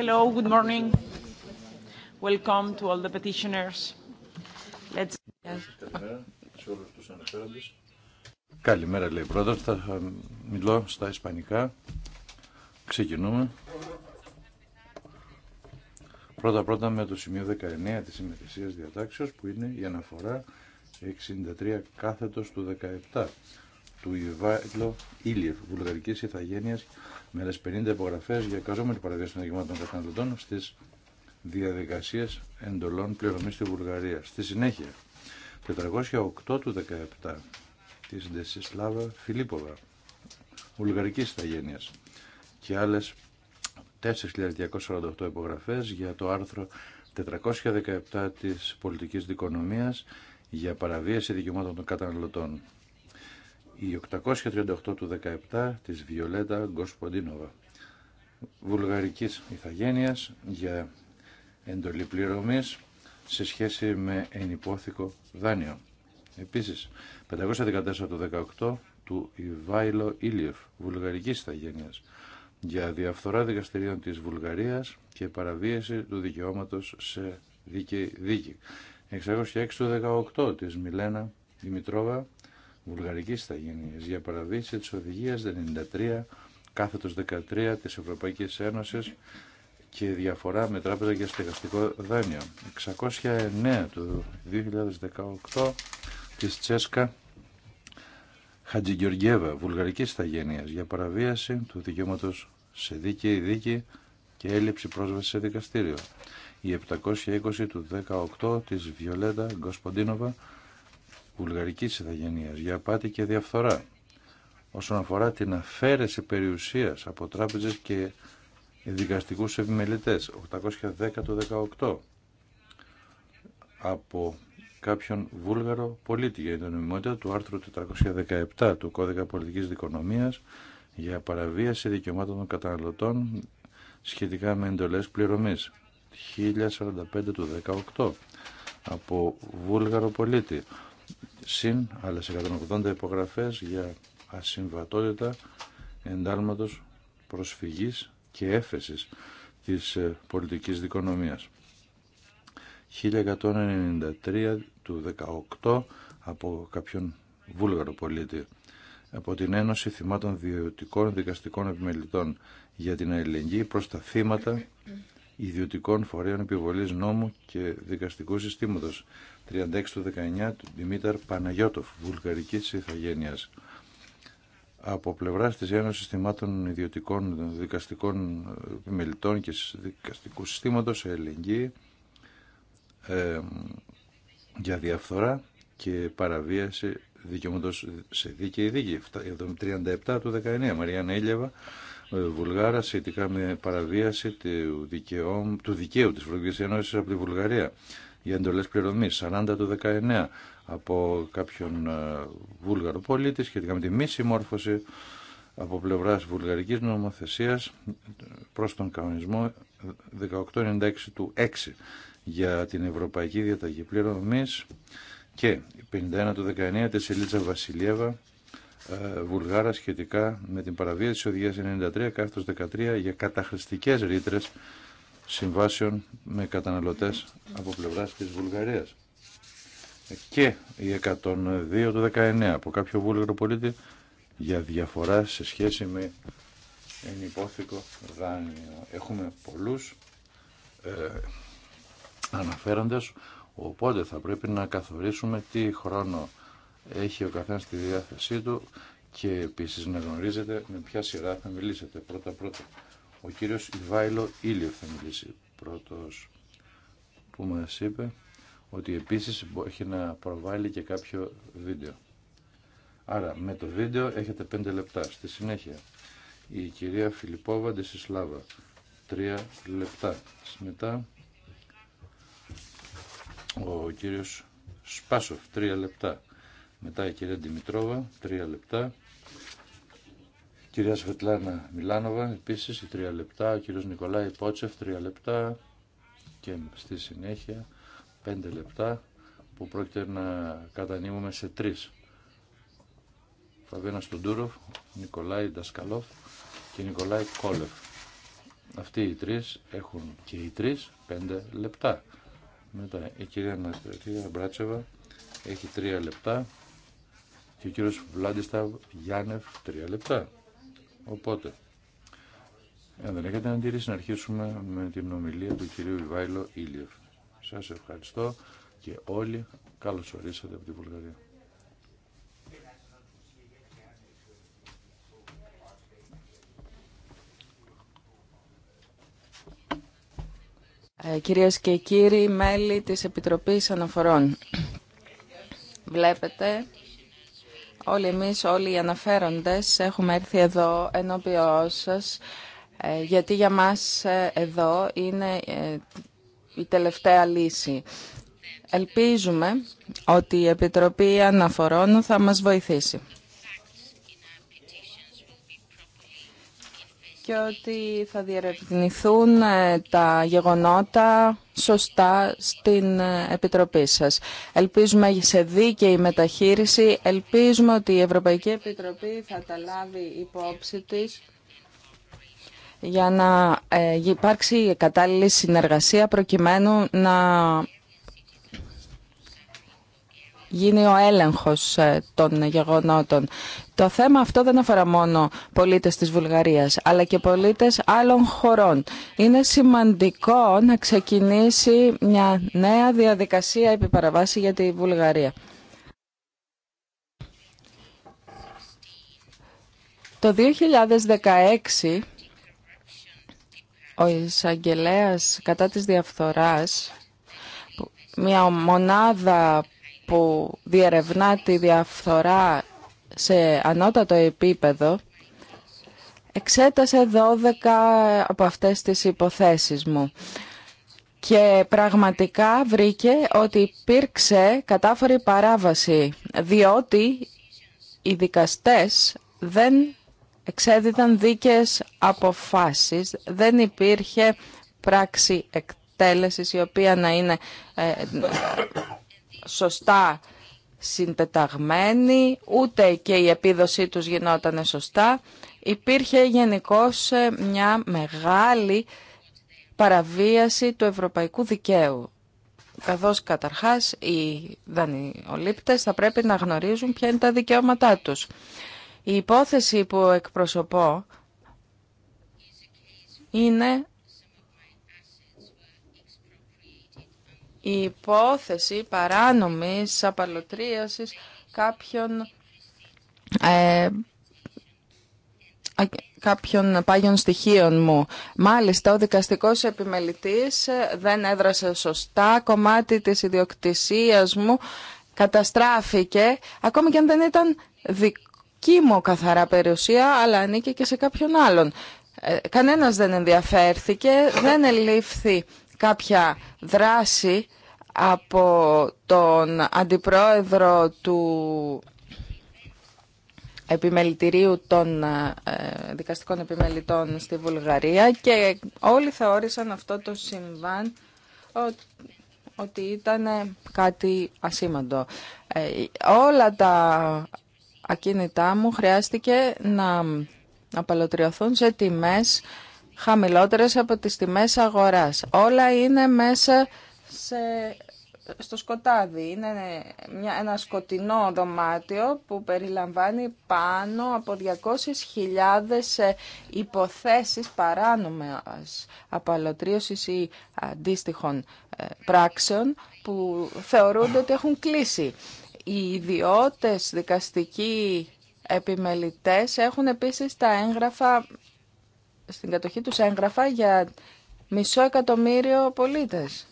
Hello, good morning. Welcome to all the petitioners. Let's... Καλημέρα, λέει πρώτα. Θα ε, μιλώ στα ισπανικά. Ξεκινούμε. Πρώτα-πρώτα με το σημείο 19 της ημερησίας διατάξεως που είναι η αναφορά 63 κάθετος του 17 του Ιβάιλο Ήλιεφ, βουλγαρικής ηθαγένειας, με 50 υπογραφές για καζόμενη παραβίαση των δικαιωμάτων των καταναλωτών στις διαδικασίες εντολών πληρωμής στη Βουλγαρία. Στη συνέχεια, 408 του 17 της Ντεσισλάβα Φιλίποβα, βουλγαρικής ηθαγένειας και άλλες 4.248 υπογραφές για το άρθρο 417 της πολιτικής δικονομίας για παραβίαση δικαιωμάτων των καταναλωτών η 838 του 17 της Βιολέτα Γκοσποντίνοβα, βουλγαρικής ηθαγένειας για εντολή πληρωμής σε σχέση με ενυπόθηκο δάνειο. Επίσης, 514 του 18 του Ιβάιλο Ήλιεφ, βουλγαρικής ηθαγένειας, για διαφθορά δικαστηρίων της Βουλγαρίας και παραβίαση του δικαιώματος σε δίκαιη δίκη. 606 του 18 της Μιλένα Δημητρόβα βουλγαρικής Σταγένεια, για παραβίαση της οδηγίας 93 κάθετο 13 της Ευρωπαϊκή Ένωση και διαφορά με τράπεζα για στεγαστικό δάνειο. 609 του 2018 της Τσέσκα Χατζηγεωργιέβα, βουλγαρικής σταγένεια, για παραβίαση του δικαιώματος σε δίκαιη δίκη και έλλειψη πρόσβαση σε δικαστήριο. Η 720 του 18 της Βιολέτα Γκοσποντίνοβα, Βουλγαρική ηθαγενεία για απάτη και διαφθορά όσον αφορά την αφαίρεση περιουσία από τράπεζε και δικαστικού επιμελητέ 810 του 18 από κάποιον βούλγαρο πολίτη για την νομιμότητα του άρθρου 417 του Κώδικα Πολιτικής δικονομία για παραβίαση δικαιωμάτων των καταναλωτών σχετικά με εντολές πληρωμής 1045 του 18 από βούλγαρο πολίτη συν άλλες 180 υπογραφές για ασυμβατότητα εντάλματος προσφυγής και έφεσης της ε, πολιτικής δικονομίας. 1193 του 18 από κάποιον βούλγαρο πολίτη από την Ένωση Θυμάτων Διωτικών Δικαστικών Επιμελητών για την Αλληλεγγύη προς τα θύματα ιδιωτικών φορέων επιβολής νόμου και δικαστικού συστήματος 36 του 19 του Δημήτρη Παναγιώτοφ, βουλγαρικής Ιθαγένειας. Από πλευρά τη Ένωση Θυμάτων Ιδιωτικών Δικαστικών Επιμελητών και Δικαστικού Συστήματο, ελεγγύη ε, για διαφθορά και παραβίαση δικαιωμάτων σε δίκαιη δίκη. 37 ε, του 19, Μαριάν Νέλιαβα, ε, Βουλγάρα, σχετικά με παραβίαση του, δικαίου, του δικαίου της Βουλγαρίας. από τη Βουλγαρία για εντολές πληρωμής 40 του 19 από κάποιον ε, βούλγαρο πολίτη σχετικά με τη μη συμμόρφωση από πλευράς βουλγαρικής νομοθεσίας προς τον κανονισμό 1896 του 6 για την Ευρωπαϊκή Διαταγή Πληρωμής και 51 του 19 της Βασιλιέβα ε, Βουλγάρα σχετικά με την παραβίαση της οδηγίας 93 13 για καταχρηστικές ρήτρες συμβάσεων με καταναλωτές από πλευράς της Βουλγαρίας. Και η 102 του 19 από κάποιο βούλγαρο πολίτη για διαφορά σε σχέση με ενυπόθηκο δάνειο. Έχουμε πολλούς ε, αναφέροντες, οπότε θα πρέπει να καθορίσουμε τι χρόνο έχει ο καθένας στη διάθεσή του και επίσης να γνωρίζετε με ποια σειρά θα μιλήσετε πρώτα-πρώτα. Ο κύριος Ιβάιλο Ήλιο θα μιλήσει πρώτος που μας είπε ότι επίσης έχει να προβάλλει και κάποιο βίντεο. Άρα με το βίντεο έχετε 5 λεπτά. Στη συνέχεια η κυρία Φιλιππόβα Ντεσισλάβα 3 λεπτά. Μετά ο κύριος Σπάσοφ 3 λεπτά. Μετά η κυρία Δημητρόβα 3 λεπτά. Κυρία Σφετλάνα Μιλάνοβα, επίσης, τρία λεπτά. Ο κύριος Νικολάη Πότσεφ, τρία λεπτά. Και στη συνέχεια, πέντε λεπτά, που πρόκειται να κατανείμουμε σε τρεις. Φαβένα Στοντούροφ, Νικολάη Ντασκαλόφ και Νικολάη Κόλεφ. Αυτοί οι τρεις έχουν και οι τρεις πέντε λεπτά. Μετά η κυρία Νατρία Μπράτσεβα έχει τρία λεπτά και ο κύριος Βλάντισταβ Γιάννεφ τρία λεπτά. Οπότε, αν δεν έχετε αντίρρηση να αρχίσουμε με την ομιλία του κυρίου Ιβάιλο Ήλιεφ. Σας ευχαριστώ και όλοι καλώς ορίσατε από τη Βουλγαρία. Ε, κυρίες και κύριοι, μέλη της Επιτροπής Αναφορών, βλέπετε Όλοι εμείς, όλοι οι αναφέροντες έχουμε έρθει εδώ ενώπιό σας ε, γιατί για μας ε, εδώ είναι ε, η τελευταία λύση. Ελπίζουμε ότι η Επιτροπή Αναφορών θα μας βοηθήσει. και ότι θα διερευνηθούν ε, τα γεγονότα σωστά στην ε, Επιτροπή σας. Ελπίζουμε σε δίκαιη μεταχείριση, ελπίζουμε ότι η Ευρωπαϊκή Επιτροπή θα τα λάβει υπόψη της για να ε, υπάρξει κατάλληλη συνεργασία προκειμένου να γίνει ο έλεγχος ε, των γεγονότων. Το θέμα αυτό δεν αφορά μόνο πολίτες της Βουλγαρίας, αλλά και πολίτες άλλων χωρών. Είναι σημαντικό να ξεκινήσει μια νέα διαδικασία επιπαραβάση για τη Βουλγαρία. Το 2016 ο εισαγγελέα κατά της διαφθοράς, μια μονάδα που διερευνά τη διαφθορά σε ανώτατο επίπεδο εξέτασε 12 από αυτές τις υποθέσεις μου και πραγματικά βρήκε ότι υπήρξε κατάφορη παράβαση διότι οι δικαστές δεν εξέδιδαν δίκαιες αποφάσεις, δεν υπήρχε πράξη εκτέλεσης η οποία να είναι ε, σωστά συντεταγμένη, ούτε και η επίδοσή τους γινόταν σωστά. Υπήρχε γενικώ ε, μια μεγάλη παραβίαση του ευρωπαϊκού δικαίου. Καθώς καταρχάς οι δανειολήπτες θα πρέπει να γνωρίζουν ποια είναι τα δικαιώματά τους. Η υπόθεση που εκπροσωπώ είναι η υπόθεση παράνομης απαλωτρίασης κάποιων, ε, κάποιων πάγιων στοιχείων μου. Μάλιστα, ο δικαστικός επιμελητής ε, δεν έδρασε σωστά κομμάτι της ιδιοκτησίας μου, καταστράφηκε, ακόμη και αν δεν ήταν δική μου καθαρά περιουσία, αλλά ανήκε και σε κάποιον άλλον. Ε, κανένας δεν ενδιαφέρθηκε, δεν ελήφθη κάποια δράση από τον αντιπρόεδρο του επιμελητηρίου των ε, δικαστικών επιμελητών στη Βουλγαρία και όλοι θεώρησαν αυτό το συμβάν ότι ήταν κάτι ασήμαντο. Ε, όλα τα ακίνητά μου χρειάστηκε να απαλωτριωθούν σε τιμές χαμηλότερες από τις τιμές αγοράς. Όλα είναι μέσα σε, στο σκοτάδι. Είναι μια, ένα σκοτεινό δωμάτιο που περιλαμβάνει πάνω από 200.000 ε, υποθέσεις παράνομες απαλωτρίωσης ή αντίστοιχων ε, πράξεων που θεωρούνται ότι έχουν κλείσει. Οι ιδιώτες δικαστικοί επιμελητές έχουν επίσης τα έγγραφα στην κατοχή τους έγγραφα για μισό εκατομμύριο πολίτες.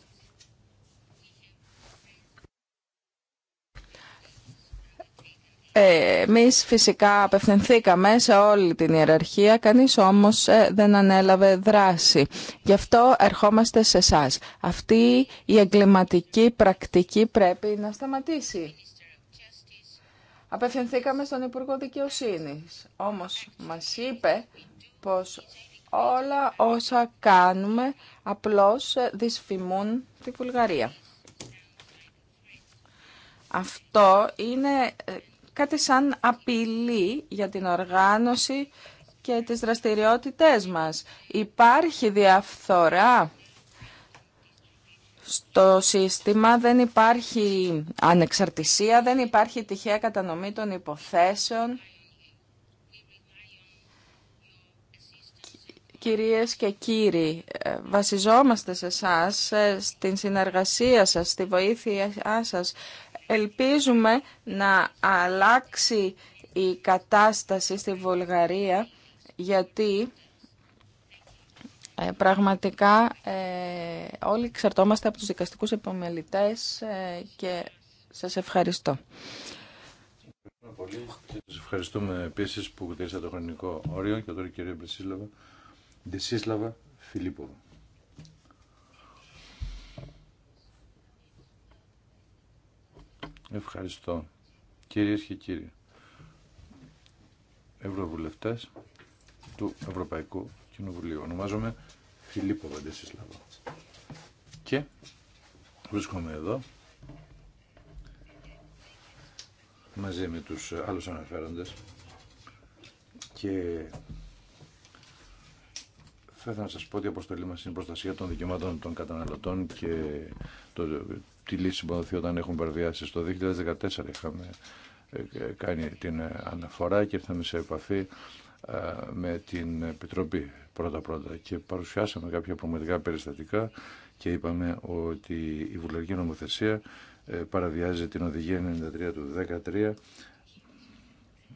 Εμείς φυσικά απευθυνθήκαμε σε όλη την ιεραρχία, κανείς όμως ε, δεν ανέλαβε δράση. Γι' αυτό ερχόμαστε σε εσά. Αυτή η εγκληματική πρακτική πρέπει να σταματήσει. Απευθυνθήκαμε στον Υπουργό Δικαιοσύνης, όμως μας είπε πως όλα όσα κάνουμε απλώς δυσφημούν τη Βουλγαρία. Αυτό είναι ε, κάτι σαν απειλή για την οργάνωση και τις δραστηριότητές μας. Υπάρχει διαφθορά στο σύστημα, δεν υπάρχει ανεξαρτησία, δεν υπάρχει τυχαία κατανομή των υποθέσεων. Κυρίες και κύριοι, ε, βασιζόμαστε σε εσά, ε, στην συνεργασία σας, στη βοήθειά σας. Ελπίζουμε να αλλάξει η κατάσταση στη Βουλγαρία, γιατί ε, πραγματικά όλοι εξαρτώμαστε από τους δικαστικούς επιμελητές και σας ευχαριστώ. Πολύ. Σας ευχαριστούμε επίσης που κουτήσατε το χρονικό όριο και τώρα κυρία Μπρισίλαβα. Δεσίσλαβα Ευχαριστώ. Κυρίες και κύριοι, Ευρωβουλευτές του Ευρωπαϊκού Κοινοβουλίου. Ονομάζομαι Φιλίππο Βαντεσίσλαβο. Και βρίσκομαι εδώ μαζί με τους άλλους αναφέροντες και θα ήθελα να σας πω ότι η αποστολή μας είναι η προστασία των δικαιωμάτων των καταναλωτών και το, τη λύση που δοθεί όταν έχουν παραβιάσει. Το 2014 είχαμε ε, ε, κάνει την αναφορά και ήρθαμε σε επαφή ε, με την Επιτροπή πρώτα-πρώτα και παρουσιάσαμε κάποια πραγματικά περιστατικά και είπαμε ότι η βουλευτική νομοθεσία παραβιάζει την οδηγία 93 του 2013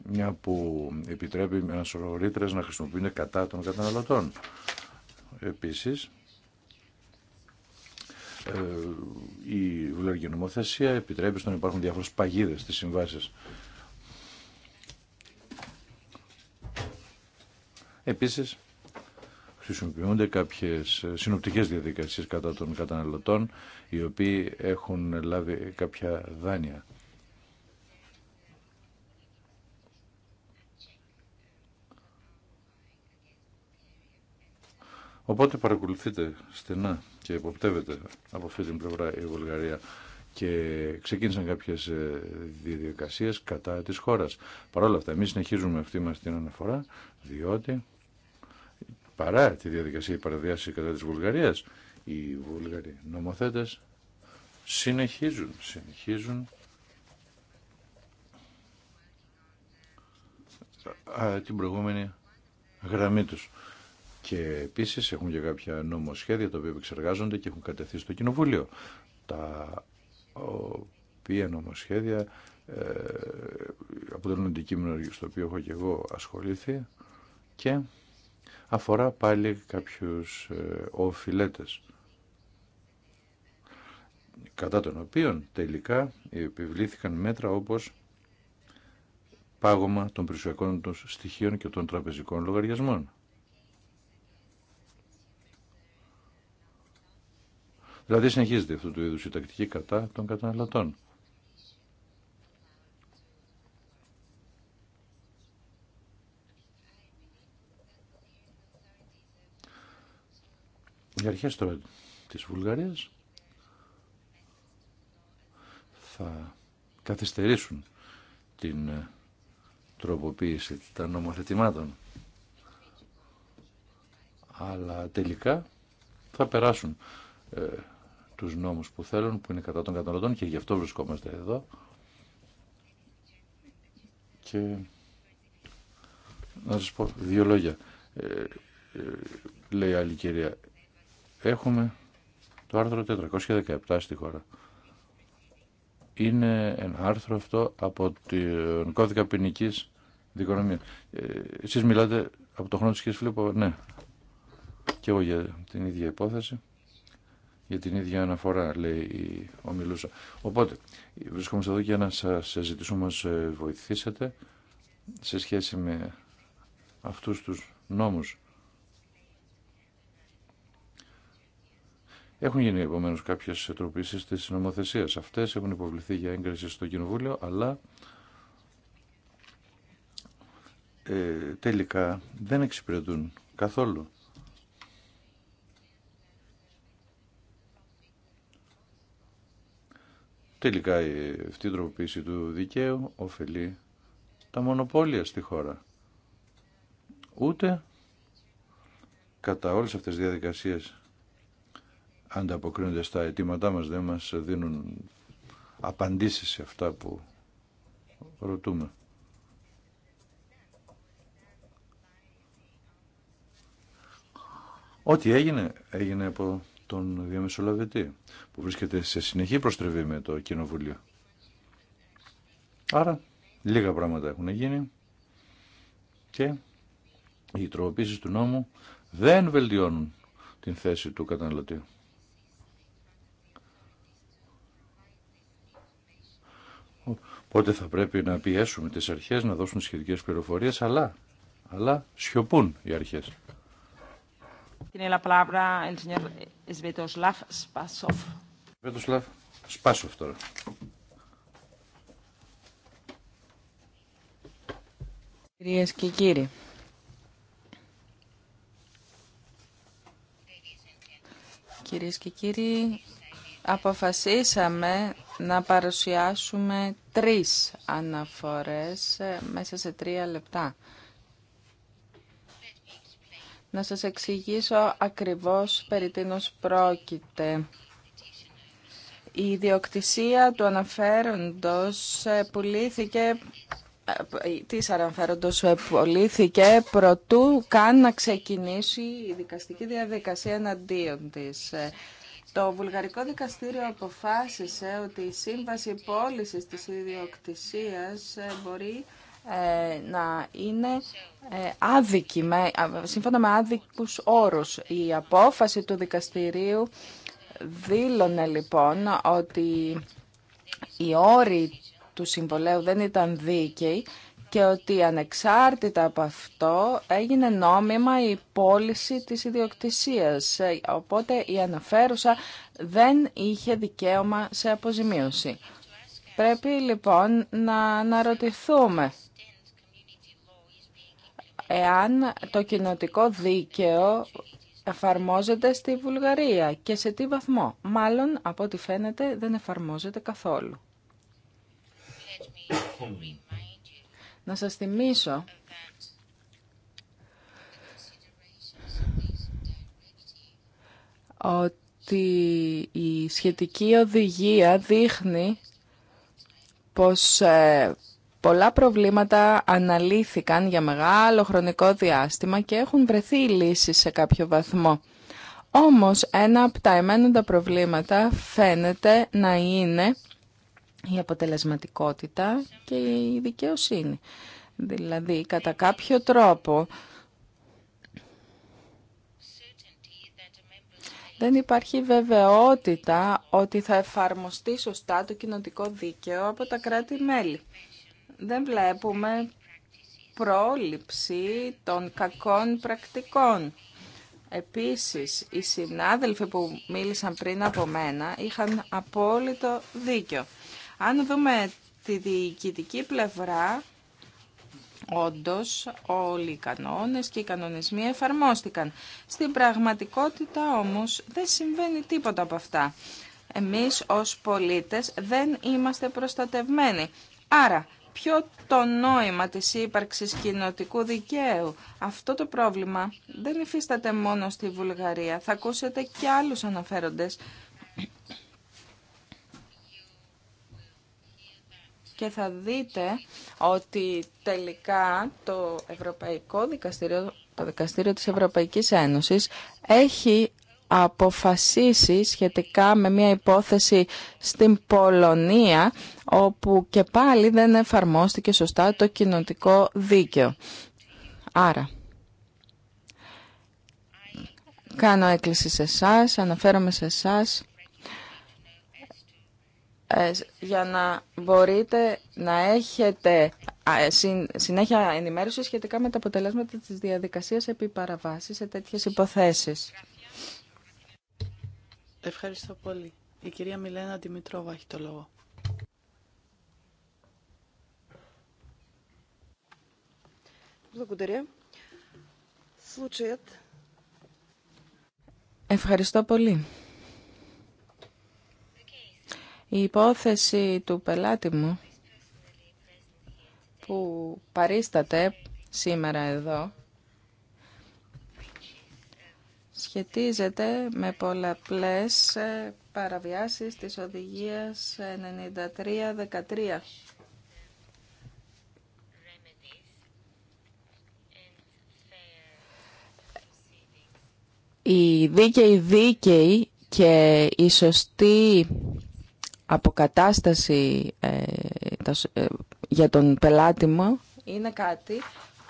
μια που επιτρέπει ένα σωρό ρήτρες να χρησιμοποιούνται κατά των καταναλωτών. Επίσης, ε, η βουλευτική νομοθεσία επιτρέπει στο να υπάρχουν διάφορες παγίδες στις συμβάσεις. Επίσης, χρησιμοποιούνται κάποιες συνοπτικές διαδικασίες κατά των καταναλωτών, οι οποίοι έχουν λάβει κάποια δάνεια. Οπότε παρακολουθείτε στενά και υποπτεύετε από αυτή την πλευρά η Βουλγαρία και ξεκίνησαν κάποιες ε, διαδικασίες κατά της χώρας. Παρ' όλα αυτά, εμείς συνεχίζουμε αυτή μας την αναφορά, διότι παρά τη διαδικασία παραδιάση κατά της Βουλγαρίας, οι Βούλγαροι νομοθέτες συνεχίζουν, συνεχίζουν την προηγούμενη γραμμή τους. Και επίσης έχουν και κάποια νομοσχέδια τα οποία επεξεργάζονται και έχουν κατευθεί στο Κοινοβούλιο. Τα οποία νομοσχέδια ε, αποτελούν αντικείμενο στο οποίο έχω και εγώ ασχολήθει και αφορά πάλι κάποιους ε, κατά των οποίων τελικά επιβλήθηκαν μέτρα όπως πάγωμα των περισσοικών των στοιχείων και των τραπεζικών λογαριασμών. Δηλαδή συνεχίζεται αυτού του είδους η τακτική κατά των καταναλωτών. Οι αρχέ τώρα της Βουλγαρίας θα καθυστερήσουν την ε, τροποποίηση των νομοθετημάτων. Αλλά τελικά θα περάσουν ε, τους νόμους που θέλουν, που είναι κατά των καταναλωτών και γι' αυτό βρισκόμαστε εδώ. Και να σας πω δύο λόγια. Ε, ε λέει άλλη κυρία, έχουμε το άρθρο 417 στη χώρα. Είναι ένα άρθρο αυτό από την κώδικα ποινική δικονομία. Ε, εσείς μιλάτε από το χρόνο της κυρίας ναι. Και εγώ για την ίδια υπόθεση για την ίδια αναφορά, λέει ο ομιλούσα. Οπότε, βρισκόμαστε εδώ για να σας ζητήσουμε να ε, βοηθήσετε σε σχέση με αυτούς τους νόμους. Έχουν γίνει επομένω κάποιες τροπήσεις της νομοθεσίας. Αυτές έχουν υποβληθεί για έγκριση στο Κοινοβούλιο, αλλά ε, τελικά δεν εξυπηρετούν καθόλου Τελικά αυτή η τροποποίηση του δικαίου ωφελεί τα μονοπόλια στη χώρα. Ούτε κατά όλες αυτές τις διαδικασίες ανταποκρίνονται στα αιτήματά μας, δεν μας δίνουν απαντήσεις σε αυτά που ρωτούμε. Ό,τι έγινε, έγινε από τον διαμεσολαβητή που βρίσκεται σε συνεχή προστρεβή με το Κοινοβουλίο. Άρα λίγα πράγματα έχουν γίνει και οι τροποποίησεις του νόμου δεν βελτιώνουν την θέση του καταναλωτή. Οπότε θα πρέπει να πιέσουμε τις αρχές να δώσουν σχετικές πληροφορίες, αλλά, αλλά σιωπούν οι αρχές. Σβέτοσλαφ Σπάσοφ τώρα. Κυρίες και κύριοι, κυρίες και κύριοι, αποφασίσαμε να παρουσιάσουμε τρεις αναφορές ε, μέσα σε τρία λεπτά. Να σας εξηγήσω ακριβώς περί τίνος πρόκειται. Η ιδιοκτησία του αναφέροντος πουλήθηκε της αναφέροντος πουλήθηκε προτού καν να ξεκινήσει η δικαστική διαδικασία εναντίον της. Το βουλγαρικό δικαστήριο αποφάσισε ότι η σύμβαση πώλησης της ιδιοκτησίας μπορεί ε, να είναι ε, άδικη, με, σύμφωνα με άδικους όρους. Η απόφαση του δικαστηρίου δήλωνε λοιπόν ότι οι όροι του συμβολέου δεν ήταν δίκαιοι και ότι ανεξάρτητα από αυτό έγινε νόμιμα η πώληση της ιδιοκτησίας. Ε, οπότε η αναφέρουσα δεν είχε δικαίωμα σε αποζημίωση. Πρέπει λοιπόν να αναρωτηθούμε εάν το κοινοτικό δίκαιο εφαρμόζεται στη Βουλγαρία και σε τι βαθμό. Μάλλον, από ό,τι φαίνεται, δεν εφαρμόζεται καθόλου. Να σας θυμίσω ότι η σχετική οδηγία δείχνει πως ε, Πολλά προβλήματα αναλύθηκαν για μεγάλο χρονικό διάστημα και έχουν βρεθεί λύσεις σε κάποιο βαθμό. Όμως ένα από τα εμένοντα προβλήματα φαίνεται να είναι η αποτελεσματικότητα και η δικαιοσύνη. Δηλαδή, κατά κάποιο τρόπο, δεν υπάρχει βεβαιότητα ότι θα εφαρμοστεί σωστά το κοινοτικό δίκαιο από τα κράτη-μέλη δεν βλέπουμε πρόληψη των κακών πρακτικών. Επίσης, οι συνάδελφοι που μίλησαν πριν από μένα είχαν απόλυτο δίκιο. Αν δούμε τη διοικητική πλευρά, όντως όλοι οι κανόνες και οι κανονισμοί εφαρμόστηκαν. Στην πραγματικότητα όμως δεν συμβαίνει τίποτα από αυτά. Εμείς ως πολίτες δεν είμαστε προστατευμένοι. Άρα ποιο το νόημα της ύπαρξης κοινοτικού δικαίου. Αυτό το πρόβλημα δεν υφίσταται μόνο στη Βουλγαρία. Θα ακούσετε και άλλους αναφέροντες. Και θα δείτε ότι τελικά το Ευρωπαϊκό Δικαστήριο, το Δικαστήριο της Ευρωπαϊκής Ένωσης έχει αποφασίσει σχετικά με μια υπόθεση στην Πολωνία όπου και πάλι δεν εφαρμόστηκε σωστά το κοινοτικό δίκαιο. Άρα, κάνω έκκληση σε εσά, αναφέρομαι σε εσά ε, για να μπορείτε να έχετε ε, συνέχεια ενημέρωση σχετικά με τα αποτελέσματα της διαδικασίας επί σε τέτοιες υποθέσεις. Ευχαριστώ πολύ. Η κυρία Μιλένα Δημητρόβα έχει το λόγο. Благодаря. Ευχαριστώ πολύ. Η υπόθεση του πελάτη μου που παρίσταται σήμερα εδώ σχετίζεται με πολλαπλές παραβιάσεις της οδηγίας 93-13 η δίκαιη δίκαιη και η σωστή αποκατάσταση ε, ε, για τον πελάτη μου είναι κάτι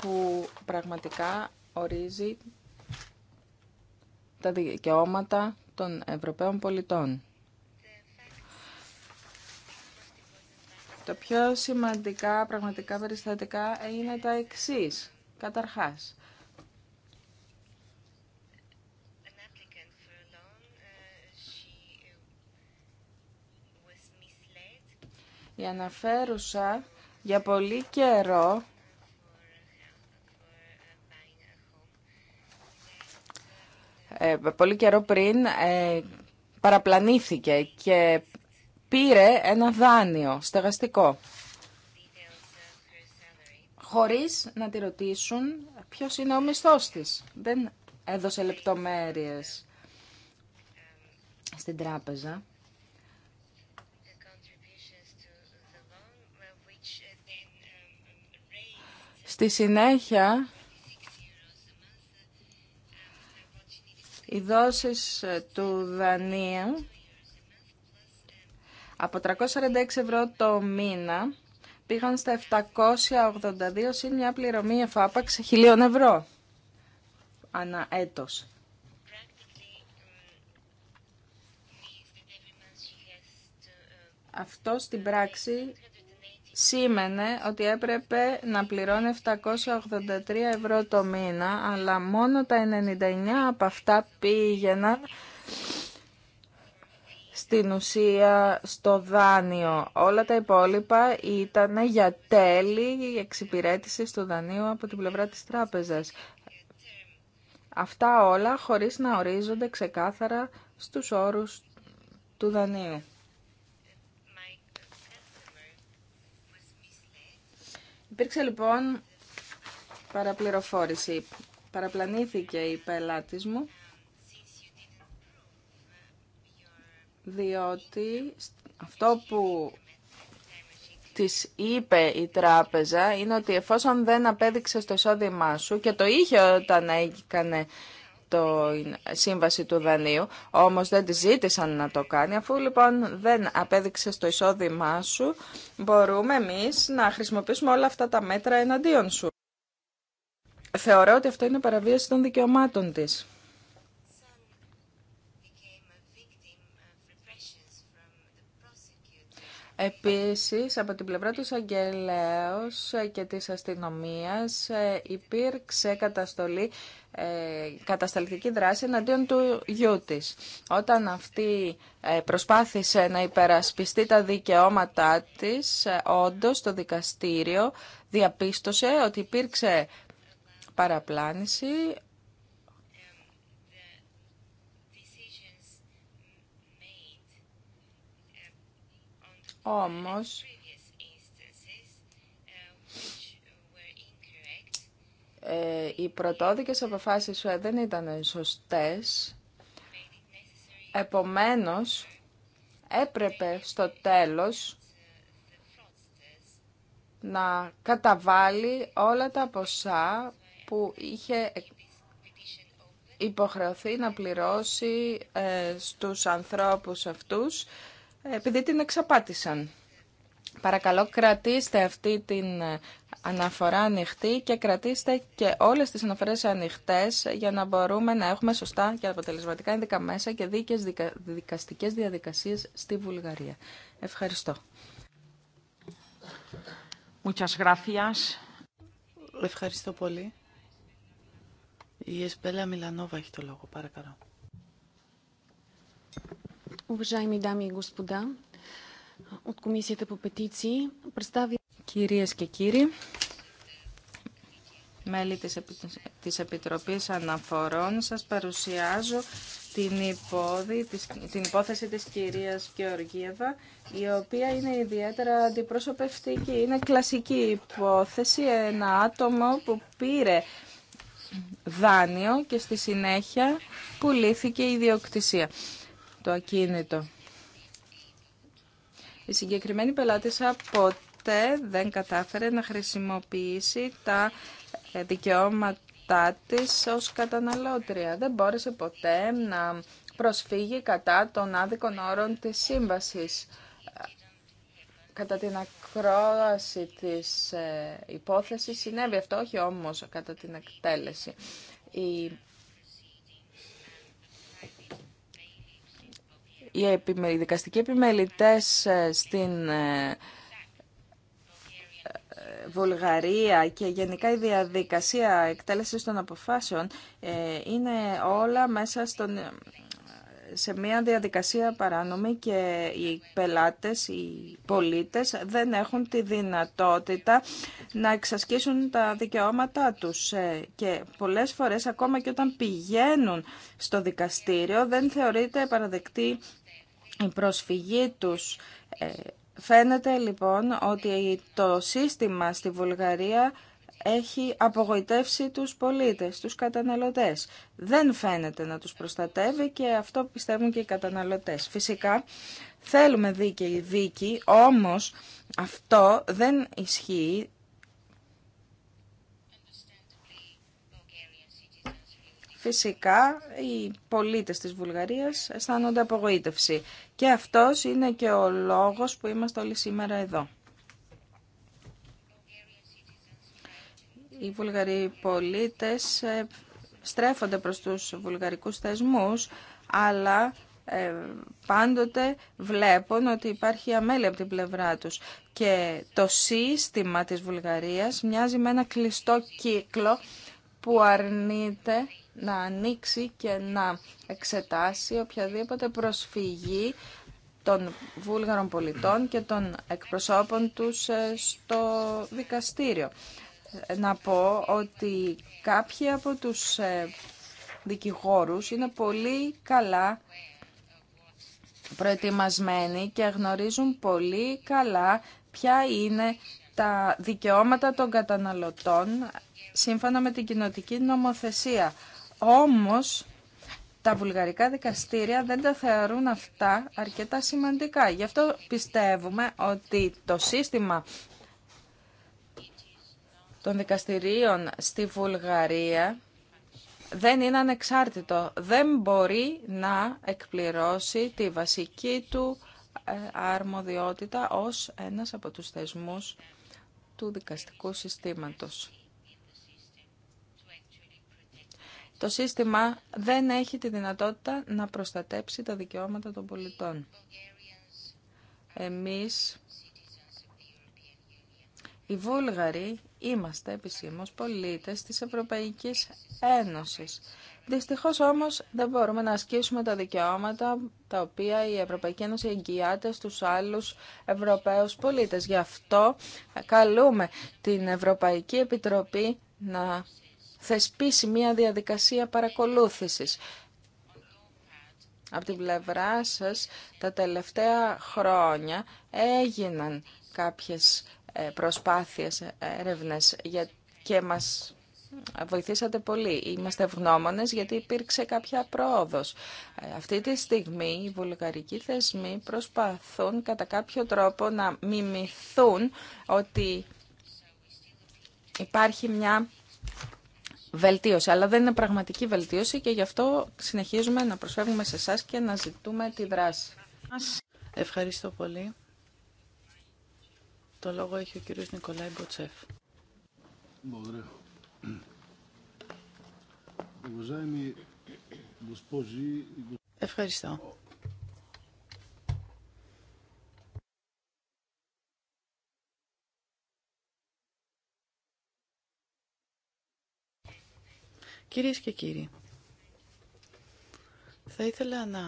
που πραγματικά ορίζει τα δικαιώματα των Ευρωπαίων πολιτών. Το πιο σημαντικά πραγματικά περιστατικά είναι τα εξής. Καταρχάς, Η αναφέρουσα για πολύ καιρό ε, πολύ καιρό πριν ε, παραπλανήθηκε και πήρε ένα δάνειο στεγαστικό χωρίς να τη ρωτήσουν ποιος είναι ο μισθός της. Δεν έδωσε λεπτομέρειες στην τράπεζα. Στη συνέχεια, οι δόσεις ε, του δανείου από 346 ευρώ το μήνα πήγαν στα 782 συν μια πληρωμή εφάπαξ 1000 ευρώ ανά έτος. Αυτό στην πράξη σήμαινε ότι έπρεπε να πληρώνει 783 ευρώ το μήνα, αλλά μόνο τα 99 από αυτά πήγαιναν στην ουσία στο δάνειο. Όλα τα υπόλοιπα ήταν για τέλη εξυπηρέτηση του δανείου από την πλευρά της τράπεζας. Αυτά όλα χωρίς να ορίζονται ξεκάθαρα στους όρους του δανείου. Υπήρξε λοιπόν παραπληροφόρηση. Παραπλανήθηκε η πελάτη μου διότι αυτό που της είπε η τράπεζα είναι ότι εφόσον δεν απέδειξε το εισόδημά σου και το είχε όταν έκανε το σύμβαση του δανείου, όμως δεν τη ζήτησαν να το κάνει. Αφού λοιπόν δεν απέδειξε το εισόδημά σου, μπορούμε εμείς να χρησιμοποιήσουμε όλα αυτά τα μέτρα εναντίον σου. Θεωρώ ότι αυτό είναι παραβίαση των δικαιωμάτων της. Επίσης, από την πλευρά του Αγγελέως και της αστυνομίας ε, υπήρξε καταστολή, ε, κατασταλτική δράση εναντίον του γιού της. Όταν αυτή ε, προσπάθησε να υπερασπιστεί τα δικαιώματά της, όντως το δικαστήριο διαπίστωσε ότι υπήρξε παραπλάνηση, Όμως, ε, οι πρωτόδικες αποφάσεις ε, δεν ήταν σωστές, επομένως έπρεπε στο τέλος να καταβάλει όλα τα ποσά που είχε υποχρεωθεί να πληρώσει ε, στους ανθρώπους αυτούς επειδή την εξαπάτησαν. Παρακαλώ κρατήστε αυτή την αναφορά ανοιχτή και κρατήστε και όλες τις αναφορές ανοιχτές για να μπορούμε να έχουμε σωστά και αποτελεσματικά ένδικα μέσα και δίκαιες δικαστικές διαδικασίες στη Βουλγαρία. Ευχαριστώ. Ευχαριστώ πολύ. Η Εσπέλα Μιλανόβα έχει το λόγο, παρακαλώ. Уважаеми дами и господа, от Комисията по петиции Κυρίες και κύριοι, μέλη της, Αναφορών, σας παρουσιάζω την, την υπόθεση της κυρίας Γεωργίεβα, η οποία είναι ιδιαίτερα αντιπροσωπευτική. Είναι κλασική υπόθεση, ένα άτομο που πήρε δάνειο και στη συνέχεια πουλήθηκε η ιδιοκτησία το ακίνητο. Η συγκεκριμένη πελάτησα ποτέ δεν κατάφερε να χρησιμοποιήσει τα ε, δικαιώματά της ως καταναλώτρια. Δεν μπόρεσε ποτέ να προσφύγει κατά των άδικων όρων της σύμβασης. Κατά την ακρόαση της ε, υπόθεσης συνέβη αυτό, όχι όμως κατά την εκτέλεση. Η Οι δικαστικοί επιμελητές ε, στην ε, ε, Βουλγαρία και γενικά η διαδικασία εκτέλεσης των αποφάσεων είναι όλα μέσα στον, σε μια διαδικασία παράνομη και οι πελάτες, οι πολίτες δεν έχουν τη δυνατότητα να εξασκήσουν τα δικαιώματά τους και πολλές φορές ακόμα και όταν πηγαίνουν στο δικαστήριο δεν θεωρείται παραδεκτή η προσφυγή τους. Ε, φαίνεται λοιπόν ότι το σύστημα στη Βουλγαρία έχει απογοητεύσει τους πολίτες, τους καταναλωτές. Δεν φαίνεται να τους προστατεύει και αυτό πιστεύουν και οι καταναλωτές. Φυσικά θέλουμε δίκαιη δίκη, όμως αυτό δεν ισχύει Φυσικά, οι πολίτες της Βουλγαρίας αισθάνονται απογοήτευση. Και αυτός είναι και ο λόγος που είμαστε όλοι σήμερα εδώ. Οι Βουλγαροί πολίτες ε, στρέφονται προς τους βουλγαρικούς θεσμούς, αλλά ε, πάντοτε βλέπουν ότι υπάρχει αμέλεια από την πλευρά τους. Και το σύστημα της Βουλγαρίας μοιάζει με ένα κλειστό κύκλο που αρνείται να ανοίξει και να εξετάσει οποιαδήποτε προσφυγή των βούλγαρων πολιτών και των εκπροσώπων τους ε, στο δικαστήριο. Να πω ότι κάποιοι από τους ε, δικηγόρους είναι πολύ καλά προετοιμασμένοι και γνωρίζουν πολύ καλά ποια είναι τα δικαιώματα των καταναλωτών σύμφωνα με την κοινοτική νομοθεσία. Όμως, τα βουλγαρικά δικαστήρια δεν τα θεωρούν αυτά αρκετά σημαντικά. Γι' αυτό πιστεύουμε ότι το σύστημα των δικαστηρίων στη Βουλγαρία δεν είναι ανεξάρτητο. Δεν μπορεί να εκπληρώσει τη βασική του ε, αρμοδιότητα ως ένας από τους θεσμούς του δικαστικού συστήματος. το σύστημα δεν έχει τη δυνατότητα να προστατέψει τα δικαιώματα των πολιτών. Εμείς, οι Βούλγαροι, είμαστε επισήμως πολίτες της Ευρωπαϊκής Ένωσης. Δυστυχώς όμως δεν μπορούμε να ασκήσουμε τα δικαιώματα τα οποία η Ευρωπαϊκή Ένωση εγγυάται στους άλλους Ευρωπαίους πολίτες. Γι' αυτό καλούμε την Ευρωπαϊκή Επιτροπή να θεσπίσει μια διαδικασία παρακολούθησης. Από την πλευρά σας, τα τελευταία χρόνια έγιναν κάποιες ε, προσπάθειες, ε, έρευνες και μας βοηθήσατε πολύ. Είμαστε ευγνώμονες γιατί υπήρξε κάποια πρόοδος. Ε, αυτή τη στιγμή οι βουλγαρικοί θεσμοί προσπαθούν κατά κάποιο τρόπο να μιμηθούν ότι υπάρχει μια βελτίωση, αλλά δεν είναι πραγματική βελτίωση και γι' αυτό συνεχίζουμε να προσφεύγουμε σε εσά και να ζητούμε τη δράση. Ευχαριστώ πολύ. Το λόγο έχει ο κύριος Νικολάη Μποτσέφ. Ευχαριστώ. Κυρίες και κύριοι, θα ήθελα να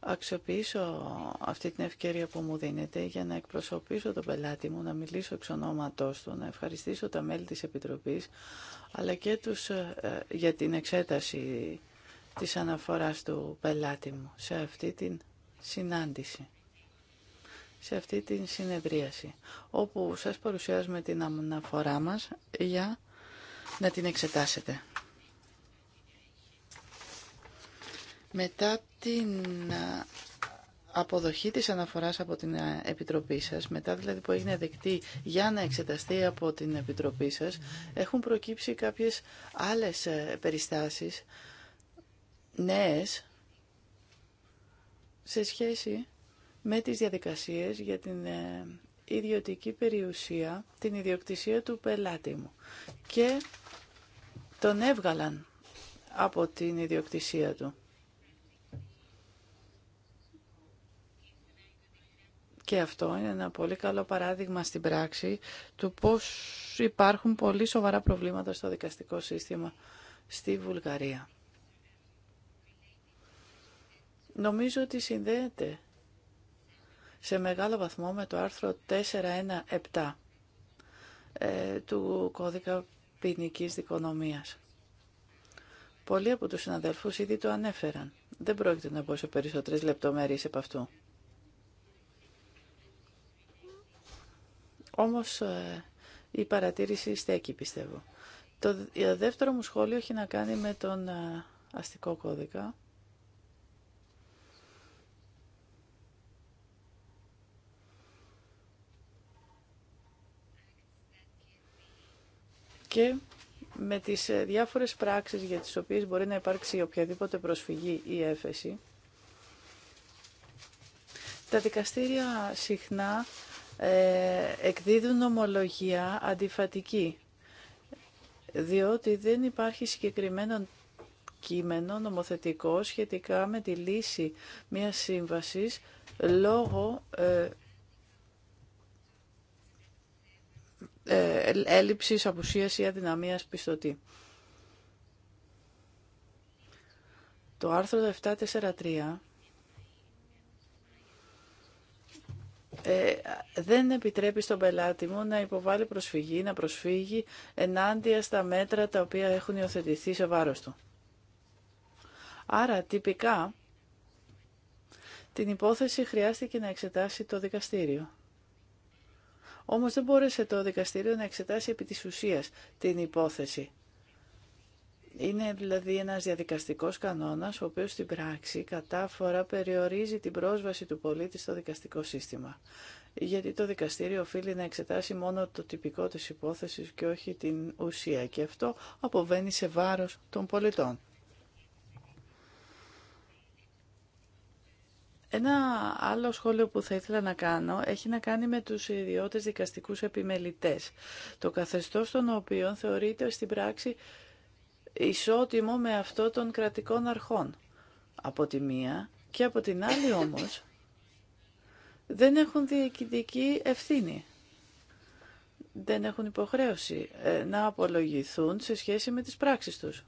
αξιοποιήσω αυτή την ευκαιρία που μου δίνεται για να εκπροσωπήσω τον πελάτη μου, να μιλήσω εξ ονόματός του, να ευχαριστήσω τα μέλη της Επιτροπής, αλλά και τους ε, για την εξέταση της αναφοράς του πελάτη μου σε αυτή την συνάντηση σε αυτή την συνεδρίαση, όπου σας παρουσιάζουμε την αναφορά μας για να την εξετάσετε. Μετά την αποδοχή της αναφοράς από την Επιτροπή σας, μετά δηλαδή που έγινε δεκτή για να εξεταστεί από την Επιτροπή σας, έχουν προκύψει κάποιες άλλες περιστάσεις νέες σε σχέση με τις διαδικασίες για την ιδιωτική περιουσία, την ιδιοκτησία του πελάτη μου. Και τον έβγαλαν από την ιδιοκτησία του. Και αυτό είναι ένα πολύ καλό παράδειγμα στην πράξη του πώς υπάρχουν πολύ σοβαρά προβλήματα στο δικαστικό σύστημα στη Βουλγαρία. Νομίζω ότι συνδέεται σε μεγάλο βαθμό με το άρθρο 417 ε, του κώδικα ποινική δικονομίας. Πολλοί από τους συναδελφούς ήδη το ανέφεραν. Δεν πρόκειται να πω σε περισσότερες λεπτομέρειες επ' αυτού. Όμως ε, η παρατήρηση στέκει πιστεύω. Το ε, δεύτερο μου σχόλιο έχει να κάνει με τον ε, αστικό κώδικα. Και με τις διάφορες πράξεις για τις οποίες μπορεί να υπάρξει οποιαδήποτε προσφυγή ή έφεση, τα δικαστήρια συχνά ε, εκδίδουν ομολογία αντιφατική, διότι δεν υπάρχει συγκεκριμένο κείμενο νομοθετικό σχετικά με τη λύση μιας σύμβασης λόγω ε, ε, έλλειψης, απουσίας ή αδυναμίας πιστωτή. Το άρθρο 743 Ε, δεν επιτρέπει στον πελάτη μου να υποβάλει προσφυγή, να προσφύγει ενάντια στα μέτρα τα οποία έχουν υιοθετηθεί σε βάρος του. Άρα τυπικά την υπόθεση χρειάστηκε να εξετάσει το δικαστήριο. Όμως δεν μπόρεσε το δικαστήριο να εξετάσει επί της ουσίας την υπόθεση. Είναι δηλαδή ένας διαδικαστικός κανόνας, ο οποίος στην πράξη κατάφορα περιορίζει την πρόσβαση του πολίτη στο δικαστικό σύστημα. Γιατί το δικαστήριο οφείλει να εξετάσει μόνο το τυπικό της υπόθεσης και όχι την ουσία. Και αυτό αποβαίνει σε βάρος των πολιτών. Ένα άλλο σχόλιο που θα ήθελα να κάνω έχει να κάνει με τους ιδιώτες δικαστικούς επιμελητές. Το καθεστώς των οποίων θεωρείται στην πράξη ισότιμο με αυτό των κρατικών αρχών από τη μία και από την άλλη όμως δεν έχουν διοικητική ευθύνη. Δεν έχουν υποχρέωση ε, να απολογηθούν σε σχέση με τις πράξεις τους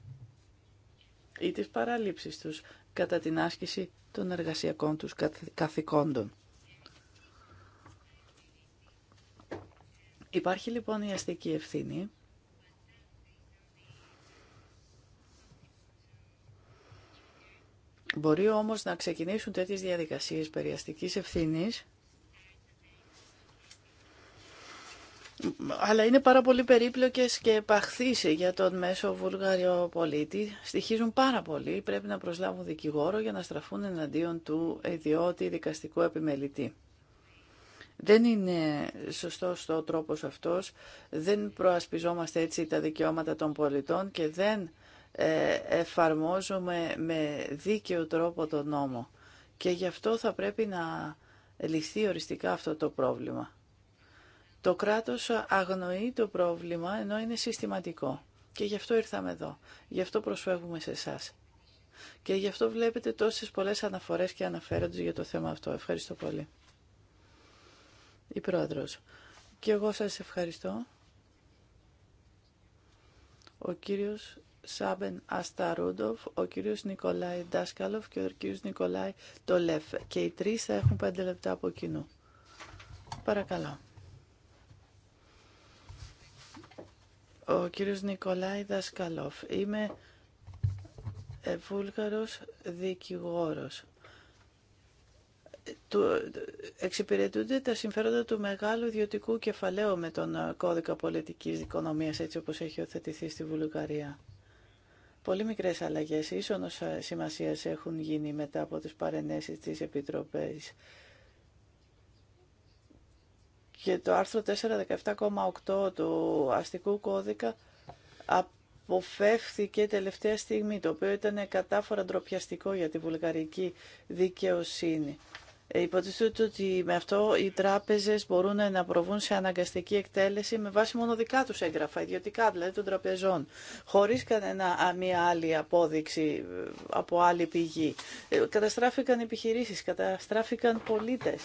ή τις παραλήψεις τους κατά την άσκηση των εργασιακών τους καθηκόντων. Υπάρχει λοιπόν η αστική ευθύνη Μπορεί όμως να ξεκινήσουν τέτοιες διαδικασίες περιαστικής ευθύνης αλλά είναι πάρα πολύ περίπλοκες και επαχθείς για τον μέσο βουλγαριό πολίτη. Στοιχίζουν πάρα πολύ, πρέπει να προσλάβουν δικηγόρο για να στραφούν εναντίον του ιδιώτη δικαστικού επιμελητή. Δεν είναι σωστός το τρόπος αυτός, δεν προασπιζόμαστε έτσι τα δικαιώματα των πολιτών και δεν ε, εφαρμόζουμε με δίκαιο τρόπο τον νόμο. Και γι' αυτό θα πρέπει να λυθεί οριστικά αυτό το πρόβλημα. Το κράτος αγνοεί το πρόβλημα ενώ είναι συστηματικό. Και γι' αυτό ήρθαμε εδώ. Γι' αυτό προσφεύγουμε σε εσά. Και γι' αυτό βλέπετε τόσες πολλές αναφορές και αναφέροντες για το θέμα αυτό. Ευχαριστώ πολύ. Η Πρόεδρος. Και εγώ σας ευχαριστώ. Ο κύριος Σάμπεν Ασταρούντοφ, ο κύριος Νικολάη Ντάσκαλοφ και ο κύριος Νικολάη Τολέφ. Και οι τρεις θα έχουν πέντε λεπτά από κοινού. Παρακαλώ. Ο κύριος Νικολάη Δασκαλόφ. Είμαι βούλγαρος δικηγόρος. Του, εξυπηρετούνται τα συμφέροντα του μεγάλου ιδιωτικού κεφαλαίου με τον κώδικα πολιτικής οικονομίας έτσι όπως έχει οθετηθεί στη Βουλγαρία. Πολύ μικρές αλλαγές ίσονος ε, σημασίας έχουν γίνει μετά από τις παρενέσεις της Επιτροπής. Και το άρθρο 417,8 του αστικού κώδικα αποφεύθηκε τελευταία στιγμή, το οποίο ήταν κατάφορα ντροπιαστικό για τη βουλγαρική δικαιοσύνη. Υποτίθεται ότι με αυτό οι τράπεζες μπορούν να προβούν σε αναγκαστική εκτέλεση με βάση μόνο δικά τους έγγραφα, ιδιωτικά δηλαδή των τραπεζών, χωρίς κανένα μία άλλη απόδειξη ε, από άλλη πηγή. Ε, καταστράφηκαν επιχειρήσεις, καταστράφηκαν πολίτες.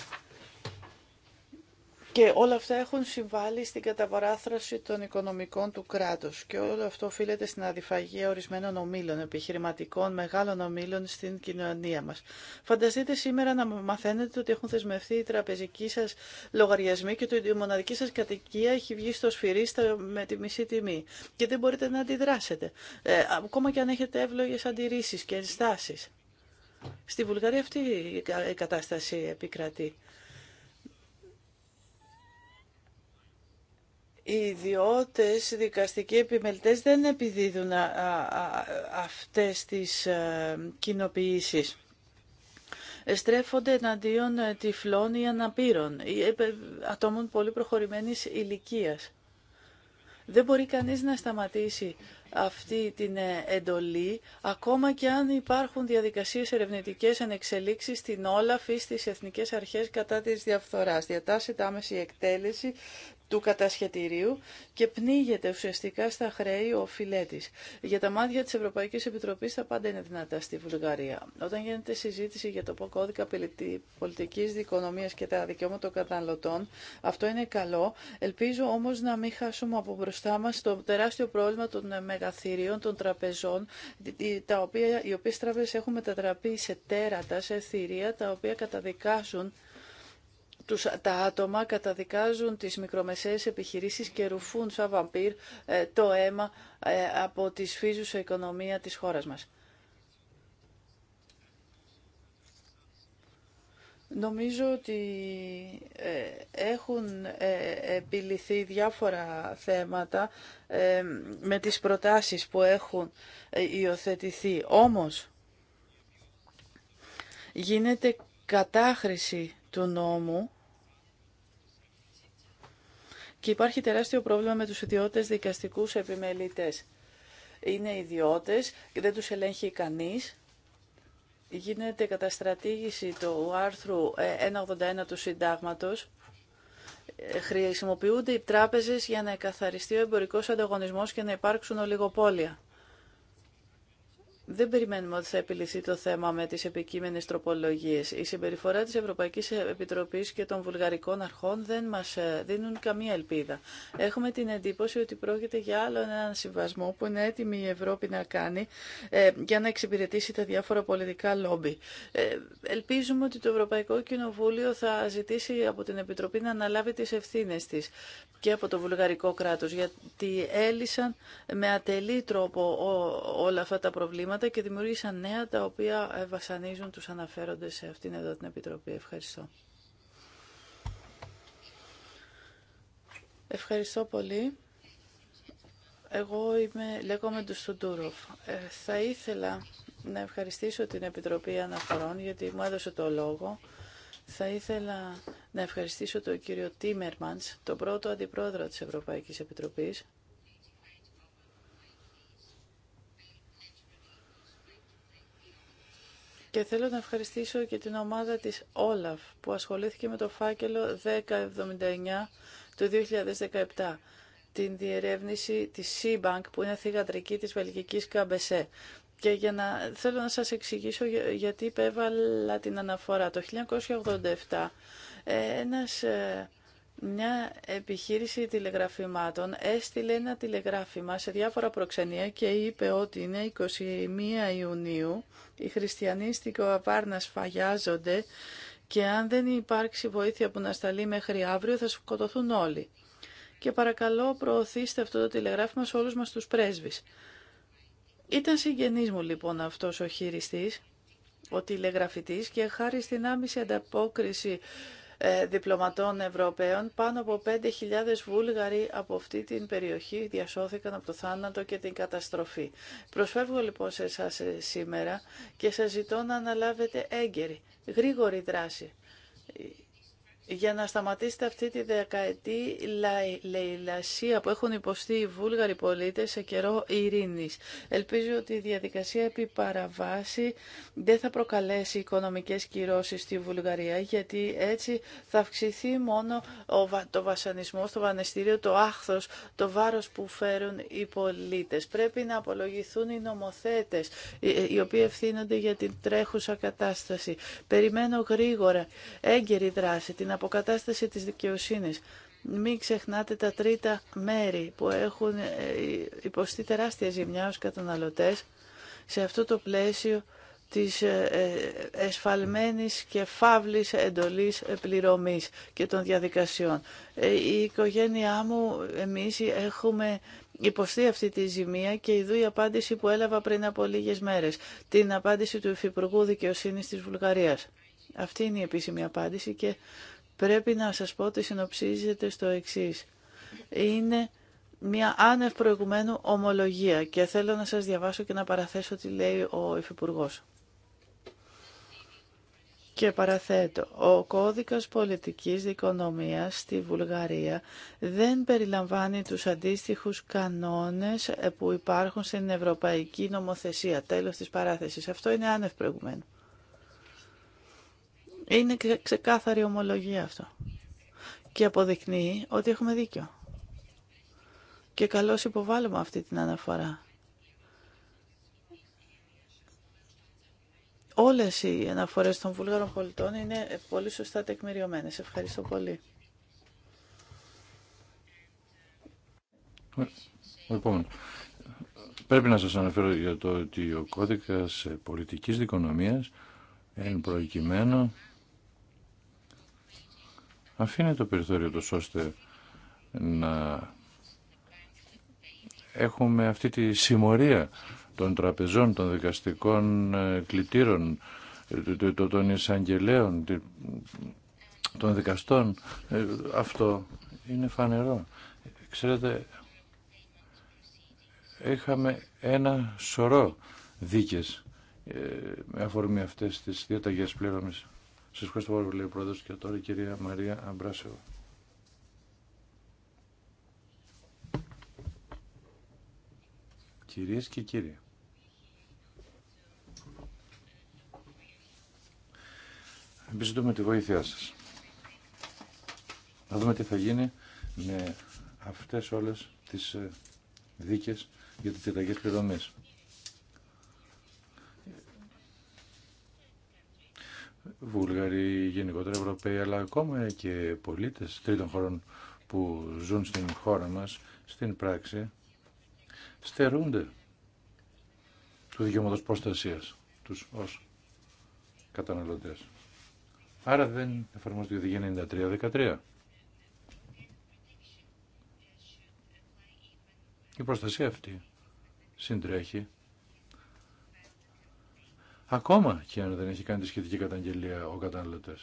Και όλα αυτά έχουν συμβάλει στην καταβαράθρωση των οικονομικών του κράτους και όλο αυτό οφείλεται στην αδιφαγία ορισμένων ομίλων, επιχειρηματικών, μεγάλων ομίλων στην κοινωνία μας. Φανταστείτε σήμερα να μαθαίνετε ότι έχουν θεσμευτεί οι τραπεζικοί σας λογαριασμοί και ότι η μοναδική σας κατοικία έχει βγει στο σφυρί με τη μισή τιμή και δεν μπορείτε να αντιδράσετε, ε, ακόμα και αν έχετε εύλογες αντιρρήσεις και ενστάσεις. Στη Βουλγαρία αυτή η κατάσταση επικρατεί. οι ιδιώτες, οι δικαστικοί επιμελητές δεν επιδίδουν αυτές τις ε, κοινοποιήσεις. Στρέφονται εναντίον ε, τυφλών ή αναπήρων ή ε, ατόμων πολύ προχωρημένης ηλικίας. Δεν μπορεί κανείς να σταματήσει αυτή την εντολή, ακόμα και αν υπάρχουν διαδικασίες ερευνητικές ανεξελίξεις στην όλαφη στις Εθνικές Αρχές κατά της διαφθοράς. Διατάσσεται άμεση εκτέλεση του κατασχετηρίου και πνίγεται ουσιαστικά στα χρέη ο φιλέτη. Για τα μάτια τη Ευρωπαϊκή Επιτροπή, τα πάντα είναι δυνατά στη Βουλγαρία. Όταν γίνεται συζήτηση για το κώδικα πολιτική δικονομία και τα δικαιώματα των καταναλωτών, αυτό είναι καλό. Ελπίζω όμω να μην χάσουμε από μπροστά μα το τεράστιο πρόβλημα των μεγαθυρίων, των τραπεζών, τα οποία, οι οποίε τράπεζε έχουν μετατραπεί σε τέρατα, σε θηρία, τα οποία καταδικάζουν τα άτομα καταδικάζουν τις μικρομεσαίες επιχειρήσεις και ρουφούν σαν βαμπύρ ε, το αίμα ε, από τη σφίζουσα οικονομία της χώρας μας. Νομίζω ότι ε, έχουν επιληθεί διάφορα θέματα με τις προτάσεις που έχουν υιοθετηθεί. Όμως, γίνεται κατάχρηση του νόμου και υπάρχει τεράστιο πρόβλημα με τους ιδιώτες δικαστικούς επιμελητές. Είναι ιδιώτες, δεν τους ελέγχει κανείς. Γίνεται καταστρατήγηση του άρθρου 181 ε, του συντάγματος. Ε, χρησιμοποιούνται οι τράπεζες για να εκαθαριστεί ο εμπορικός ανταγωνισμός και να υπάρξουν ολιγοπόλια δεν περιμένουμε ότι θα επιληθεί το θέμα με τις επικείμενες τροπολογίες. Η συμπεριφορά της Ευρωπαϊκής Επιτροπής και των βουλγαρικών αρχών δεν μας ε, δίνουν καμία ελπίδα. Έχουμε την εντύπωση ότι πρόκειται για άλλο έναν συμβασμό που είναι έτοιμη η Ευρώπη να κάνει ε, για να εξυπηρετήσει τα διάφορα πολιτικά λόμπι. Ε, ελπίζουμε ότι το Ευρωπαϊκό Κοινοβούλιο θα ζητήσει από την Επιτροπή να αναλάβει τις ευθύνες της και από το βουλγαρικό κράτος, γιατί έλυσαν με ατελή τρόπο ό, όλα αυτά τα προβλήματα και δημιούργησαν νέα τα οποία ε, βασανίζουν τους αναφέροντες σε αυτήν εδώ την Επιτροπή. Ευχαριστώ. Ευχαριστώ πολύ. Εγώ είμαι, λέγομαι του Στουντούροφ. Ε, θα ήθελα να ευχαριστήσω την Επιτροπή Αναφορών γιατί μου έδωσε το λόγο. Θα ήθελα να ευχαριστήσω τον κύριο Τίμερμαντς, τον πρώτο αντιπρόεδρο της Ευρωπαϊκής Επιτροπής, Και θέλω να ευχαριστήσω και την ομάδα της Όλαφ που ασχολήθηκε με το φάκελο 1079 του 2017 την διερεύνηση της C-Bank που είναι θηγατρική της βελγικής ΚΑΜΠΕΣΕ. Και για να, θέλω να σας εξηγήσω γιατί υπέβαλα την αναφορά. Το 1987 ε, ένας ε, μια επιχείρηση τηλεγραφημάτων έστειλε ένα τηλεγράφημα σε διάφορα προξενία και είπε ότι είναι 21 Ιουνίου, οι χριστιανοί στην Κοαπάρνα σφαγιάζονται και αν δεν υπάρξει βοήθεια που να σταλεί μέχρι αύριο θα σκοτωθούν όλοι. Και παρακαλώ προωθήστε αυτό το τηλεγράφημα σε όλους μας τους πρέσβεις. Ήταν συγγενής μου λοιπόν αυτός ο χειριστής, ο τηλεγραφητής και χάρη στην άμεση ανταπόκριση ε, διπλωματών Ευρωπαίων. Πάνω από 5.000 Βούλγαροι από αυτή την περιοχή διασώθηκαν από το θάνατο και την καταστροφή. Προσφεύγω λοιπόν σε εσά ε, σήμερα και σας ζητώ να αναλάβετε έγκαιρη, γρήγορη δράση για να σταματήσετε αυτή τη δεκαετή λαϊλασία που έχουν υποστεί οι Βούλγαροι πολίτες σε καιρό ειρήνης. Ελπίζω ότι η διαδικασία επί παραβάση δεν θα προκαλέσει οικονομικές κυρώσεις στη Βουλγαρία γιατί έτσι θα αυξηθεί μόνο το βασανισμό, το βανεστήριο, το άχθος, το βάρος που φέρουν οι πολίτες. Πρέπει να απολογηθούν οι νομοθέτες οι οποίοι ευθύνονται για την τρέχουσα κατάσταση. Περιμένω γρήγορα έγκαιρη δράση, αποκατάσταση της δικαιοσύνης. Μην ξεχνάτε τα τρίτα μέρη που έχουν ε, υποστεί τεράστια ζημιά ως καταναλωτές σε αυτό το πλαίσιο της ε, ε, εσφαλμένης και φαύλης εντολής πληρωμής και των διαδικασιών. Η οικογένειά μου, εμείς έχουμε υποστεί αυτή τη ζημία και η η απάντηση που έλαβα πριν από λίγες μέρες, την απάντηση του Υφυπουργού Δικαιοσύνης της Βουλγαρίας. Αυτή είναι η επίσημη απάντηση και πρέπει να σας πω ότι συνοψίζεται στο εξής. Είναι μια άνευ προηγουμένου ομολογία και θέλω να σας διαβάσω και να παραθέσω τι λέει ο Υφυπουργό. Και παραθέτω, ο κώδικας πολιτικής δικονομίας στη Βουλγαρία δεν περιλαμβάνει τους αντίστοιχους κανόνες που υπάρχουν στην ευρωπαϊκή νομοθεσία. Τέλος της παράθεσης. Αυτό είναι άνευ προηγουμένου. Είναι ξεκάθαρη ομολογία αυτό. Και αποδεικνύει ότι έχουμε δίκιο. Και καλώς υποβάλλουμε αυτή την αναφορά. Όλες οι αναφορές των βουλγαρών πολιτών είναι πολύ σωστά τεκμηριωμένες. Ευχαριστώ πολύ. Λοιπόν, πρέπει να σας αναφέρω για το ότι ο κώδικας πολιτικής δικονομίας είναι προκειμένου αφήνει το περιθώριο τους ώστε να έχουμε αυτή τη συμμορία των τραπεζών, των δικαστικών ε, κλητήρων, ε, των εισαγγελέων, των δικαστών. Ε, αυτό είναι φανερό. Ξέρετε, είχαμε ένα σωρό δίκες με αφορμή αυτές τις διαταγές πληρώμησης. Σα ευχαριστώ πάρα πολύ, Πρόεδρο, και τώρα η κυρία Μαρία Αμπράσεβα. Κυρίε και κύριοι, Επιζητώ με τη βοήθειά σας. Να δούμε τι θα γίνει με αυτές όλες τις ε, δίκες για τις τεταγές πληρωμής. Βουλγαροί, γενικότερα Ευρωπαίοι, αλλά ακόμα και πολίτες τρίτων χωρών που ζουν στην χώρα μας, στην πράξη, στερούνται του δικαιώματος προστασίας τους ως καταναλωτές. Άρα δεν εφαρμόζεται η οδηγία 93-13. Η προστασία αυτή συντρέχει ακόμα και αν δεν έχει κάνει τη σχετική καταγγελία ο καταναλωτέ.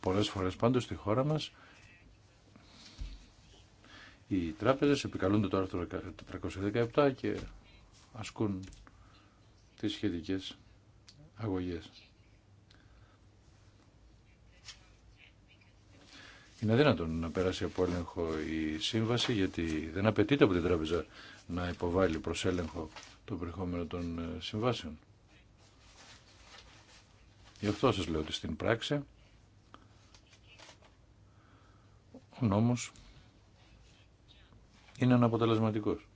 Πολλέ φορέ πάντω στη χώρα μα. οι τράπεζε επικαλούνται το άρθρο 417 και ασκούν τι σχετικέ αγωγέ. Είναι δύνατον να περάσει από έλεγχο η σύμβαση γιατί δεν απαιτείται από την τράπεζα να υποβάλει προς έλεγχο το περιεχόμενο των ε, συμβάσεων. Γι' αυτό σας λέω ότι στην πράξη ο νόμος είναι αναποτελεσματικός.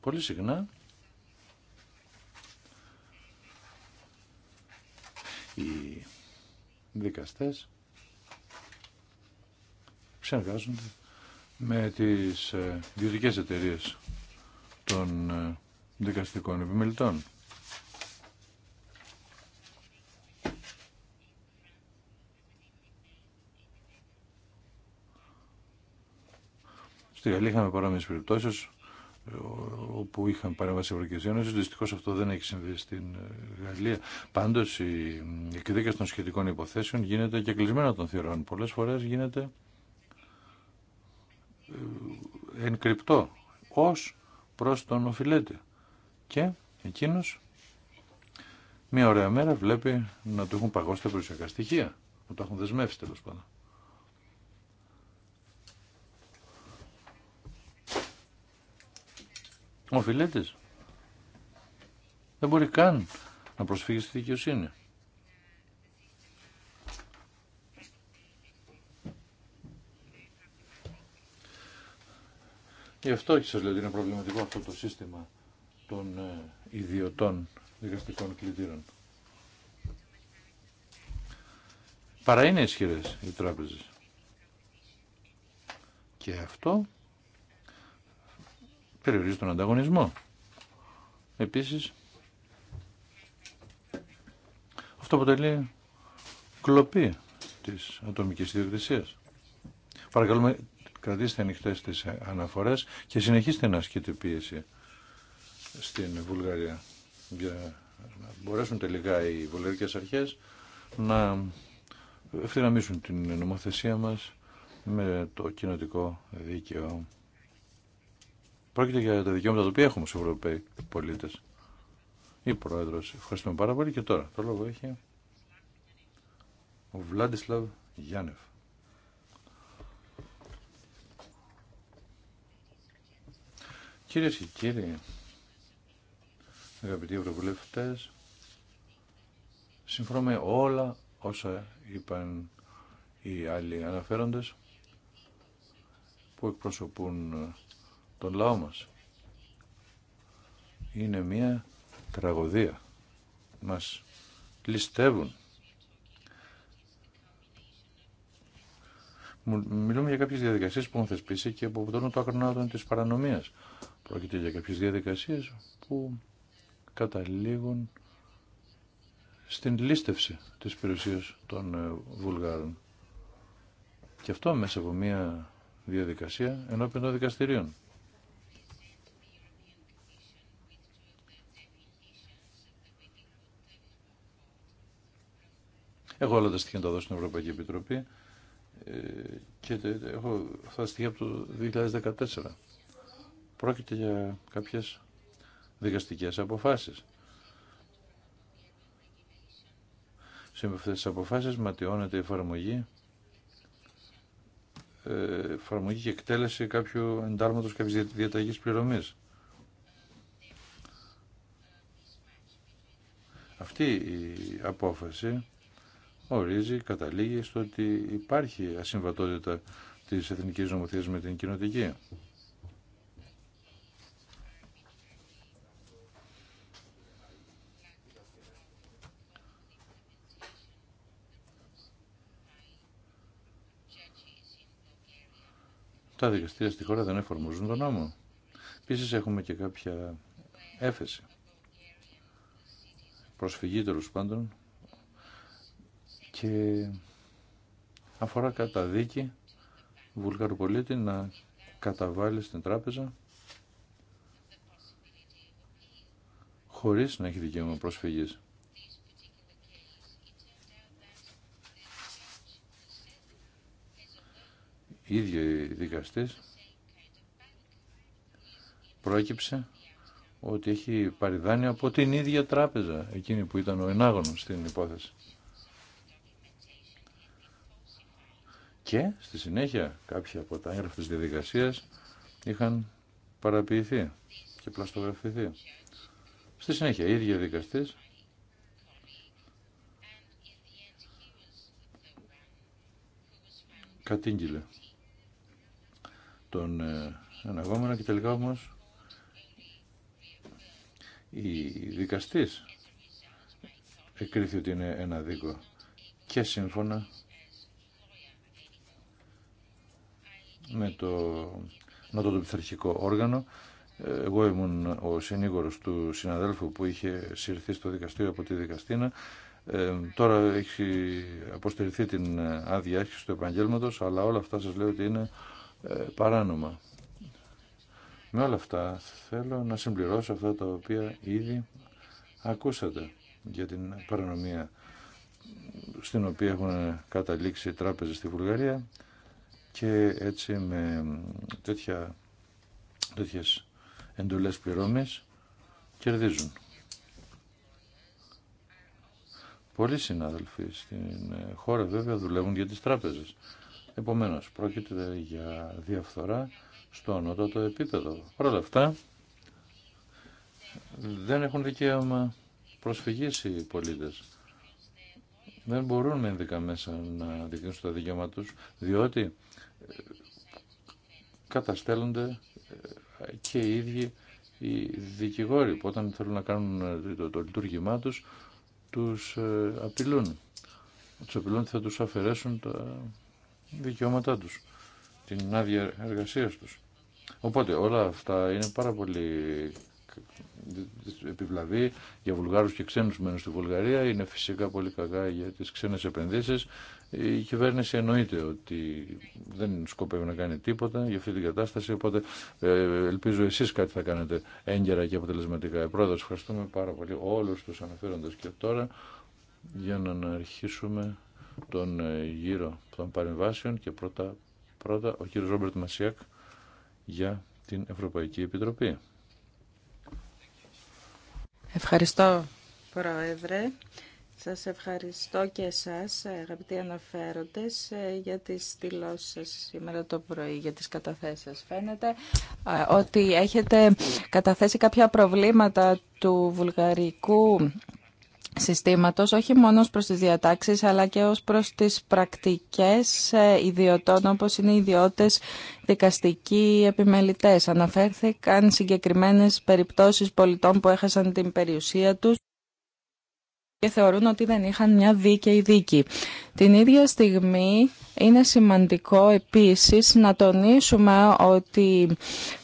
Πολύ συχνά οι δικαστές ξεργάζονται με τις ε, ιδιωτικές εταιρείες των ε, δικαστικών επιμελητών. Στη Γαλλία είχαμε παρόμοιες περιπτώσεις όπου είχαν παρέμβαση Ευρωπαϊκή Ένωση. Δυστυχώ αυτό δεν έχει συμβεί στην Γαλλία. Πάντω, η εκδίκαση των σχετικών υποθέσεων γίνεται και κλεισμένα των θηρών. Πολλέ φορέ γίνεται ε, εν κρυπτό ω προ τον οφειλέτη και εκείνο μια ωραία μέρα βλέπει να του έχουν παγώσει τα περιουσιακά στοιχεία, που το έχουν δεσμεύσει τέλο πάντων. Ο φιλέτη δεν μπορεί καν να προσφύγει στη δικαιοσύνη. Γι' αυτό και σας λέω ότι είναι προβληματικό αυτό το σύστημα των ε, ιδιωτών δικαστικών κλητήρων. Παρά είναι ισχυρέ οι τράπεζες. Και αυτό περιορίζει τον ανταγωνισμό. Επίσης, αυτό αποτελεί κλοπή της ατομική ιδιοκτησίας. Παρακαλούμε, κρατήστε ανοιχτές τις αναφορές και συνεχίστε να ασκείτε πίεση στην Βουλγαρία για να μπορέσουν τελικά οι βουλγαρικές αρχές να ευθυναμίσουν την νομοθεσία μας με το κοινοτικό δίκαιο. Πρόκειται για τα δικαιώματα τα οποία έχουμε στους Ευρωπαίοι πολίτες. Η Πρόεδρος. Ευχαριστούμε πάρα πολύ και τώρα. Το λόγο έχει ο Βλάντισλαβ Γιάννεφ. Κυρίες και κύριοι, αγαπητοί ευρωβουλευτές, συμφωνώ με όλα όσα είπαν οι άλλοι αναφέροντες που εκπροσωπούν τον λαό μας. Είναι μία τραγωδία. Μας ληστεύουν. Μιλούμε για κάποιες διαδικασίες που έχουν θεσπίσει και που αποτελούν το άκρονάδον της παρανομίας. Πρόκειται για κάποιες διαδικασίες που καταλήγουν στην λίστευση της περιουσίας των ε, Βουλγάρων. Και αυτό μέσα από μια διαδικασία ενώπιον των δικαστηρίων. Έχω όλα τα στοιχεία να τα δώσω στην Ευρωπαϊκή Επιτροπή ε, και έχω αυτά τα στοιχεία από το 2014. Πρόκειται για κάποιες δικαστικές αποφάσεις. Σε αυτές τις αποφάσεις ματιώνεται η εφαρμογή, ε, εφαρμογή και εκτέλεση κάποιου εντάλματος κάποιης διαταγής πληρωμής. Αυτή η απόφαση ορίζει, καταλήγει στο ότι υπάρχει ασυμβατότητα της εθνικής νομοθεσίας με την κοινοτική. τα δικαστήρια στη χώρα δεν εφαρμόζουν τον νόμο. Επίση έχουμε και κάποια έφεση. Προσφυγή τέλο πάντων και αφορά κατά δίκη βουλγαρου να καταβάλει στην τράπεζα χωρίς να έχει δικαίωμα προσφυγής. ίδιοι δικαστές πρόκυψε ότι έχει πάρει δάνεια από την ίδια τράπεζα, εκείνη που ήταν ο ενάγωνος στην υπόθεση. Και στη συνέχεια κάποια από τα έγγραφα της διαδικασίας είχαν παραποιηθεί και πλαστογραφηθεί. Στη συνέχεια οι ίδιοι δικαστές κατήγγειλε τον αναγόμενο ε, και τελικά όμως η δικαστής εκρίθη ότι είναι ένα δίκο και σύμφωνα με το νότο του πειθαρχικό όργανο ε, εγώ ήμουν ο συνήγορος του συναδέλφου που είχε συρθεί στο δικαστήριο από τη δικαστήνα ε, τώρα έχει αποστερηθεί την άδεια του επαγγέλματος αλλά όλα αυτά σας λέω ότι είναι ε, παράνομα. Με όλα αυτά θέλω να συμπληρώσω αυτά τα οποία ήδη ακούσατε για την παρανομία στην οποία έχουν καταλήξει οι τράπεζες στη Βουλγαρία και έτσι με τέτοια, τέτοιες εντολές πληρώμες κερδίζουν. Πολλοί συνάδελφοι στην χώρα βέβαια δουλεύουν για τις τράπεζες. Επομένως, πρόκειται για διαφθορά στο ανώτατο επίπεδο. Παρ' όλα αυτά, δεν έχουν δικαίωμα προσφυγής οι πολίτες. Δεν μπορούν με ενδικά μέσα να δικαιώσουν τα δικαιώματα τους, διότι ε, καταστέλλονται ε, και οι ίδιοι οι δικηγόροι που όταν θέλουν να κάνουν ε, το, το λειτουργήμά τους τους απειλούν. Τους απειλούν ότι θα τους αφαιρέσουν τα δικαιώματά τους, την άδεια εργασία τους. Οπότε όλα αυτά είναι πάρα πολύ επιβλαβή για Βουλγάρους και ξένους που στη Βουλγαρία. Είναι φυσικά πολύ κακά για τις ξένες επενδύσεις. Η κυβέρνηση εννοείται ότι δεν σκοπεύει να κάνει τίποτα για αυτή την κατάσταση. Οπότε ε, ελπίζω εσείς κάτι θα κάνετε έγκαιρα και αποτελεσματικά. Ε, Πρόεδρε, ευχαριστούμε πάρα πολύ όλους τους αναφέροντες και τώρα για να αρχίσουμε τον ε, γύρο των παρεμβάσεων και πρώτα, πρώτα ο κύριος Ρόμπερτ Μασιάκ για την Ευρωπαϊκή Επιτροπή. Ευχαριστώ, Πρόεδρε. Σας ευχαριστώ και εσάς, αγαπητοί αναφέροντες, ε, για τις δηλώσεις σας σήμερα το πρωί, για τις καταθέσεις σας. Φαίνεται ε, ότι έχετε καταθέσει κάποια προβλήματα του βουλγαρικού συστήματος όχι μόνο προς τις διατάξεις αλλά και ως προς τις πρακτικές ε, ιδιωτών όπως είναι οι ιδιώτες δικαστικοί επιμελητές. Αναφέρθηκαν συγκεκριμένες περιπτώσεις πολιτών που έχασαν την περιουσία τους και θεωρούν ότι δεν είχαν μια δίκαιη δίκη. Την ίδια στιγμή είναι σημαντικό επίσης να τονίσουμε ότι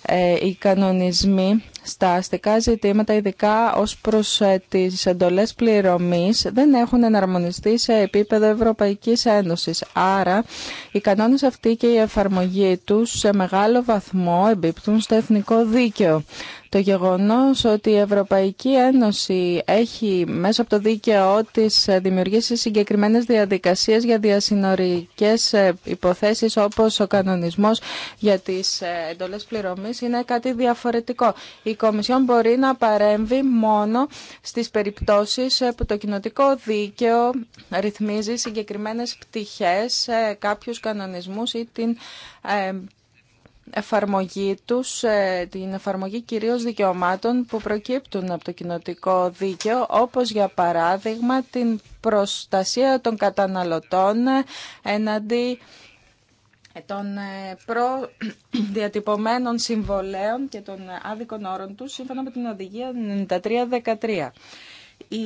ε, οι κανονισμοί στα αστικά ζητήματα, ειδικά ως προς ε, τις εντολές πληρωμής, δεν έχουν εναρμονιστεί σε επίπεδο Ευρωπαϊκής Ένωσης. Άρα, οι κανόνες αυτοί και η εφαρμογή τους σε μεγάλο βαθμό εμπίπτουν στο εθνικό δίκαιο. Το γεγονός ότι η Ευρωπαϊκή Ένωση έχει μέσα από το δίκαιο της δημιουργήσει συγκεκριμένες διαδικασίες για διασυνορικές υποθέσεις όπως ο κανονισμός για τις εντολές πληρωμής είναι κάτι διαφορετικό. Η Κομισιόν μπορεί να παρέμβει μόνο στις περιπτώσεις που το κοινοτικό δίκαιο ρυθμίζει συγκεκριμένες πτυχές, κάποιους κανονισμούς ή την ε, εφαρμογή τους, ε, την εφαρμογή κυρίως δικαιωμάτων που προκύπτουν από το κοινοτικό δίκαιο, όπως για παράδειγμα την προστασία των καταναλωτών ε, εναντί ε, των προδιατυπωμένων συμβολέων και των άδικων όρων τους, σύμφωνα με την Οδηγία 9313. Η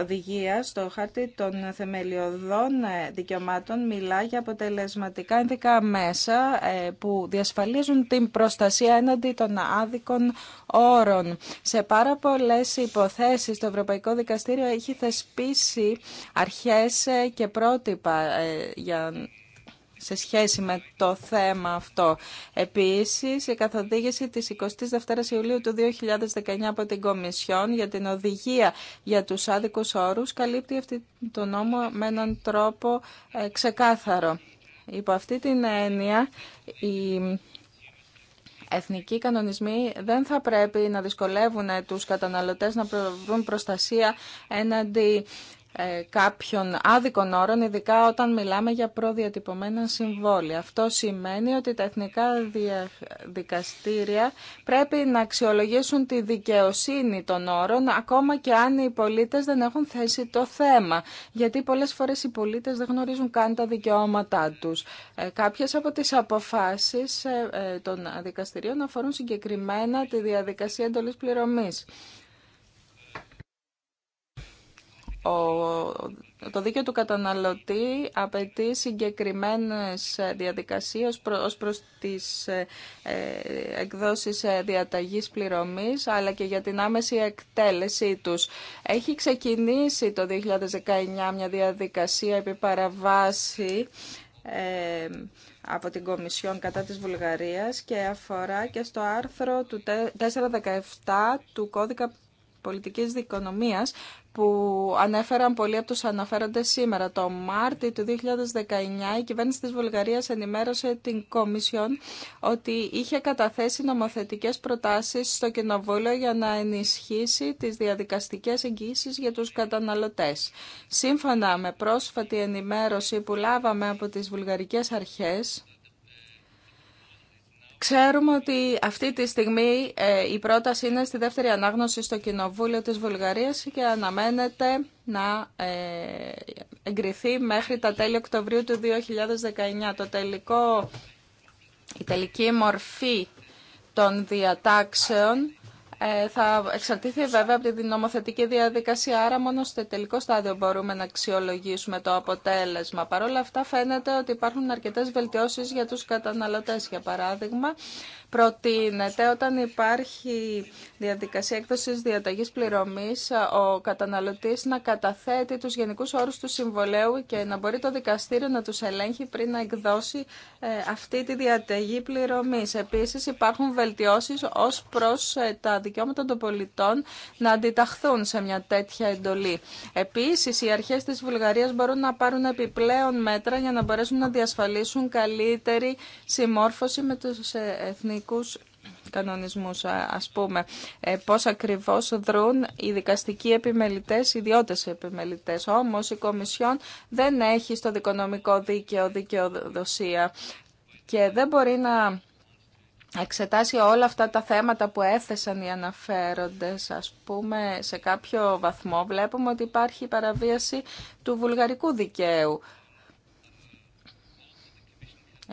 οδηγία στο χάρτη των θεμελιωδών ε, δικαιωμάτων μιλά για αποτελεσματικά ενδικά μέσα ε, που διασφαλίζουν την προστασία έναντι των άδικων όρων. Σε πάρα πολλές υποθέσεις το Ευρωπαϊκό Δικαστήριο έχει θεσπίσει αρχές ε, και πρότυπα για σε σχέση με το θέμα αυτό. Επίσης, η καθοδήγηση της 22ης Ιουλίου του 2019 από την Κομισιόν για την οδηγία για τους άδικους όρους καλύπτει αυτή το νόμο με έναν τρόπο ε, ξεκάθαρο. Υπό αυτή την έννοια, οι εθνικοί κανονισμοί δεν θα πρέπει να δυσκολεύουν τους καταναλωτές να βρουν προστασία έναντι ε, κάποιων άδικων όρων, ειδικά όταν μιλάμε για προδιατυπωμένα συμβόλαια. Αυτό σημαίνει ότι τα εθνικά δικαστήρια πρέπει να αξιολογήσουν τη δικαιοσύνη των όρων, ακόμα και αν οι πολίτες δεν έχουν θέσει το θέμα. Γιατί πολλές φορές οι πολίτες δεν γνωρίζουν καν τα δικαιώματά τους. Ε, κάποιες από τις αποφάσεις ε, των δικαστηρίων αφορούν συγκεκριμένα τη διαδικασία εντολής πληρωμής το δίκαιο του καταναλωτή απαιτεί συγκεκριμένες διαδικασίες ως προς τις ε, ε, εκδόσεις ε, διαταγής πληρωμής αλλά και για την άμεση εκτέλεσή τους. Έχει ξεκινήσει το 2019 μια διαδικασία επί παραβάση από την Κομισιόν κατά της Βουλγαρίας και αφορά και στο άρθρο του 417 του Κώδικα πολιτικής δικονομίας που ανέφεραν πολλοί από τους αναφέρονται σήμερα. Το Μάρτι του 2019 η κυβέρνηση της Βουλγαρίας ενημέρωσε την Κομισιόν ότι είχε καταθέσει νομοθετικές προτάσεις στο Κοινοβούλιο για να ενισχύσει τις διαδικαστικές εγγύσεις για τους καταναλωτές. Σύμφωνα με πρόσφατη ενημέρωση που λάβαμε από τις βουλγαρικές αρχές, Ξέρουμε ότι αυτή τη στιγμή ε, η πρόταση είναι στη δεύτερη ανάγνωση στο Κοινοβούλιο της Βουλγαρίας και αναμένεται να ε, εγκριθεί μέχρι τα τέλη Οκτωβρίου του 2019. Το τελικό, η τελική μορφή των διατάξεων ε, θα εξαρτηθεί βέβαια από την νομοθετική διαδικασία, άρα μόνο στο τελικό στάδιο μπορούμε να αξιολογήσουμε το αποτέλεσμα. Παρ' όλα αυτά φαίνεται ότι υπάρχουν αρκετές βελτιώσεις για τους καταναλωτές. Για παράδειγμα, προτείνεται όταν υπάρχει διαδικασία έκδοσης διαταγής πληρωμής ο καταναλωτής να καταθέτει τους γενικούς όρους του συμβολέου και να μπορεί το δικαστήριο να τους ελέγχει πριν να εκδώσει ε, αυτή τη διαταγή πληρωμής. Επίσης υπάρχουν βελτιώσεις ως προς ε, τα δικαιώματα των πολιτών να αντιταχθούν σε μια τέτοια εντολή. Επίσης οι αρχές της Βουλγαρίας μπορούν να πάρουν επιπλέον μέτρα για να μπορέσουν να διασφαλίσουν καλύτερη συμμόρφωση με τους ε, εθνικούς εθνικούς κανονισμούς. Ας πούμε, ε, πώς ακριβώς δρούν οι δικαστικοί επιμελητές, οι ιδιώτες επιμελητές. Όμως η Κομισιόν δεν έχει στο δικονομικό δίκαιο δικαιοδοσία και δεν μπορεί να εξετάσει όλα αυτά τα θέματα που έθεσαν οι αναφέροντες. Ας πούμε, σε κάποιο βαθμό βλέπουμε ότι υπάρχει παραβίαση του βουλγαρικού δικαίου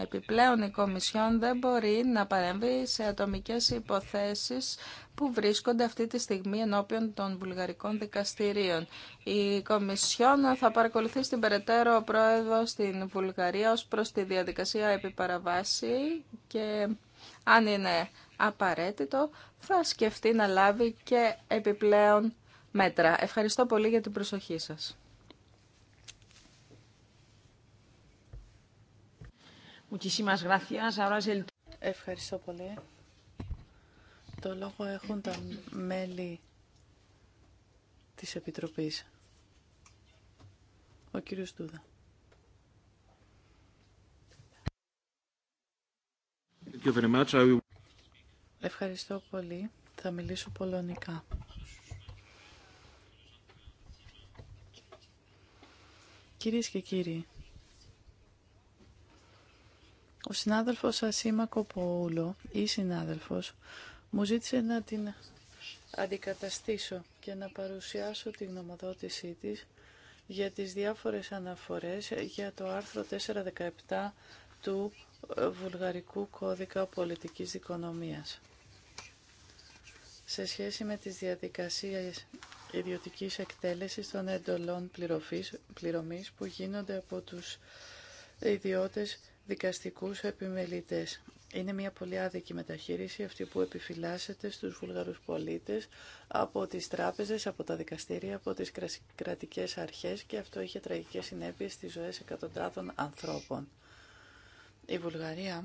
Επιπλέον η Κομισιόν δεν μπορεί να παρέμβει σε ατομικές υποθέσεις που βρίσκονται αυτή τη στιγμή ενώπιον των βουλγαρικών δικαστηρίων. Η Κομισιόν θα παρακολουθεί στην περαιτέρω πρόεδρο στην Βουλγαρία ως προς τη διαδικασία επιπαραβάση και αν είναι απαραίτητο θα σκεφτεί να λάβει και επιπλέον μέτρα. Ευχαριστώ πολύ για την προσοχή σας. Ευχαριστώ πολύ. Το λόγο έχουν τα μέλη της Επιτροπής. Ο κύριος Τούδα. Ευχαριστώ πολύ. Θα μιλήσω πολωνικά. Κυρίες και κύριοι, ο συνάδελφος Ασίμα Κοπούλο ή συνάδελφος μου ζήτησε να την αντικαταστήσω και να παρουσιάσω τη γνωμοδότησή της για τις διάφορες αναφορές για το άρθρο 417 του Βουλγαρικού Κώδικα Πολιτικής Δικονομίας σε σχέση με τις διαδικασίες ιδιωτικής εκτέλεσης των εντολών πληρωμής που γίνονται από τους ιδιώτες δικαστικούς επιμελητές. Είναι μια πολύ άδικη μεταχείριση αυτή που επιφυλάσσεται στους βουλγαρούς πολίτες από τις τράπεζες, από τα δικαστήρια, από τις κρατικές αρχές και αυτό είχε τραγικές συνέπειες στις ζωές εκατοντάδων ανθρώπων. Η Βουλγαρία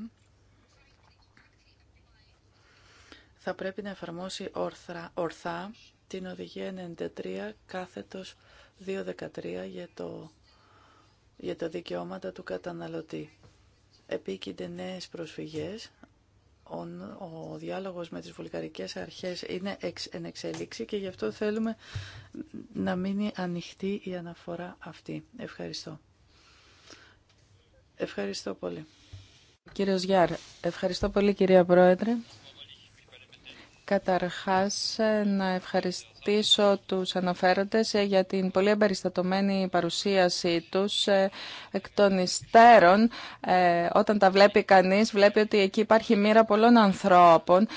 θα πρέπει να εφαρμόσει ορθά, ορθά την οδηγία 93 κάθετος 213 για, το, για τα δικαιώματα του καταναλωτή επίκυνται νέες προσφυγές. Ο διάλογος με τις βουλγαρικές αρχές είναι εν εξελίξη και γι' αυτό θέλουμε να μείνει ανοιχτή η αναφορά αυτή. Ευχαριστώ. Ευχαριστώ πολύ. Κύριος Γιάρ, ευχαριστώ πολύ κυρία Πρόεδρε. Καταρχάς, ε, να ευχαριστήσω τους αναφέροντες ε, για την πολύ εμπεριστατωμένη παρουσίασή τους ε, εκ των υστέρων. Όταν τα βλέπει κανείς, βλέπει ότι εκεί υπάρχει μοίρα πολλών ανθρώπων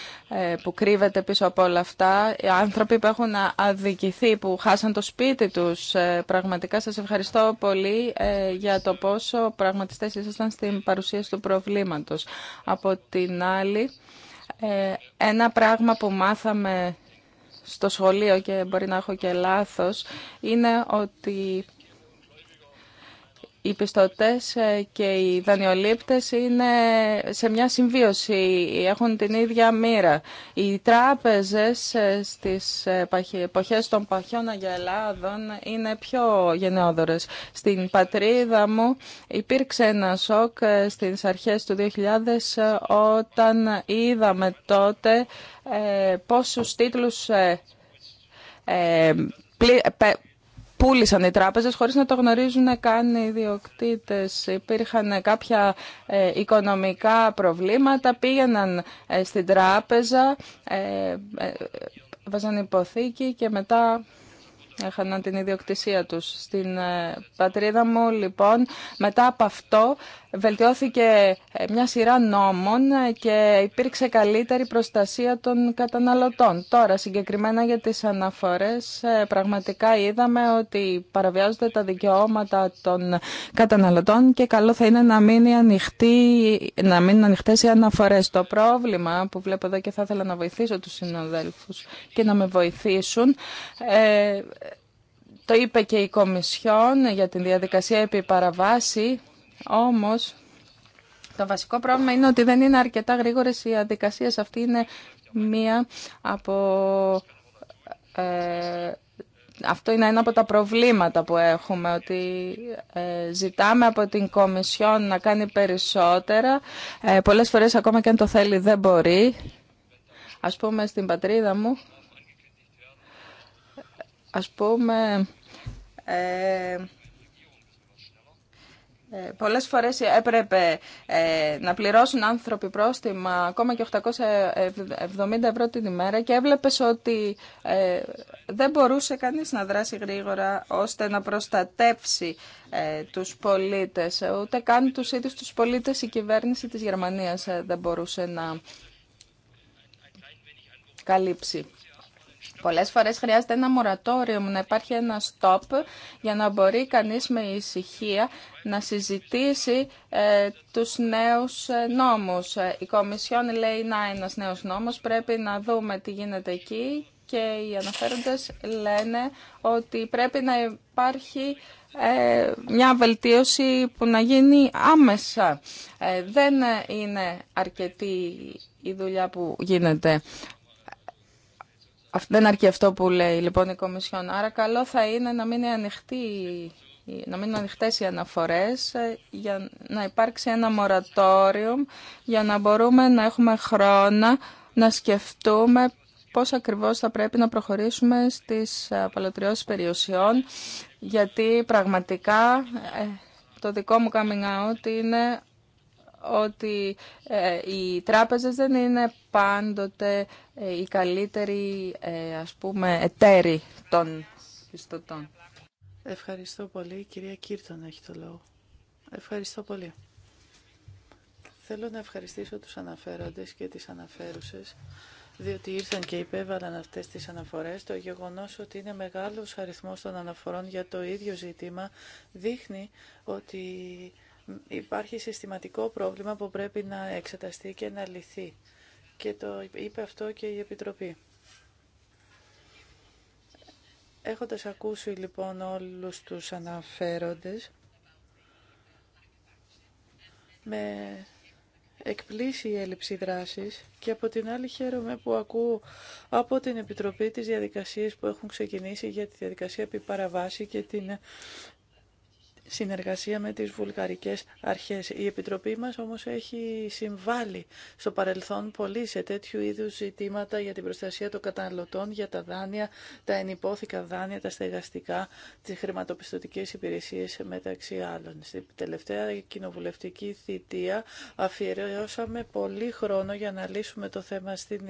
που κρύβεται πίσω από όλα αυτά. Άνθρωποι που έχουν αδικηθεί, που χάσαν το σπίτι τους. Πραγματικά σας ευχαριστώ πολύ για το πόσο πραγματιστές ήσασταν στην παρουσίαση του προβλήματος. Από την άλλη... Ε, ένα πράγμα που μάθαμε στο σχολείο και μπορεί να έχω και λάθος είναι ότι οι πιστωτέ ε, και οι δανειολήπτες είναι σε μια συμβίωση, έχουν την ίδια μοίρα. Οι τράπεζε ε, στι ε, εποχέ των παχιών αγελάδων είναι πιο γενναιόδορε. Στην πατρίδα μου υπήρξε ένα σοκ στι αρχές του 2000 όταν είδαμε τότε πόσους τίτλους πούλησαν οι τράπεζες χωρίς να το γνωρίζουν καν οι ιδιοκτήτες. Υπήρχαν κάποια ε, οικονομικά προβλήματα, πήγαιναν ε, στην τράπεζα, ε, βάζαν υποθήκη και μετά έχαναν την ιδιοκτησία τους. Στην πατρίδα μου λοιπόν μετά από αυτό βελτιώθηκε ε, μια σειρά νόμων και υπήρξε καλύτερη προστασία των καταναλωτών. Τώρα, συγκεκριμένα για τις αναφορές, ε, πραγματικά είδαμε ότι παραβιάζονται τα δικαιώματα των καταναλωτών και καλό θα είναι να μείνει ανοιχτή, να μείνουν ανοιχτές οι αναφορές. Το πρόβλημα που βλέπω εδώ και θα ήθελα να βοηθήσω τους συναδέλφους και να με βοηθήσουν, ε, το είπε και η Κομισιόν για την διαδικασία επί παραβάση, όμως, το βασικό πρόβλημα είναι ότι δεν είναι αρκετά γρήγορες οι διαδικασίε. Αυτή είναι μία από... Ε, αυτό είναι ένα από τα προβλήματα που έχουμε, ότι ε, ζητάμε από την Κομισιόν να κάνει περισσότερα. Ε, πολλές φορές ακόμα και αν το θέλει δεν μπορεί. Ας πούμε στην πατρίδα μου, ας πούμε... Ε, ε, πολλές φορές έπρεπε ε, να πληρώσουν άνθρωποι πρόστιμα ακόμα και 870 ευρώ την ημέρα και έβλεπες ότι ε, δεν μπορούσε κανείς να δράσει γρήγορα ώστε να προστατεύσει τους πολίτες. Ούτε καν τους ίδιους τους πολίτες η κυβέρνηση της Γερμανίας δεν μπορούσε να καλύψει. Πολλές φορές χρειάζεται ένα μορατόριο, να υπάρχει ένα stop για να μπορεί κανείς με ησυχία να συζητήσει ε, τους νέους ε, νόμους. Ε, η Κομισιόν λέει να ένας νέος νόμος, πρέπει να δούμε τι γίνεται εκεί και οι αναφέροντες λένε ότι πρέπει να υπάρχει μια βελτίωση που να γίνει άμεσα. δεν είναι αρκετή η δουλειά που γίνεται. Δεν αρκεί αυτό που λέει λοιπόν η Κομισιόν. Άρα καλό θα είναι να μην είναι ανοιχτή να μείνουν ανοιχτές οι αναφορές, ε, για να υπάρξει ένα μορατόριο, για να μπορούμε να έχουμε χρόνο να σκεφτούμε πώς ακριβώς θα πρέπει να προχωρήσουμε στις απαλωτριώσεις περιουσιών, γιατί πραγματικά ε, το δικό μου coming out είναι ότι ε, οι τράπεζες δεν είναι πάντοτε ε, οι καλύτεροι, ε, ας πούμε, εταίροι των πιστωτών. Ευχαριστώ πολύ. κυρία Κύρτον έχει το λόγο. Ευχαριστώ πολύ. Θέλω να ευχαριστήσω τους αναφέροντες και τις αναφέρουσες διότι ήρθαν και υπέβαλαν αυτές τις αναφορές. Το γεγονός ότι είναι μεγάλος αριθμός των αναφορών για το ίδιο ζήτημα δείχνει ότι Υπάρχει συστηματικό πρόβλημα που πρέπει να εξεταστεί και να λυθεί. Και το είπε αυτό και η Επιτροπή. Έχοντας ακούσει λοιπόν όλους τους αναφέροντες, με εκπλήσει η έλλειψη δράσης και από την άλλη χαίρομαι που ακούω από την Επιτροπή τις διαδικασίες που έχουν ξεκινήσει για τη διαδικασία επί παραβάση και την συνεργασία με τις βουλγαρικές αρχές. Η Επιτροπή μας όμως έχει συμβάλει στο παρελθόν πολύ σε τέτοιου είδους ζητήματα για την προστασία των καταναλωτών, για τα δάνεια, τα ενυπόθηκα δάνεια, τα στεγαστικά, τις χρηματοπιστωτικές υπηρεσίες μεταξύ άλλων. Στην τελευταία κοινοβουλευτική θητεία αφιερώσαμε πολύ χρόνο για να λύσουμε το θέμα στην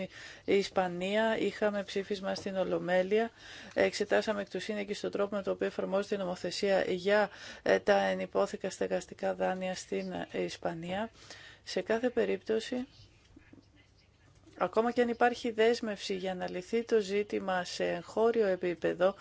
Ισπανία. Είχαμε ψήφισμα στην Ολομέλεια. Εξετάσαμε εκ του στον τρόπο με το οποίο εφαρμόζεται η νομοθεσία για ε, τα ενυπόθηκα στεγαστικά δάνεια στην ε, Ισπανία. Σε κάθε περίπτωση, ακόμα και αν υπάρχει δέσμευση για να λυθεί το ζήτημα σε χώριο επίπεδο,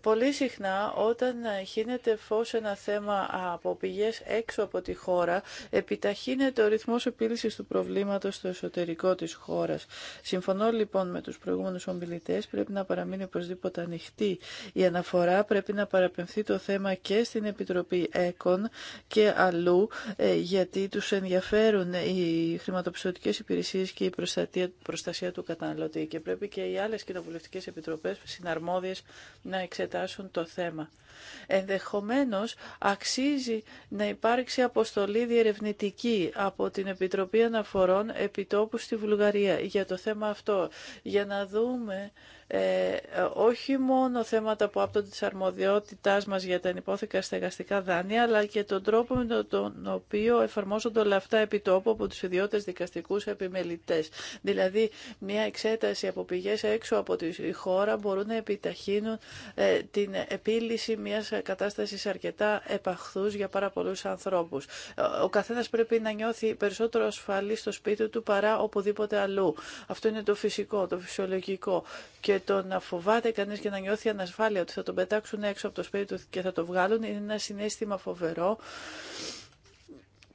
Πολύ συχνά όταν χύνεται φως ένα θέμα από πηγές έξω από τη χώρα, επιταχύνεται ο ρυθμός επίλυσης του προβλήματος στο εσωτερικό της χώρας. Συμφωνώ λοιπόν με τους προηγούμενους ομιλητές, πρέπει να παραμείνει οπωσδήποτε ανοιχτή η αναφορά, πρέπει να παραπεμφθεί το θέμα και στην Επιτροπή ΕΚΟΝ και αλλού, ε, γιατί τους ενδιαφέρουν οι χρηματοπιστωτικές υπηρεσίες και η προστασία του καταναλωτή και πρέπει και οι άλλες κοινοβουλευτικές επιτροπές συναρμόδιες να εξετάσουν το θέμα. Ενδεχομένως αξίζει να υπάρξει αποστολή διερευνητική από την Επιτροπή Αναφορών Επιτόπου στη Βουλγαρία για το θέμα αυτό, για να δούμε ε, όχι μόνο θέματα που άπτονται της αρμοδιότητάς μας για τα ενυπόθηκα στεγαστικά δάνεια, αλλά και τον τρόπο με τον οποίο εφαρμόζονται όλα αυτά επί από τους ιδιώτες δικαστικούς επιμελητές. Δηλαδή, μια εξέταση από πηγές έξω από τη χώρα μπορούν να επιταχύνουν ε, την επίλυση μιας κατάστασης αρκετά επαχθούς για πάρα πολλούς ανθρώπους. Ο καθένας πρέπει να νιώθει περισσότερο ασφαλή στο σπίτι του παρά οπουδήποτε αλλού. Αυτό είναι το φυσικό, το φυσιολογικό και το να φοβάται κανείς και να νιώθει ανασφάλεια ότι θα τον πετάξουν έξω από το σπίτι του και θα το βγάλουν είναι ένα συνέστημα φοβερό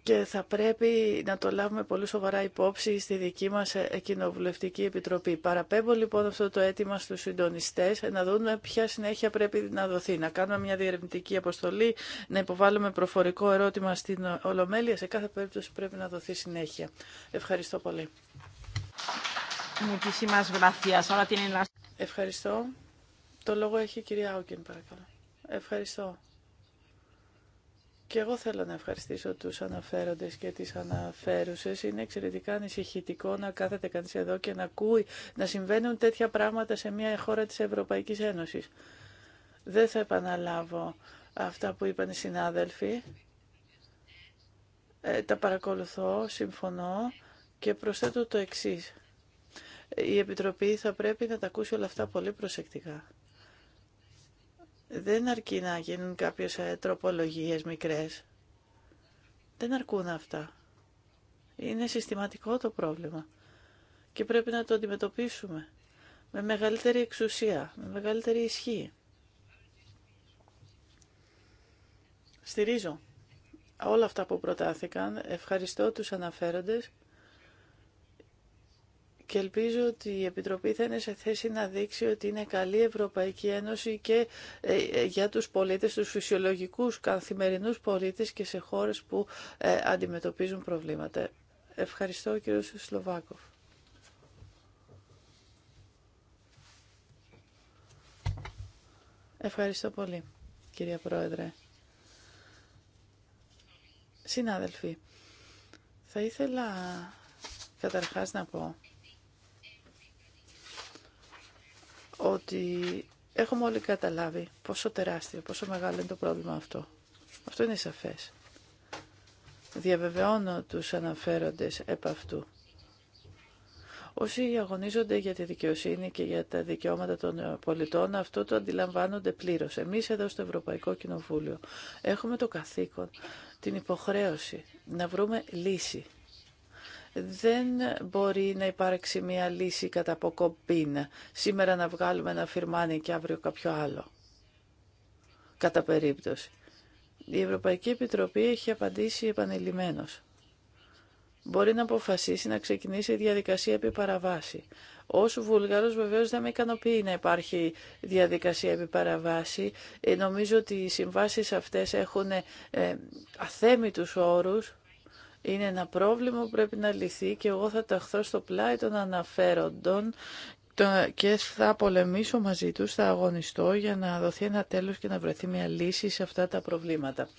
και θα πρέπει να το λάβουμε πολύ σοβαρά υπόψη στη δική μας ε, Κοινοβουλευτική Επιτροπή. Παραπέμπω λοιπόν αυτό το αίτημα στους συντονιστές ε, να δούμε ποια συνέχεια πρέπει να δοθεί. Να κάνουμε μια διερευνητική αποστολή, να υποβάλουμε προφορικό ερώτημα στην Ολομέλεια. Σε κάθε περίπτωση πρέπει να δοθεί συνέχεια. Ευχαριστώ πολύ. Ευχαριστώ. Το λόγο έχει η κυρία Άουκεν, παρακαλώ. Ευχαριστώ. Και εγώ θέλω να ευχαριστήσω τους αναφέροντες και τις αναφέρουσες. Είναι εξαιρετικά ανησυχητικό να κάθεται κανείς εδώ και να ακούει να συμβαίνουν τέτοια πράγματα σε μια χώρα της Ευρωπαϊκής Ένωσης. Δεν θα επαναλάβω αυτά που είπαν οι συνάδελφοι. Ε, τα παρακολουθώ, συμφωνώ και προσθέτω το εξής η Επιτροπή θα πρέπει να τα ακούσει όλα αυτά πολύ προσεκτικά. Δεν αρκεί να γίνουν κάποιες ε, τροπολογίες μικρές. Δεν αρκούν αυτά. Είναι συστηματικό το πρόβλημα και πρέπει να το αντιμετωπίσουμε με μεγαλύτερη εξουσία, με μεγαλύτερη ισχύ. Στηρίζω όλα αυτά που προτάθηκαν. Ευχαριστώ τους αναφέροντες και ελπίζω ότι η Επιτροπή θα είναι σε θέση να δείξει ότι είναι καλή η Ευρωπαϊκή Ένωση και ε, ε, για τους πολίτες, τους φυσιολογικούς καθημερινούς πολίτες και σε χώρες που ε, αντιμετωπίζουν προβλήματα. Ευχαριστώ κύριο Σλοβάκοφ. Ευχαριστώ πολύ, κυρία Πρόεδρε. Συνάδελφοι, θα ήθελα καταρχάς να πω ότι έχουμε όλοι καταλάβει πόσο τεράστιο, πόσο μεγάλο είναι το πρόβλημα αυτό. Αυτό είναι σαφές. Διαβεβαιώνω τους αναφέροντες επ' αυτού. Όσοι αγωνίζονται για τη δικαιοσύνη και για τα δικαιώματα των πολιτών, αυτό το αντιλαμβάνονται πλήρως. Εμείς εδώ στο Ευρωπαϊκό Κοινοβούλιο έχουμε το καθήκον, την υποχρέωση να βρούμε λύση δεν μπορεί να υπάρξει μια λύση κατά αποκοπήν. Σήμερα να βγάλουμε ένα φυρμάνι και αύριο κάποιο άλλο. Κατά περίπτωση. Η Ευρωπαϊκή Επιτροπή έχει απαντήσει επανειλημμένος. Μπορεί να αποφασίσει να ξεκινήσει η διαδικασία επί παραβάση. Ως Βουλγαρός βεβαίως δεν με ικανοποιεί να υπάρχει διαδικασία επί παραβάση. Ε, νομίζω ότι οι συμβάσεις αυτές έχουν ε, αθέμητους είναι ένα πρόβλημα που πρέπει να λυθεί και εγώ θα ταχθώ στο πλάι των αναφέροντων και θα πολεμήσω μαζί τους, θα αγωνιστώ για να δοθεί ένα τέλος και να βρεθεί μια λύση σε αυτά τα προβλήματα.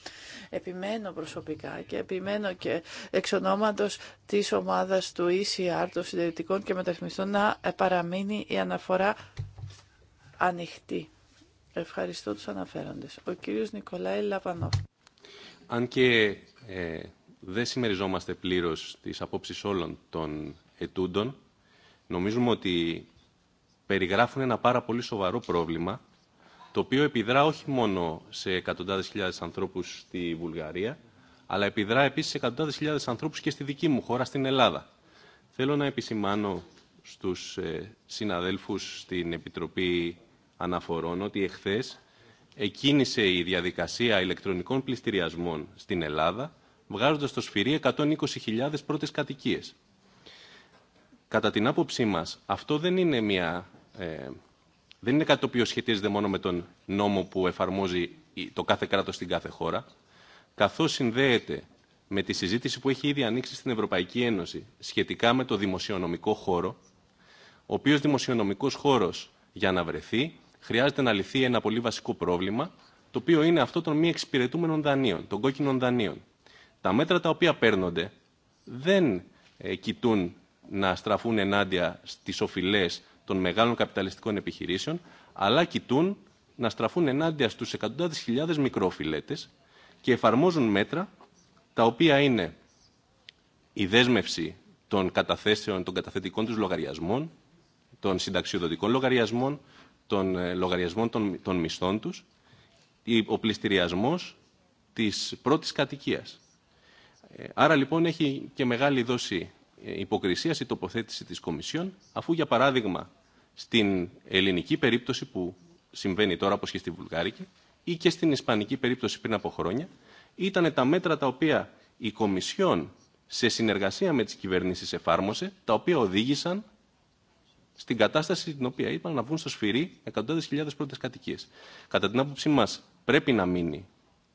Επιμένω προσωπικά και επιμένω και εξ ονόματος της ομάδας του ECR, των συντηρητικών και μεταρρυθμιστών, να παραμείνει η αναφορά ανοιχτή. Ευχαριστώ τους αναφέροντες. Ο κύριος Νικολάη Λαπανό. Αν και ε, δεν συμμεριζόμαστε πλήρως τις απόψεις όλων των ετούντων. Νομίζουμε ότι περιγράφουν ένα πάρα πολύ σοβαρό πρόβλημα, το οποίο επιδρά όχι μόνο σε εκατοντάδες χιλιάδες ανθρώπους στη Βουλγαρία, αλλά επιδρά επίσης σε εκατοντάδες χιλιάδες ανθρώπους και στη δική μου χώρα, στην Ελλάδα. Θέλω να επισημάνω στους ε, συναδέλφους στην Επιτροπή Αναφορών ότι εχθές εκκίνησε η διαδικασία ηλεκτρονικών πληστηριασμών στην Ελλάδα, βγάζοντα στο σφυρί 120.000 πρώτε κατοικίε. Κατά την άποψή μα, αυτό δεν είναι, μια, ε, δεν είναι κάτι το οποίο σχετίζεται μόνο με τον νόμο που εφαρμόζει το κάθε κράτο στην κάθε χώρα, καθώ συνδέεται με τη συζήτηση που έχει ήδη ανοίξει στην Ευρωπαϊκή Ένωση σχετικά με το δημοσιονομικό χώρο, ο οποίο δημοσιονομικό χώρο για να βρεθεί χρειάζεται να λυθεί ένα πολύ βασικό πρόβλημα, το οποίο είναι αυτό των μη εξυπηρετούμενων δανείων, των κόκκινων δανείων. Τα μέτρα τα οποία παίρνονται δεν ε, κοιτούν να στραφούν ενάντια στις οφειλές των μεγάλων καπιταλιστικών επιχειρήσεων, αλλά κοιτούν να στραφούν ενάντια στους εκατοντάδες χιλιάδες μικρόφιλέτες και εφαρμόζουν μέτρα τα οποία είναι η δέσμευση των καταθέσεων, των καταθετικών τους λογαριασμών, των συνταξιοδοτικών λογαριασμών, των ε, λογαριασμών των, των μισθών τους, ο πληστηριασμός της πρώτης κατοικίας. Άρα λοιπόν έχει και μεγάλη δόση ε, υποκρισία η τοποθέτηση της Κομισιόν, αφού για παράδειγμα στην ελληνική περίπτωση που συμβαίνει τώρα όπως και στη βουλγάρικη ή και στην ισπανική περίπτωση πριν από χρόνια, ήταν τα μέτρα τα οποία η Κομισιόν σε συνεργασία με τις κυβερνήσεις εφάρμοσε, τα οποία οδήγησαν στην κατάσταση την οποία είπαν να βγουν στο σφυρί εκατοντάδες χιλιάδες πρώτες κατοικίες. Κατά την άποψή μας πρέπει να μείνει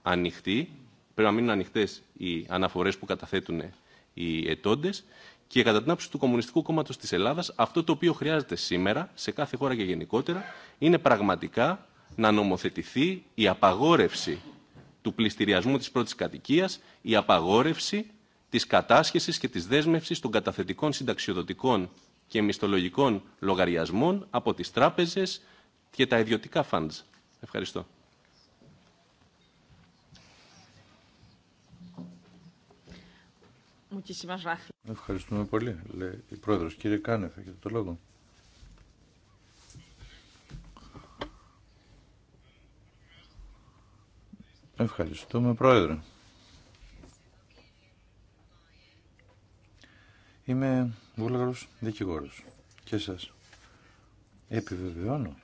ανοιχτή Πρέπει να μείνουν ανοιχτέ οι αναφορέ που καταθέτουν οι ετώντε. Και κατά την άποψη του Κομμουνιστικού Κόμματο τη Ελλάδα, αυτό το οποίο χρειάζεται σήμερα, σε κάθε χώρα και γενικότερα, είναι πραγματικά να νομοθετηθεί η απαγόρευση του πληστηριασμού τη πρώτη κατοικία, η απαγόρευση τη κατάσχεση και τη δέσμευση των καταθετικών συνταξιοδοτικών και μισθολογικών λογαριασμών από τι τράπεζε και τα ιδιωτικά funds. Ευχαριστώ. Ευχαριστούμε πολύ, λέει η πρόεδρο, Κύριε Κάνεφ, έχετε το λόγο. Ευχαριστούμε, πρόεδρε. Είμαι βούλγαρος δικηγόρος και σας επιβεβαιώνω.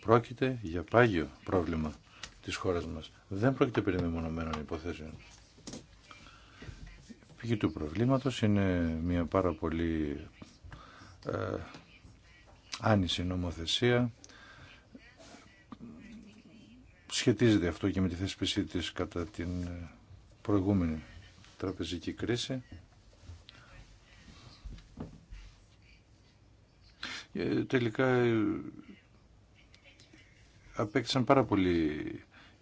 Πρόκειται για πάγιο πρόβλημα της χώρας μας. Δεν πρόκειται περί μεμονωμένων υποθέσεων πηγή του προβλήματος είναι μια πάρα πολύ ε, άνηση νομοθεσία. Σχετίζεται αυτό και με τη θέσπιση της κατά την προηγούμενη τραπεζική κρίση. Ε, τελικά ε, απέκτησαν πάρα πολύ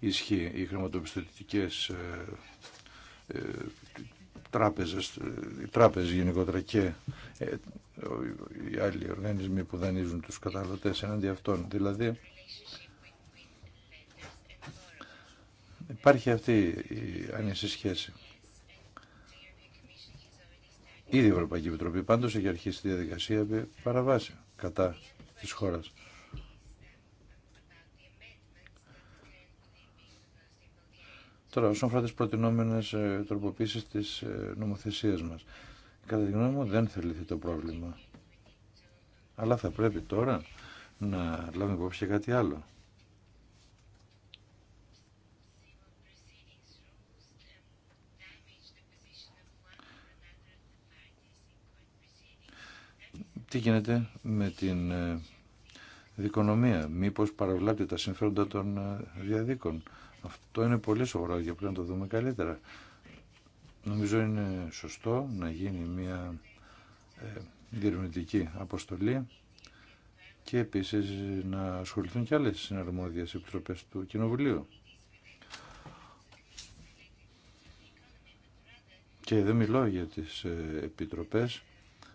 ισχύ οι χρηματοπιστωτικές ε, ε τράπεζες, οι τράπεζες γενικότερα και ε, οι άλλοι οργανισμοί που δανείζουν τους καταναλωτές εναντί αυτών. Δηλαδή υπάρχει αυτή η άνεση σχέση. Ήδη η Ευρωπαϊκή Επιτροπή πάντως έχει αρχίσει τη διαδικασία παραβάση κατά της χώρας. Τώρα, όσον αφορά τι προτινόμενε τροποποίησει τη ε, νομοθεσία μα, κατά τη γνώμη μου δεν θα λυθεί το πρόβλημα. Αλλά θα πρέπει τώρα να λάβουμε υπόψη και κάτι άλλο. Τι γίνεται με την ε, δικονομία, μήπως παραβλάπτει τα συμφέροντα των ε, διαδίκων. Αυτό είναι πολύ σοβαρό για πρέπει να το δούμε καλύτερα. Νομίζω είναι σωστό να γίνει μια ε, διερευνητική αποστολή και επίσης να ασχοληθούν και άλλες συναρμόδιες επιτροπές του Κοινοβουλίου. Και δεν μιλώ για τις ε, επιτροπές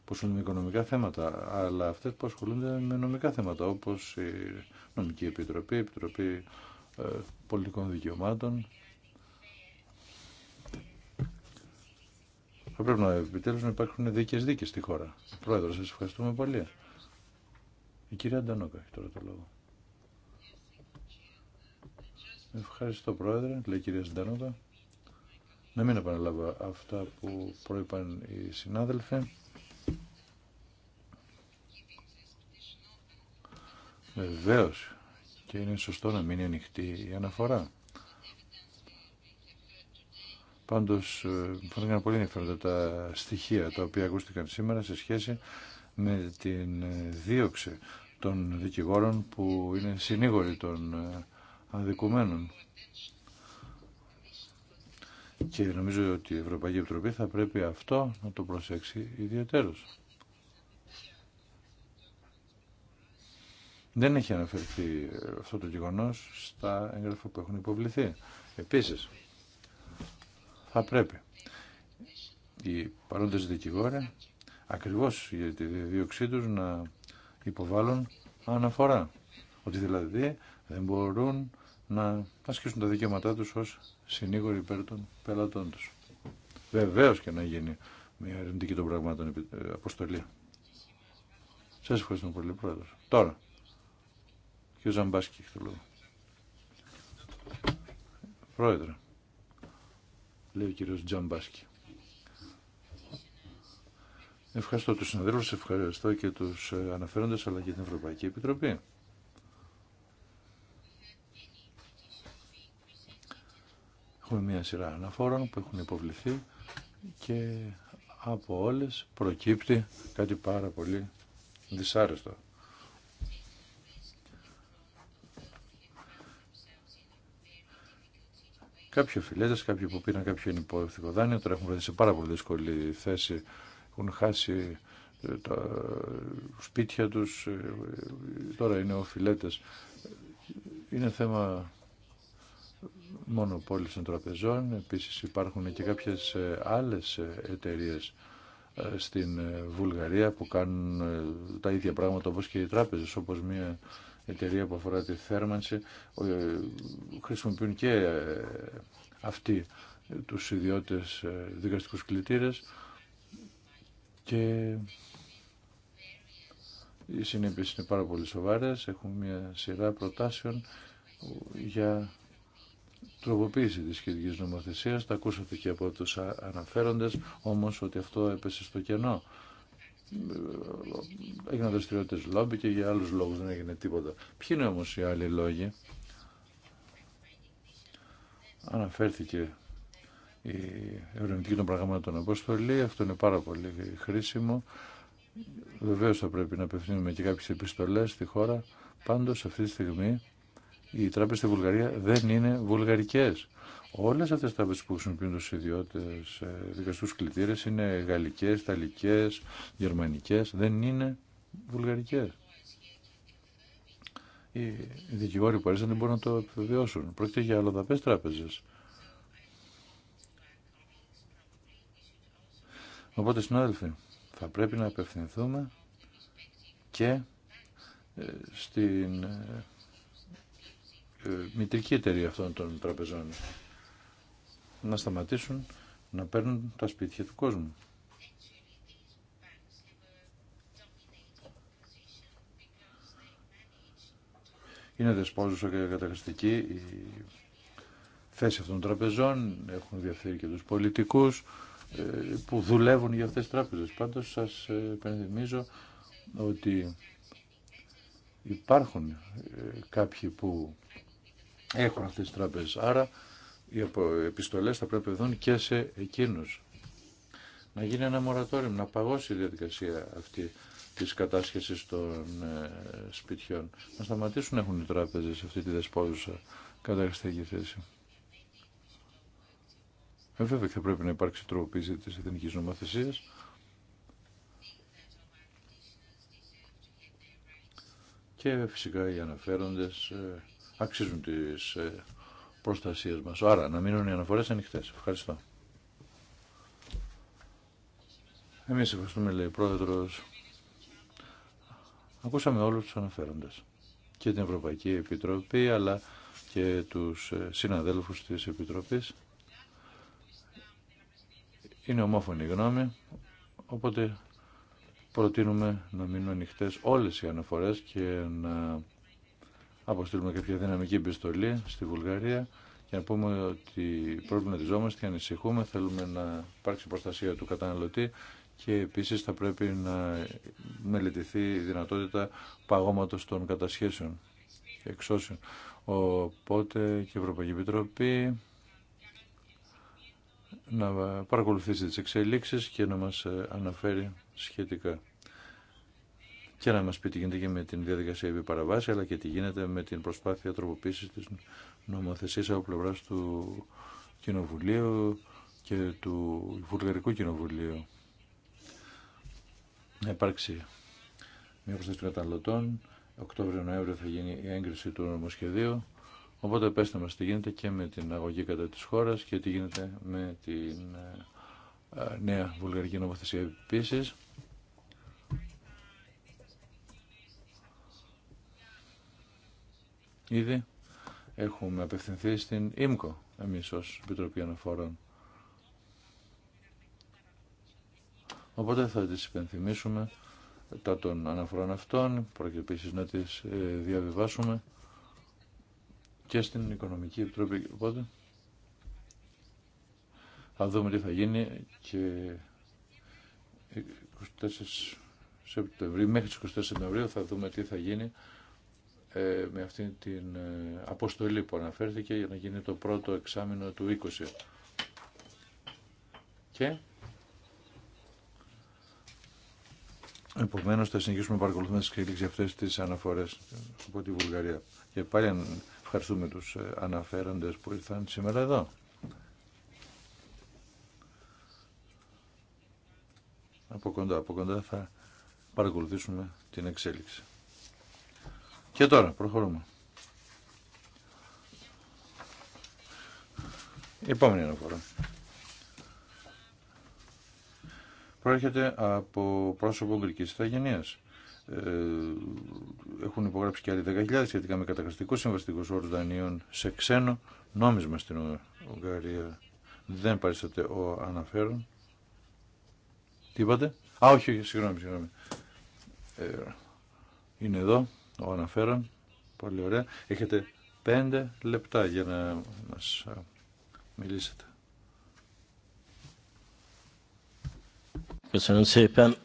που ασχολούνται με οικονομικά θέματα, αλλά αυτές που ασχολούνται με νομικά θέματα, όπως η Νομική Επιτροπή, η Επιτροπή ε, πολιτικών δικαιωμάτων. Θα πρέπει να επιτέλους να υπάρχουν δίκαιες δίκες στη χώρα. Πρόεδρο, σας ευχαριστούμε πολύ. Η κυρία Αντανόκα έχει τώρα το λόγο. Ευχαριστώ πρόεδρε, λέει η κυρία Ντανόκα. Να μην επαναλάβω αυτά που προείπαν οι συνάδελφοι. Βεβαίω και είναι σωστό να μείνει ανοιχτή η αναφορά. Πάντως, ε, φάνηκαν πολύ ενδιαφέροντα τα στοιχεία τα οποία ακούστηκαν σήμερα σε σχέση με την ε, δίωξη των δικηγόρων που είναι συνήγοροι των ε, αδικουμένων. Και νομίζω ότι η Ευρωπαϊκή Επιτροπή θα πρέπει αυτό να το προσέξει ιδιαίτερως. Δεν έχει αναφερθεί αυτό το γεγονός στα έγγραφα που έχουν υποβληθεί. Επίσης, θα πρέπει οι παρόντες δικηγόροι ακριβώς για τη δίωξή τους να υποβάλλουν αναφορά. Ότι δηλαδή δεν μπορούν να ασκήσουν τα δικαιώματά τους ως συνήγοροι υπέρ των πελατών τους. Βεβαίως και να γίνει μια ερευνητική των πραγμάτων ε, αποστολή. Σας ευχαριστώ πολύ, Πρόεδρος. Τώρα, και ο Ζαμπάσκη έχει το λόγο. Πρόεδρε, λέει ο κύριος Τζαμπάσκι. Ευχαριστώ τους συναδέλφους, ευχαριστώ και τους ε, αναφέροντες αλλά και την Ευρωπαϊκή Επιτροπή. Έχουμε μια σειρά αναφόρων που έχουν υποβληθεί και από όλες προκύπτει κάτι πάρα πολύ δυσάρεστο. Κάποιοι φιλέτε, κάποιοι που πήραν κάποιο ενυπόθηκο δάνειο, τώρα έχουν βρεθεί σε πάρα πολύ δύσκολη θέση. Έχουν χάσει ε, τα σπίτια του, ε, τώρα είναι οφειλέτε. Είναι θέμα μόνο πόλη των τραπεζών. Επίση υπάρχουν και κάποιε ε, άλλε εταιρείε στην Βουλγαρία που κάνουν τα ίδια πράγματα όπως και οι τράπεζες, όπως μια εταιρεία που αφορά τη θέρμανση ε, χρησιμοποιούν και ε, αυτοί τους ιδιώτες ε, δικαστικούς κλητήρες και οι συνέπειες είναι πάρα πολύ σοβαρές. Έχουν μια σειρά προτάσεων για τροποποίηση της σχετικής νομοθεσίας. Τα ακούσατε και από τους αναφέροντες, όμως ότι αυτό έπεσε στο κενό έγιναν δραστηριότητες λόμπι και για άλλους λόγους δεν έγινε τίποτα. Ποιοι είναι όμως οι άλλοι λόγοι. Αναφέρθηκε η ερευνητική των πραγμάτων αποστολή, αυτό είναι πάρα πολύ χρήσιμο. Βεβαίως θα πρέπει να απευθύνουμε και κάποιες επιστολές στη χώρα. Πάντως αυτή τη στιγμή οι τράπεζε στη Βουλγαρία δεν είναι βουλγαρικές. Όλε αυτέ τι τράπεζες που χρησιμοποιούν τους ιδιώτες ε, δικαστούς κλητήρες είναι γαλλικέ, ταλικές, γερμανικέ, δεν είναι βουλγαρικές. Οι δικηγόροι που έρχονται δεν μπορούν να το επιβεβαιώσουν. Πρόκειται για αλλοδαπέ τράπεζε. Οπότε, συνάδελφοι, θα πρέπει να απευθυνθούμε και ε, στην ε, ε, μητρική εταιρεία αυτών των τραπεζών να σταματήσουν να παίρνουν τα σπίτια του κόσμου. Είναι δεσπόζουσα και καταχρηστική η θέση αυτών των τραπεζών, έχουν διαφέρει και τους πολιτικούς ε, που δουλεύουν για αυτές τις τράπεζες. Πάντως σας επενδυμίζω ότι υπάρχουν ε, κάποιοι που έχουν αυτέ τις τράπεζες. Άρα οι επιστολές θα πρέπει να και σε εκείνους. Να γίνει ένα μορατόριο, να παγώσει η διαδικασία αυτή της κατάσχεσης των ε, σπιτιών. Να σταματήσουν να έχουν οι τράπεζες αυτή τη δεσπόζουσα καταχρηστική θέση. Ε, βέβαια θα πρέπει να υπάρξει τροποποίηση τη εθνική νομοθεσία. Και φυσικά οι αναφέροντες ε, αξίζουν τι ε, προστασίε μας. Άρα να μείνουν οι αναφορές ανοιχτέ. Ευχαριστώ. Εμεί ευχαριστούμε, λέει Πρόεδρος. Ακούσαμε όλους τους αναφέροντες και την Ευρωπαϊκή Επιτροπή αλλά και τους ε, συναδέλφους της Επιτροπή. Είναι ομόφωνη η γνώμη, οπότε προτείνουμε να μείνουν ανοιχτέ όλες οι αναφορές και να αποστείλουμε κάποια δυναμική επιστολή στη Βουλγαρία και να πούμε ότι προβληματιζόμαστε και ανησυχούμε, θέλουμε να υπάρξει προστασία του καταναλωτή και επίσης θα πρέπει να μελετηθεί η δυνατότητα παγώματος των κατασχέσεων και εξώσεων. Οπότε και η Ευρωπαϊκή Επιτροπή να παρακολουθήσει τις εξελίξεις και να μας αναφέρει σχετικά και να μας πει τι γίνεται και με την διαδικασία επί παραβάση, αλλά και τι γίνεται με την προσπάθεια τροποποίησης της νομοθεσίας από πλευρά του Κοινοβουλίου και του Βουλγαρικού Κοινοβουλίου. Να υπάρξει μια προστασία των καταναλωτών. Οκτώβριο-Νοέμβριο θα γίνει η έγκριση του νομοσχεδίου. Οπότε πέστε μας τι γίνεται και με την αγωγή κατά της χώρας και τι γίνεται με την ε, νέα βουλγαρική νομοθεσία επίσης. Ήδη έχουμε απευθυνθεί στην ΙΜΚΟ, εμείς ως Επιτροπή Αναφορών. Οπότε θα τις υπενθυμίσουμε τα των αναφορών αυτών, πρόκειται να τις ε, διαβιβάσουμε και στην Οικονομική Επιτροπή. Οπότε θα δούμε τι θα γίνει και 24 Σεπτεμβρίου, μέχρι τις 24 Σεπτεμβρίου θα δούμε τι θα γίνει ε, με αυτή την ε, αποστολή που αναφέρθηκε για να γίνει το πρώτο εξάμεινο του 20. Και επομένως θα συνεχίσουμε να παρακολουθούμε τι εξελίξει αυτές τις αναφορές από τη Βουλγαρία. Και πάλι ευχαριστούμε τους ε, αναφέροντες που ήρθαν σήμερα εδώ. Από κοντά, από κοντά θα παρακολουθήσουμε την εξέλιξη. Και τώρα προχωρούμε. Η επόμενη αναφορά. Προέρχεται από πρόσωπο γκρικής ηθαγενείας. Ε, έχουν υπογράψει και άλλοι 10.000 σχετικά με καταχρηστικού συμβαστικού όρου δανείων σε ξένο νόμισμα στην Ουγγαρία. Δεν παρίσταται ο αναφέρον. Τι είπατε? Α, όχι, όχι συγγνώμη, συγγνώμη. Ε, είναι εδώ ο αναφέραν. Πολύ ωραία. Έχετε πέντε λεπτά για να μας μιλήσετε. Κύριε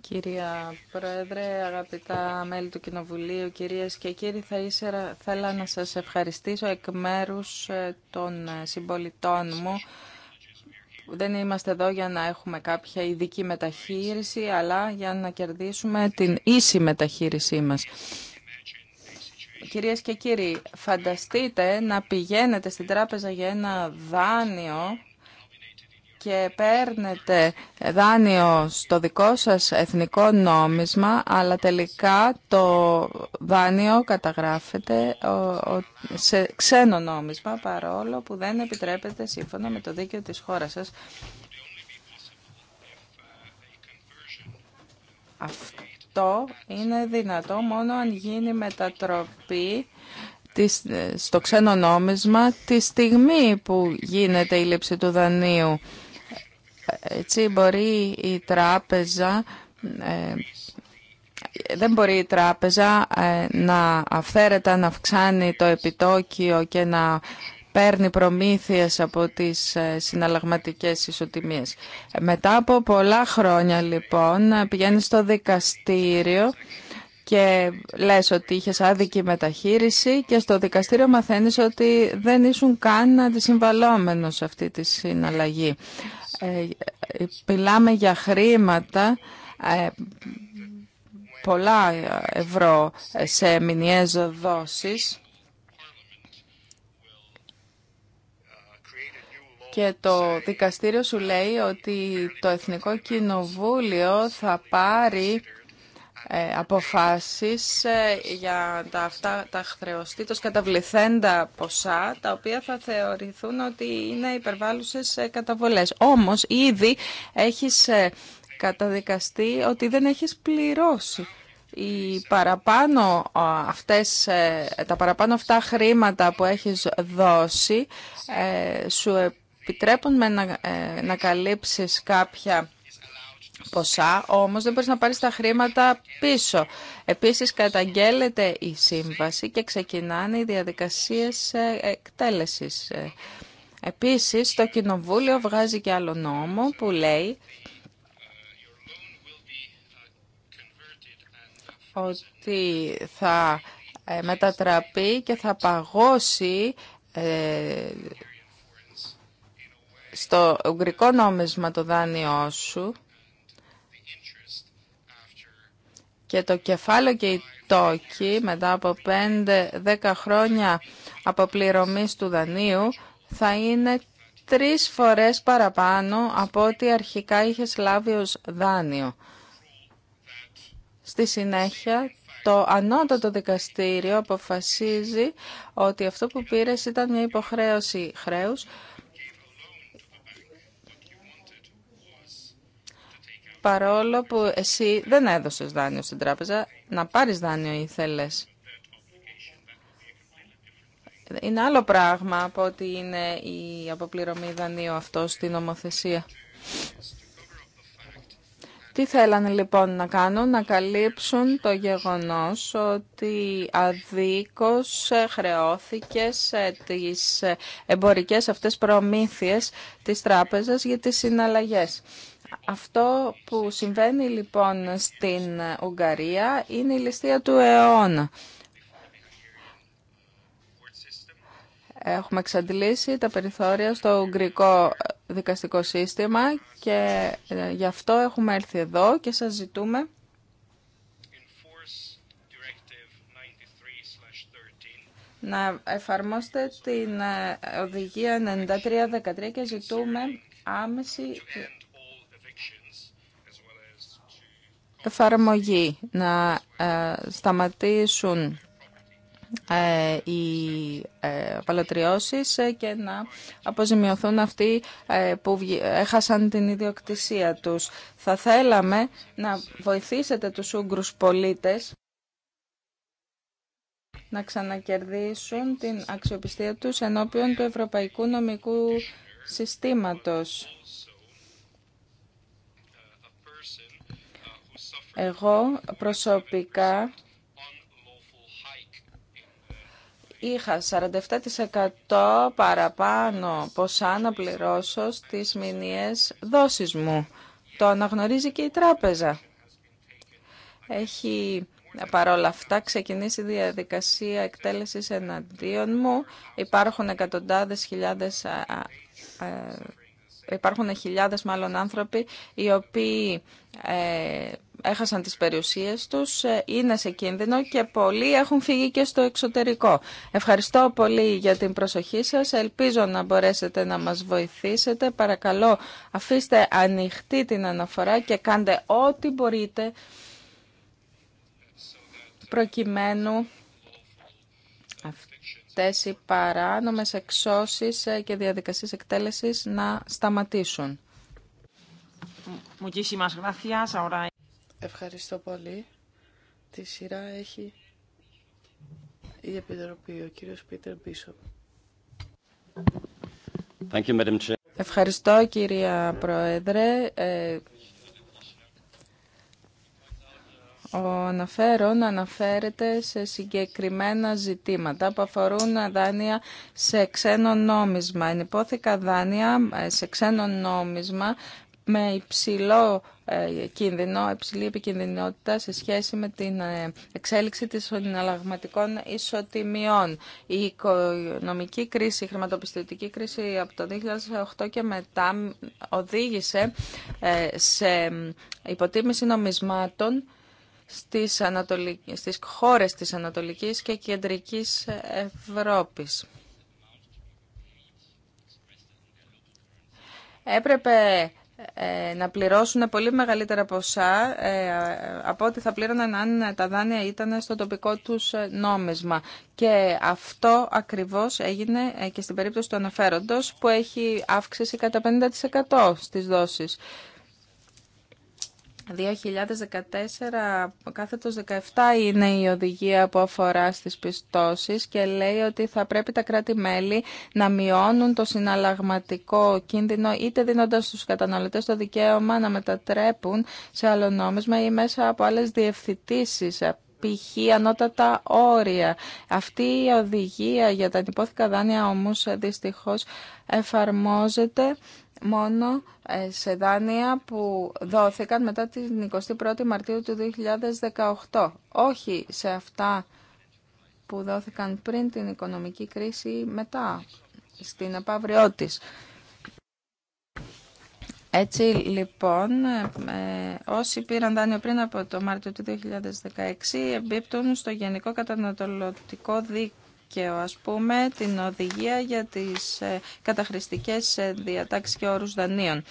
Κυρία Πρόεδρε, αγαπητά μέλη του Κοινοβουλίου, κυρίες και κύριοι, θα ήθελα να σας ευχαριστήσω εκ μέρους ε, των ε, συμπολιτών μου δεν είμαστε εδώ για να έχουμε κάποια ειδική μεταχείριση, αλλά για να κερδίσουμε την ίση μεταχείρισή μας. Κυρίες και κύριοι, φανταστείτε να πηγαίνετε στην τράπεζα για ένα δάνειο και παίρνετε δάνειο στο δικό σας εθνικό νόμισμα, αλλά τελικά το δάνειο καταγράφεται σε ξένο νόμισμα, παρόλο που δεν επιτρέπεται σύμφωνα με το δίκαιο της χώρας σας. Αυτό είναι δυνατό μόνο αν γίνει μετατροπή ε, στο ξένο νόμισμα τη στιγμή που γίνεται η λήψη του δανείου. Έτσι μπορεί η τράπεζα ε, δεν μπορεί η τράπεζα ε, να αυθαίρετα να αυξάνει το επιτόκιο και να παίρνει προμήθειες από τις ε, συναλλαγματικές ισοτιμίες. Μετά από πολλά χρόνια λοιπόν πηγαίνει στο δικαστήριο και λες ότι είχες άδικη μεταχείριση και στο δικαστήριο μαθαίνεις ότι δεν ήσουν καν αντισυμβαλόμενος σε αυτή τη συναλλαγή. Ε, Πιλάμε για χρήματα ε, πολλά ευρώ σε μηνιαίες δόσεις και το δικαστήριο σου λέει ότι το Εθνικό Κοινοβούλιο θα πάρει ε, αποφάσεις ε, για τα αυτά τα χρεωστήτως καταβληθέντα ποσά, τα οποία θα θεωρηθούν ότι είναι υπερβάλλουσες ε, καταβολές. Όμως, ήδη έχεις καταδικαστεί ότι δεν έχεις πληρώσει. Οι παραπάνω αυτές, τα παραπάνω αυτά χρήματα που έχεις δώσει σου επιτρέπουν με να, να καλύψεις κάποια ποσά, όμως δεν μπορείς να πάρεις τα χρήματα πίσω. Επίσης καταγγέλλεται η σύμβαση και ξεκινάνε οι διαδικασίες ε, εκτέλεσης. Ε, επίσης το Κοινοβούλιο βγάζει και άλλο νόμο που λέει ότι θα ε, μετατραπεί και θα παγώσει στο ουγγρικό νόμισμα το δάνειό σου και το κεφάλαιο και η τοκη μετα μετά από 5-10 χρόνια αποπληρωμής του δανείου θα είναι τρεις φορές παραπάνω από ό,τι αρχικά είχε λάβει ως δάνειο. Στη συνέχεια, το ανώτατο δικαστήριο αποφασίζει ότι αυτό που πήρες ήταν μια υποχρέωση χρέους παρόλο που εσύ δεν έδωσες δάνειο στην τράπεζα, να πάρεις δάνειο θελες Είναι άλλο πράγμα από ότι είναι η αποπληρωμή δανείου αυτό στην νομοθεσία. Τι θέλανε λοιπόν να κάνουν, να καλύψουν το γεγονός ότι αδίκως χρεώθηκε σε τις εμπορικές αυτές προμήθειες της τράπεζας για τις συναλλαγές. Αυτό που συμβαίνει λοιπόν στην Ουγγαρία είναι η ληστεία του αιώνα. Έχουμε εξαντλήσει τα περιθώρια στο ουγγρικό δικαστικό σύστημα και ε, γι' αυτό έχουμε έρθει εδώ και σας ζητούμε να εφαρμόσετε την ε, οδηγία 93-13 και ζητούμε άμεση εφαρμογή, να ε, σταματήσουν ε, οι ε, παλαιτριώσεις και να αποζημιωθούν αυτοί που έχασαν την ιδιοκτησία τους. Θα θέλαμε να βοηθήσετε τους Ούγκρους πολίτες να ξανακερδίσουν την αξιοπιστία τους ενώπιον του ευρωπαϊκού νομικού συστήματος. Εγώ προσωπικά είχα 47% παραπάνω ποσά να πληρώσω στις μηνιαίες δόσεις μου. Το αναγνωρίζει και η τράπεζα. Έχει παρόλα αυτά ξεκινήσει η διαδικασία εκτέλεσης εναντίον μου. Υπάρχουν εκατοντάδες χιλιάδες, υπάρχουν χιλιάδες μάλλον άνθρωποι οι οποίοι ε, έχασαν τις περιουσίες τους, ε, είναι σε κίνδυνο και πολλοί έχουν φύγει και στο εξωτερικό. Ευχαριστώ πολύ για την προσοχή σας. Ελπίζω να μπορέσετε να μας βοηθήσετε. Παρακαλώ αφήστε ανοιχτή την αναφορά και κάντε ό,τι μπορείτε προκειμένου αυτές οι παράνομες εξώσεις ε, και διαδικασίες εκτέλεσης να σταματήσουν. Ευχαριστώ πολύ. Τη σειρά έχει η Επιτροπή, ο κύριος Πίτερ Μπίσοπ. Ευχαριστώ κυρία Πρόεδρε. Ο ε, αναφέρον αναφέρεται σε συγκεκριμένα ζητήματα που αφορούν δάνεια σε ξένο νόμισμα. Ενυπόθηκα δάνεια ε, σε ξένο νόμισμα με υψηλό ε, κίνδυνο, υψηλή επικίνδυνοτητα σε σχέση με την ε, εξέλιξη της συναλλαγματικών ισοτιμιών. Η οικονομική κρίση, η χρηματοπιστωτική κρίση από το 2008 και μετά οδήγησε ε, σε υποτίμηση νομισμάτων στις, Ανατολικ... στις χώρες της Ανατολικής και Κεντρικής Ευρώπης. Έπρεπε ε, να πληρώσουν πολύ μεγαλύτερα ποσά ε, από ό,τι θα πλήρωναν αν τα δάνεια ήταν στο τοπικό τους ε, νόμισμα. Και αυτό ακριβώς έγινε και στην περίπτωση του αναφέροντος που έχει αύξηση κατά 50% στις δόσεις. 2014 κάθετος 17 είναι η οδηγία που αφορά στις πιστώσεις και λέει ότι θα πρέπει τα κράτη-μέλη να μειώνουν το συναλλαγματικό κίνδυνο είτε δίνοντας στους καταναλωτές το δικαίωμα να μετατρέπουν σε άλλο νόμισμα ή μέσα από άλλες διευθυντήσεις π.χ. ανώτατα όρια. Αυτή η οδηγία για τα τυπώθηκα δάνεια όμως δυστυχώς εφαρμόζεται μόνο ε, σε δάνεια που δόθηκαν μετά την 21η Μαρτίου του 2018, όχι σε αυτά που δόθηκαν πριν την οικονομική κρίση μετά, στην επαύριό Έτσι λοιπόν, ε, όσοι πήραν δάνειο πριν από το Μάρτιο του 2016 εμπίπτουν στο Γενικό Καταναλωτικό δίκαιο, ας πούμε, την οδηγία για τις ε, καταχρηστικές ε, διατάξεις και όρους δανείων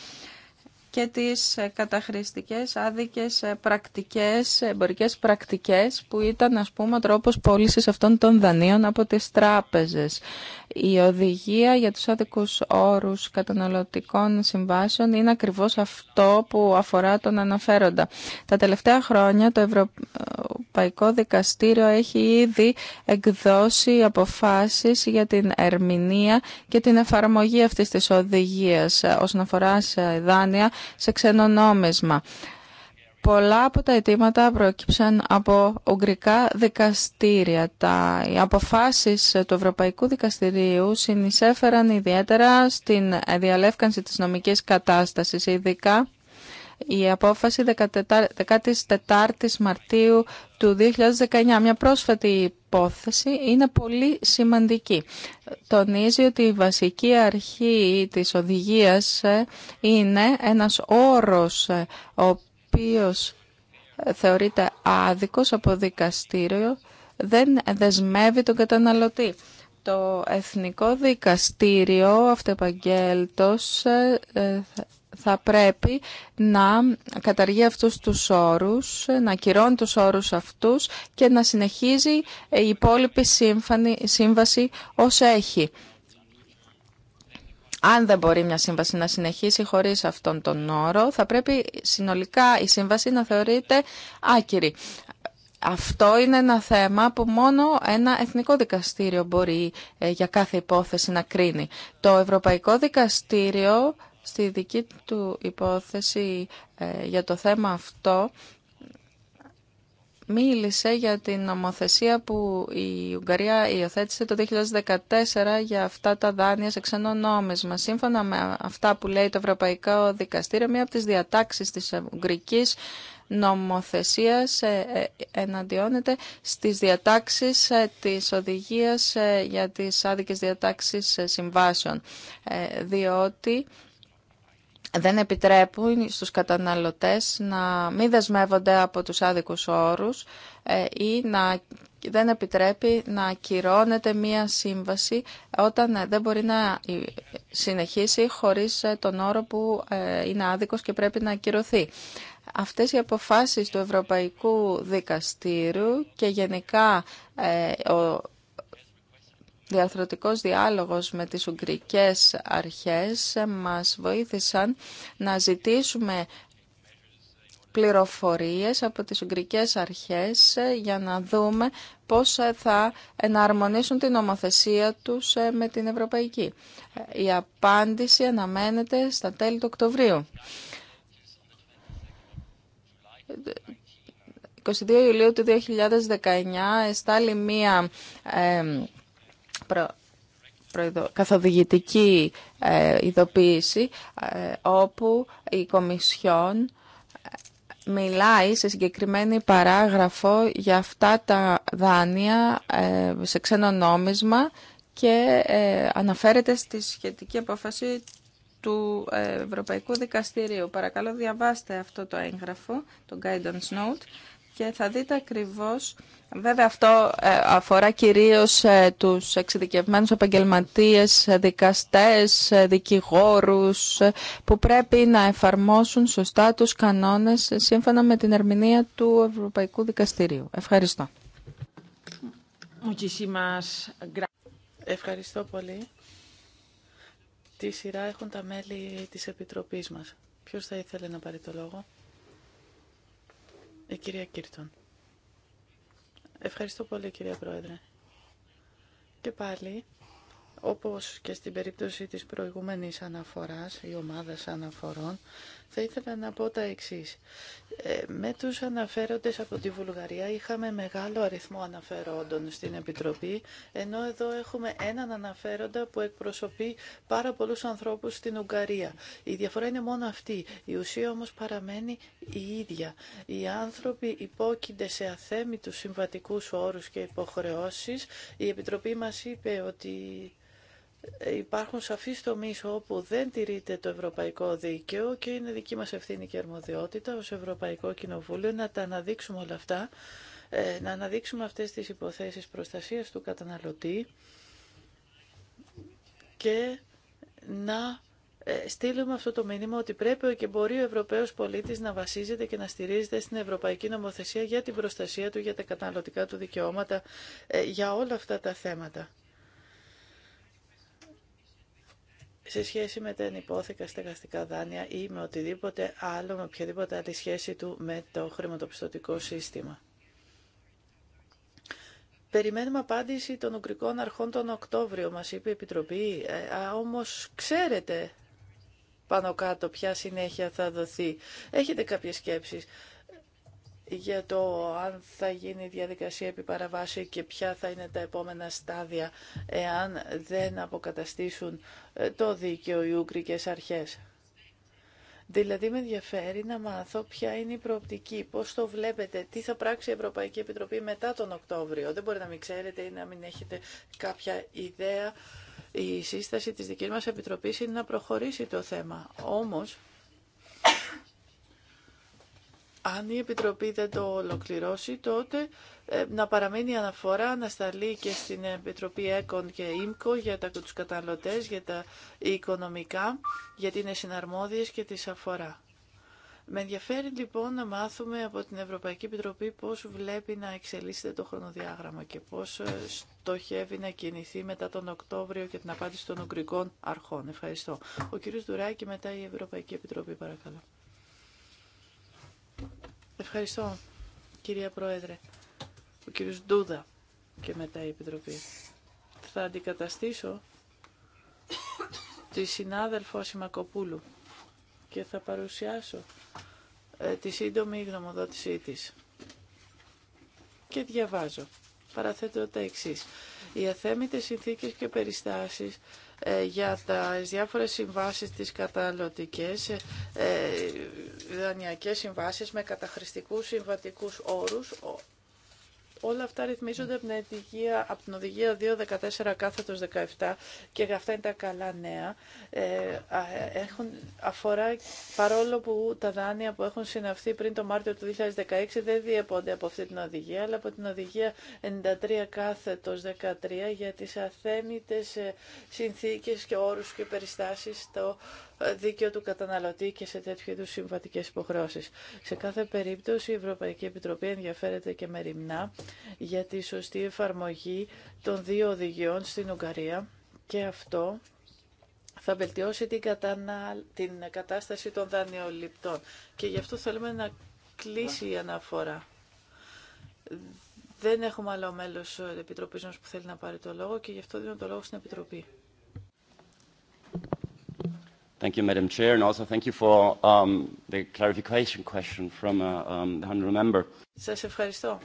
και τις ε, καταχρηστικές, άδικες ε, πρακτικές, εμπορικές πρακτικές που ήταν ας πούμε τρόπος πώλησης αυτών των δανείων από τις τράπεζες. Η οδηγία για τους άδικους όρους καταναλωτικών συμβάσεων είναι ακριβώς αυτό που αφορά τον αναφέροντα. Τα τελευταία χρόνια το Ευρωπαϊκό Δικαστήριο έχει ήδη εκδώσει αποφάσεις για την ερμηνεία και την εφαρμογή αυτής της οδηγίας ε, όσον αφορά σε δάνεια σε ξενονόμισμα. Πολλά από τα αιτήματα προέκυψαν από ουγγρικά δικαστήρια. Τα, αποφάσεις του Ευρωπαϊκού Δικαστηρίου συνεισέφεραν ιδιαίτερα στην διαλεύκανση της νομικής κατάστασης, ειδικά η απόφαση 4η Μαρτίου του 2019, μια πρόσφατη υπόθεση, είναι πολύ σημαντική. Τονίζει ότι η βασική αρχή της οδηγίας ε, είναι ένας όρος ε, ο οποίος ε, θεωρείται άδικος από δικαστήριο, δεν δεσμεύει τον καταναλωτή. Το Εθνικό Δικαστήριο Αυτεπαγγέλτος θα πρέπει να καταργεί αυτούς τους όρους, να ακυρώνει τους όρους αυτούς και να συνεχίζει η υπόλοιπη σύμβαση όσο έχει. Αν δεν μπορεί μια σύμβαση να συνεχίσει χωρίς αυτόν τον όρο, θα πρέπει συνολικά η σύμβαση να θεωρείται άκυρη. Αυτό είναι ένα θέμα που μόνο ένα εθνικό δικαστήριο μπορεί ε, για κάθε υπόθεση να κρίνει. Το Ευρωπαϊκό Δικαστήριο Στη δική του υπόθεση ε, για το θέμα αυτό μίλησε για την νομοθεσία που η Ουγγαρία υιοθέτησε το 2014 για αυτά τα δάνεια σε ξένο νόμισμα. Σύμφωνα με αυτά που λέει το Ευρωπαϊκό Δικαστήριο, μία από τις διατάξεις της Ουγγρικής νομοθεσίας ε, ε, εναντιώνεται στις διατάξεις της οδηγίας για τις άδικες διατάξεις συμβάσεων, διότι δεν επιτρέπουν στους καταναλωτές να μην δεσμεύονται από τους άδικους όρους ε, ή να δεν επιτρέπει να ακυρώνεται μία σύμβαση όταν ε, δεν μπορεί να ε, συνεχίσει χωρίς τον όρο που είναι άδικος και πρέπει να ακυρωθεί. Αυτές οι αποφάσεις του Ευρωπαϊκού Δικαστήρου και γενικά ο διαρθρωτικός διάλογος με τις Ουγγρικές αρχές μας βοήθησαν να ζητήσουμε πληροφορίες από τις Ουγγρικές αρχές για να δούμε πώς θα εναρμονίσουν την νομοθεσία τους με την Ευρωπαϊκή. Η απάντηση αναμένεται στα τέλη του Οκτωβρίου. 22 Ιουλίου του 2019 εστάλει μία καθοδηγητική ε, ειδοποίηση ε, όπου η Κομισιόν ε, μιλάει σε συγκεκριμένη παράγραφο για αυτά τα δάνεια σε ξένο νόμισμα και αναφέρεται στη σχετική απόφαση του Ευρωπαϊκού Δικαστηρίου. Παρακαλώ διαβάστε αυτό το έγγραφο, το Guidance Note και θα δείτε ακριβώς, βέβαια αυτό ε, αφορά κυρίως ε, τους εξειδικευμένους επαγγελματίες, ε, δικαστές, δικηγόρους που πρέπει να εφαρμόσουν σωστά τους κανόνες σύμφωνα με την ερμηνεία του Ευρωπαϊκού Δικαστηρίου. Ευχαριστώ. Ευχαριστώ πολύ. Τη σειρά έχουν τα μέλη της Επιτροπής μας. Ποιος θα ήθελε να πάρει το λόγο. Η ε, κυρία Κύρτον. Ευχαριστώ πολύ κυρία Πρόεδρε. Και πάλι, όπως και στην περίπτωση της προηγούμενης αναφοράς, η ομάδα αναφορών, θα ήθελα να πω τα εξής. Ε, με τους αναφέροντες από τη Βουλγαρία είχαμε μεγάλο αριθμό αναφερόντων στην Επιτροπή, ενώ εδώ έχουμε έναν αναφέροντα που εκπροσωπεί πάρα πολλούς ανθρώπους στην Ουγγαρία. Η διαφορά είναι μόνο αυτή. Η ουσία όμως παραμένει η ίδια. Οι άνθρωποι υπόκεινται σε αθέμητους συμβατικούς όρους και υποχρεώσεις. Η Επιτροπή μας είπε ότι υπάρχουν σαφείς τομείς όπου δεν τηρείται το ευρωπαϊκό δίκαιο και είναι δική μας ευθύνη και αρμοδιότητα ως Ευρωπαϊκό Κοινοβούλιο να τα αναδείξουμε όλα αυτά, ε, να αναδείξουμε αυτές τις υποθέσεις προστασίας του καταναλωτή και να ε, στείλουμε αυτό το μήνυμα ότι πρέπει και μπορεί ο Ευρωπαίος πολίτης να βασίζεται και να στηρίζεται στην Ευρωπαϊκή Νομοθεσία για την προστασία του, για τα καταναλωτικά του δικαιώματα, ε, για όλα αυτά τα θέματα. σε σχέση με τα ενυπόθηκα στεγαστικά δάνεια ή με οτιδήποτε άλλο, με οποιαδήποτε άλλη σχέση του με το χρηματοπιστωτικό σύστημα. Περιμένουμε απάντηση των Ουγγρικών Αρχών τον Οκτώβριο, μας είπε η Επιτροπή, ε, όμως ξέρετε πάνω κάτω ποια συνέχεια θα δοθεί. Έχετε κάποιες σκέψεις για το αν θα γίνει η διαδικασία επί και ποια θα είναι τα επόμενα στάδια εάν δεν αποκαταστήσουν ε, το δίκαιο οι Ούκρικες αρχές. Δηλαδή με ενδιαφέρει να μάθω ποια είναι η προοπτική, πώς το βλέπετε, τι θα πράξει η Ευρωπαϊκή Επιτροπή μετά τον Οκτώβριο. Δεν μπορεί να μην ξέρετε ή να μην έχετε κάποια ιδέα. Η σύσταση της δικής μας Επιτροπής είναι να προχωρήσει το θέμα. Όμως, αν η Επιτροπή δεν το ολοκληρώσει, τότε ε, να παραμείνει αναφορά να σταλεί και στην Επιτροπή ΕΚΟΝ και ΙΜΚΟ για τα, τους καταναλωτές, για τα οικονομικά, γιατί είναι συναρμόδιες και τις αφορά. Με ενδιαφέρει λοιπόν να μάθουμε από την Ευρωπαϊκή Επιτροπή πώς βλέπει να εξελίσσεται το χρονοδιάγραμμα και πώς ε, στοχεύει να κινηθεί μετά τον Οκτώβριο και την απάντηση των Ουγγρικών αρχών. Ευχαριστώ. Ο κύριος Δουράκη μετά η Ευρωπαϊκή Επιτροπή παρακαλώ. Ευχαριστώ, κυρία Πρόεδρε. Ο κύριος Ντούδα και μετά η Επιτροπή. Θα αντικαταστήσω τη συνάδελφο Σιμακοπούλου και θα παρουσιάσω ε, τη σύντομη γνωμοδότησή της. Και διαβάζω. Παραθέτω τα εξής. Οι αθέμητες συνθήκες και περιστάσεις ε, για τα διάφορες συμβάσεις τις καταναλωτικές, ε, ε δανειακές συμβάσεις με καταχρηστικούς συμβατικούς όρους, Όλα αυτά ρυθμίζονται από την οδηγία, από την οδηγία 2.14 κάθετος 17 και αυτά είναι τα καλά νέα. Ε, έχουν, αφορά παρόλο που τα δάνεια που έχουν συναυθεί πριν το Μάρτιο του 2016 δεν διέπονται από αυτή την οδηγία, αλλά από την οδηγία 93 κάθετος 13 για τις αθέμητες ε, συνθήκες και όρους και περιστάσεις στο δίκαιο του καταναλωτή και σε τέτοιου είδου συμβατικέ υποχρεώσει. Σε κάθε περίπτωση, η Ευρωπαϊκή Επιτροπή ενδιαφέρεται και μεριμνά για τη σωστή εφαρμογή των δύο οδηγιών στην Ουγγαρία και αυτό θα βελτιώσει την, την κατάσταση των δανειοληπτών. Και γι' αυτό θέλουμε να κλείσει η αναφορά. Δεν έχουμε άλλο μέλος τη επιτροπή μας που θέλει να πάρει το λόγο και γι' αυτό δίνω το λόγο στην Επιτροπή. Thank you, Madam Chair, and also thank you for um, the clarification question from uh, um, the Honourable Member. Σας ευχαριστώ.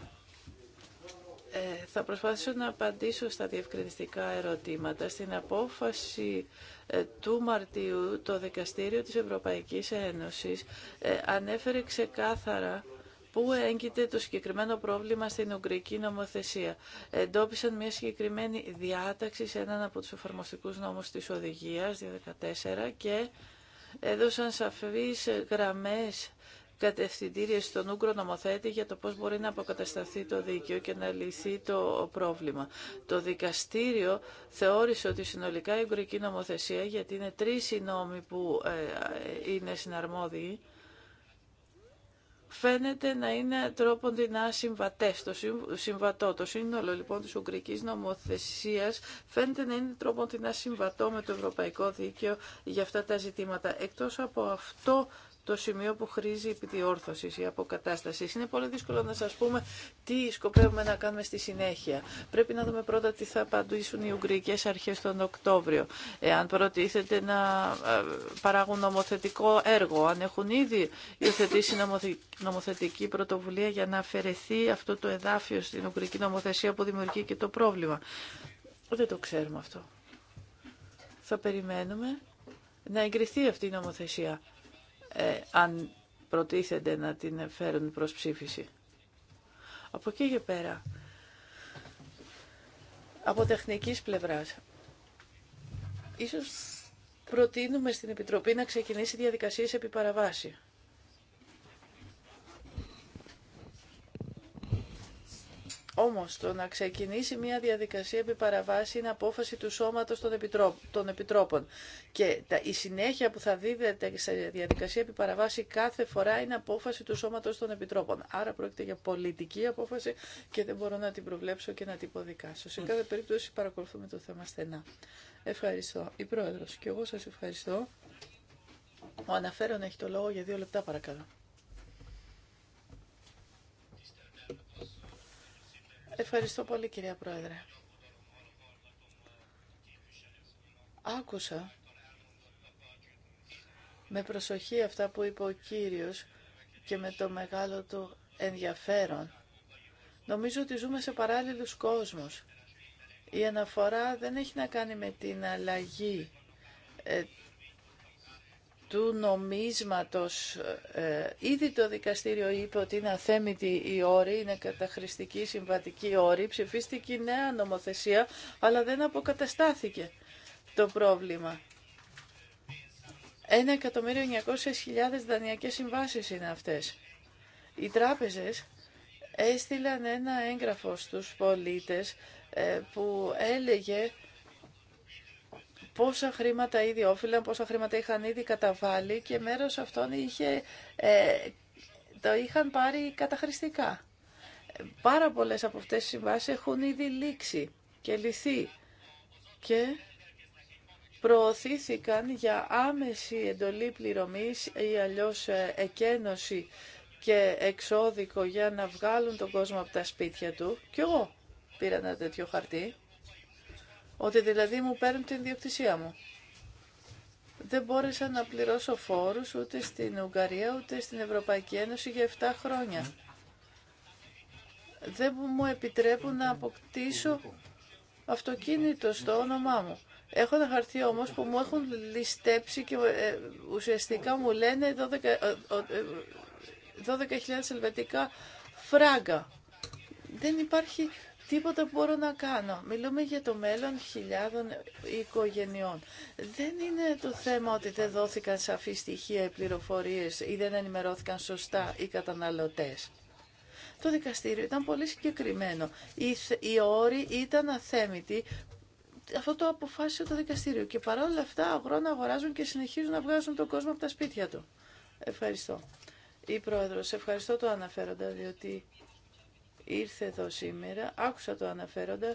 Ε, θα προσπαθήσω να απαντήσω στα διευκρινιστικά ερωτήματα. Στην απόφαση ε, του Μαρτίου, το Δικαστήριο της Ευρωπαϊκής Ένωσης ε, ανέφερε ξεκάθαρα Πού έγκυται το συγκεκριμένο πρόβλημα στην Ουγγρική νομοθεσία. Εντόπισαν μια συγκεκριμένη διάταξη σε έναν από τους εφαρμοστικούς νόμους της Οδηγίας 2014 και έδωσαν σαφείς γραμμές κατευθυντήριες στον Ούγκρο νομοθέτη για το πώς μπορεί να αποκατασταθεί το δίκαιο και να λυθεί το πρόβλημα. Το δικαστήριο θεώρησε ότι συνολικά η Ουγγρική νομοθεσία, γιατί είναι τρεις οι νόμοι που ε, ε, είναι συναρμόδιοι, φαίνεται να είναι τρόποντινά συμβατεύστο, συμβατό. Το σύνολο λοιπόν της Ουγγρικής νομοθεσίας φαίνεται να είναι την συμβατό με το Ευρωπαϊκό Δίκαιο για αυτά τα ζητήματα. Εκτός από αυτό το σημείο που χρήζει επιδιόρθωση ή αποκατάσταση. Είναι πολύ δύσκολο να σας πούμε τι σκοπεύουμε να κάνουμε στη συνέχεια. Πρέπει να δούμε πρώτα τι θα απαντήσουν οι Ουγγρικές αρχές τον Οκτώβριο. Εάν προτίθεται να ε, παράγουν νομοθετικό έργο, αν έχουν ήδη υιοθετήσει νομοθετική πρωτοβουλία για να αφαιρεθεί αυτό το εδάφιο στην Ουγγρική νομοθεσία που δημιουργεί και το πρόβλημα. Δεν το ξέρουμε αυτό. Θα περιμένουμε να εγκριθεί αυτή η νομοθεσία ε, αν προτίθενται να την φέρουν προς ψήφιση. Από εκεί και πέρα, από τεχνικής πλευράς, ίσως προτείνουμε στην Επιτροπή να ξεκινήσει διαδικασίες επί παραβάση. Όμως το να ξεκινήσει μια διαδικασία επί είναι απόφαση του σώματος των, επιτρόπων. Και η συνέχεια που θα δίδεται σε διαδικασία επί κάθε φορά είναι απόφαση του σώματος των επιτρόπων. Άρα πρόκειται για πολιτική απόφαση και δεν μπορώ να την προβλέψω και να την υποδικάσω. Σε κάθε περίπτωση παρακολουθούμε το θέμα στενά. Ευχαριστώ. Η Πρόεδρος και εγώ σας ευχαριστώ. Ο αναφέρον έχει το λόγο για δύο λεπτά παρακαλώ. Ευχαριστώ πολύ κυρία Πρόεδρε. Άκουσα με προσοχή αυτά που είπε ο κύριος και με το μεγάλο του ενδιαφέρον. Νομίζω ότι ζούμε σε παράλληλους κόσμους. Η αναφορά δεν έχει να κάνει με την αλλαγή ε, του νομίσματος. Ε, ήδη το δικαστήριο είπε ότι είναι αθέμητη η όρη, είναι καταχρηστική συμβατική όρη. Ψηφίστηκε η νέα νομοθεσία, αλλά δεν αποκαταστάθηκε το πρόβλημα. 1.900.000 δανειακές συμβάσεις είναι αυτές. Οι τράπεζες έστειλαν ένα έγγραφο στους πολίτες ε, που έλεγε πόσα χρήματα ήδη όφυλαν, πόσα χρήματα είχαν ήδη καταβάλει και μέρος αυτών είχε, ε, το είχαν πάρει καταχρηστικά. Πάρα πολλές από αυτές τις συμβάσεις έχουν ήδη λήξει και λυθεί και προωθήθηκαν για άμεση εντολή πληρωμής ή αλλιώς ε, εκένωση και εξώδικο για να βγάλουν τον κόσμο από τα σπίτια του. Κι εγώ πήρα ένα τέτοιο χαρτί ότι δηλαδή μου παίρνουν την ιδιοκτησία μου. Δεν μπόρεσα να πληρώσω φόρους ούτε στην Ουγγαρία ούτε στην Ευρωπαϊκή Ένωση για 7 χρόνια. Δεν μου επιτρέπουν να αποκτήσω αυτοκίνητο στο όνομά μου. Έχω ένα χαρτί όμως που μου έχουν ληστέψει και ε, ουσιαστικά μου λένε 12.000 ε, ε, ελβετικά φράγκα. Δεν υπάρχει Τίποτα που μπορώ να κάνω. Μιλούμε για το μέλλον χιλιάδων οικογενειών. Δεν είναι το θέμα ότι δεν δόθηκαν σαφή στοιχεία οι πληροφορίες ή δεν ενημερώθηκαν σωστά οι καταναλωτε Το δικαστήριο ήταν πολύ συγκεκριμένο. Οι, οι όροι ήταν αθέμητοι. Αυτό το αποφάσισε το δικαστήριο. Και παρόλα αυτά αγρόνα αγοράζουν και συνεχίζουν να βγάζουν τον κόσμο από τα σπίτια του. Ευχαριστώ. Η προεδρο ευχαριστώ το αναφέροντα, διότι ήρθε εδώ σήμερα, άκουσα το αναφέροντα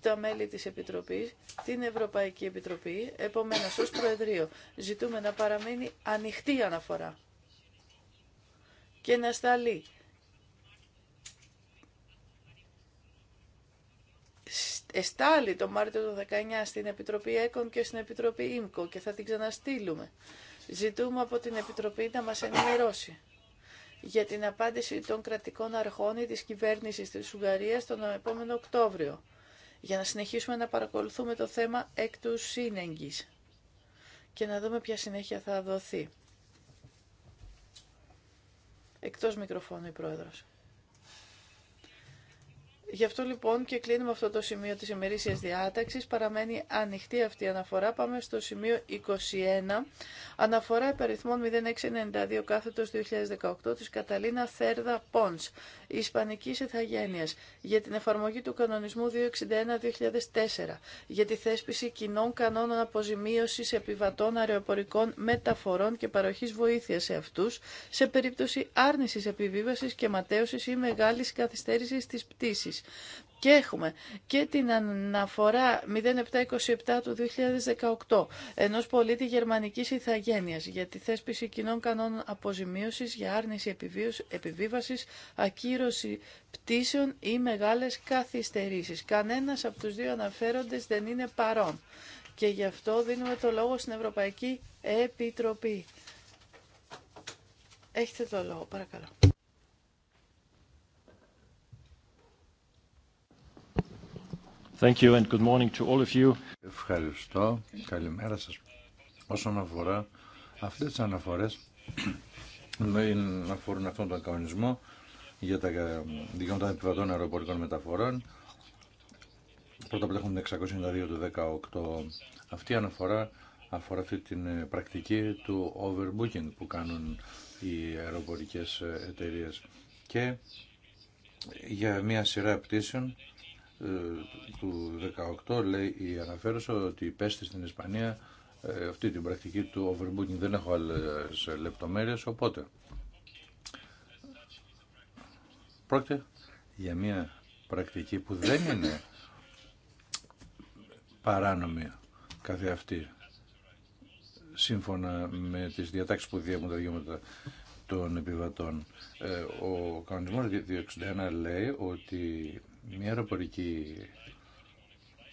τα μέλη της Επιτροπής, την Ευρωπαϊκή Επιτροπή, επομένως ως Προεδρείο ζητούμε να παραμείνει ανοιχτή αναφορά και να σταλεί εστάλει το Μάρτιο του 19 στην Επιτροπή ΕΚΟΝ και στην Επιτροπή ΙΜΚΟ και θα την ξαναστείλουμε. Ζητούμε από την Επιτροπή να μας ενημερώσει για την απάντηση των κρατικών αρχών ή της κυβέρνησης της Ουγγαρίας τον επόμενο Οκτώβριο, για να συνεχίσουμε να παρακολουθούμε το θέμα εκ του και να δούμε ποια συνέχεια θα δοθεί. Εκτός μικροφώνου η Πρόεδρος. Γι' αυτό λοιπόν και κλείνουμε αυτό το σημείο της ημερήσιας διάταξης. Παραμένει ανοιχτή αυτή η αναφορά. Πάμε στο σημείο 21. Αναφορά υπεριθμών 0692 κάθετος 2018 της Καταλίνα Θέρδα Πόνς, Ισπανικής Εθαγένειας, για την εφαρμογή του κανονισμού 261-2004, για τη θέσπιση κοινών κανόνων αποζημίωσης επιβατών αεροπορικών μεταφορών και παροχής βοήθειας σε αυτούς, σε περίπτωση άρνησης επιβίβασης και ματέωσης ή μεγάλης καθυστέρησης της πτήσης. Και έχουμε και την αναφορά 0727 του 2018 ενός πολίτη γερμανικής ηθαγένεια για τη θέσπιση κοινών κανόνων αποζημίωση για άρνηση επιβίβαση, ακύρωση πτήσεων ή μεγάλες καθυστερήσεις. Κανένα από τους δύο αναφέροντες δεν είναι παρόν και γι' αυτό δίνουμε το λόγο στην Ευρωπαϊκή Επιτροπή. Έχετε το λόγο, παρακαλώ. Ευχαριστώ. Καλημέρα σας. Όσον αφορά αυτές τις αναφορές, αφορούν αυτόν τον κανονισμό για τα ε, δικαιώματα επιβατών αεροπορικών μεταφορών. Πρώτα απ' έχουμε 692 του 18. Αυτή η αναφορά αφορά αυτή την ε, πρακτική του overbooking που κάνουν οι αεροπορικές ε, εταιρείες και για μια σειρά πτήσεων ε, του 18 λέει η αναφέρουσα ότι πέστη στην Ισπανία ε, αυτή την πρακτική του overbooking. Δεν έχω άλλες λεπτομέρειες, οπότε πρόκειται για μια πρακτική που δεν είναι παράνομη καθε αυτή σύμφωνα με τις διατάξεις που διέμουν τα δικαιώματα των επιβατών. Ε, ο κανονισμός 261 λέει ότι μια αεροπορική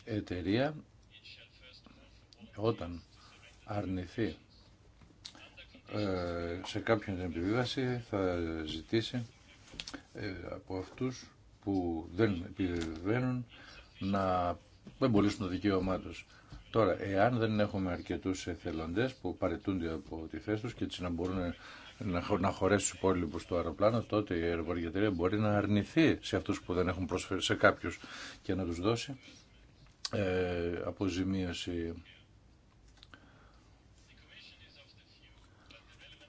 εταιρεία όταν αρνηθεί ε, σε κάποιον την επιβίβαση θα ζητήσει ε, από αυτούς που δεν επιβεβαίνουν να εμπολίσουν το δικαίωμά τους. Τώρα, εάν δεν έχουμε αρκετούς εθελοντές που παρετούνται από τη θέση τους και έτσι να μπορούν να χωρέσει του υπόλοιπου του αεροπλάνο, τότε η αεροπορική εταιρεία μπορεί να αρνηθεί σε αυτού που δεν έχουν προσφέρει, σε κάποιου και να του δώσει ε, αποζημίωση.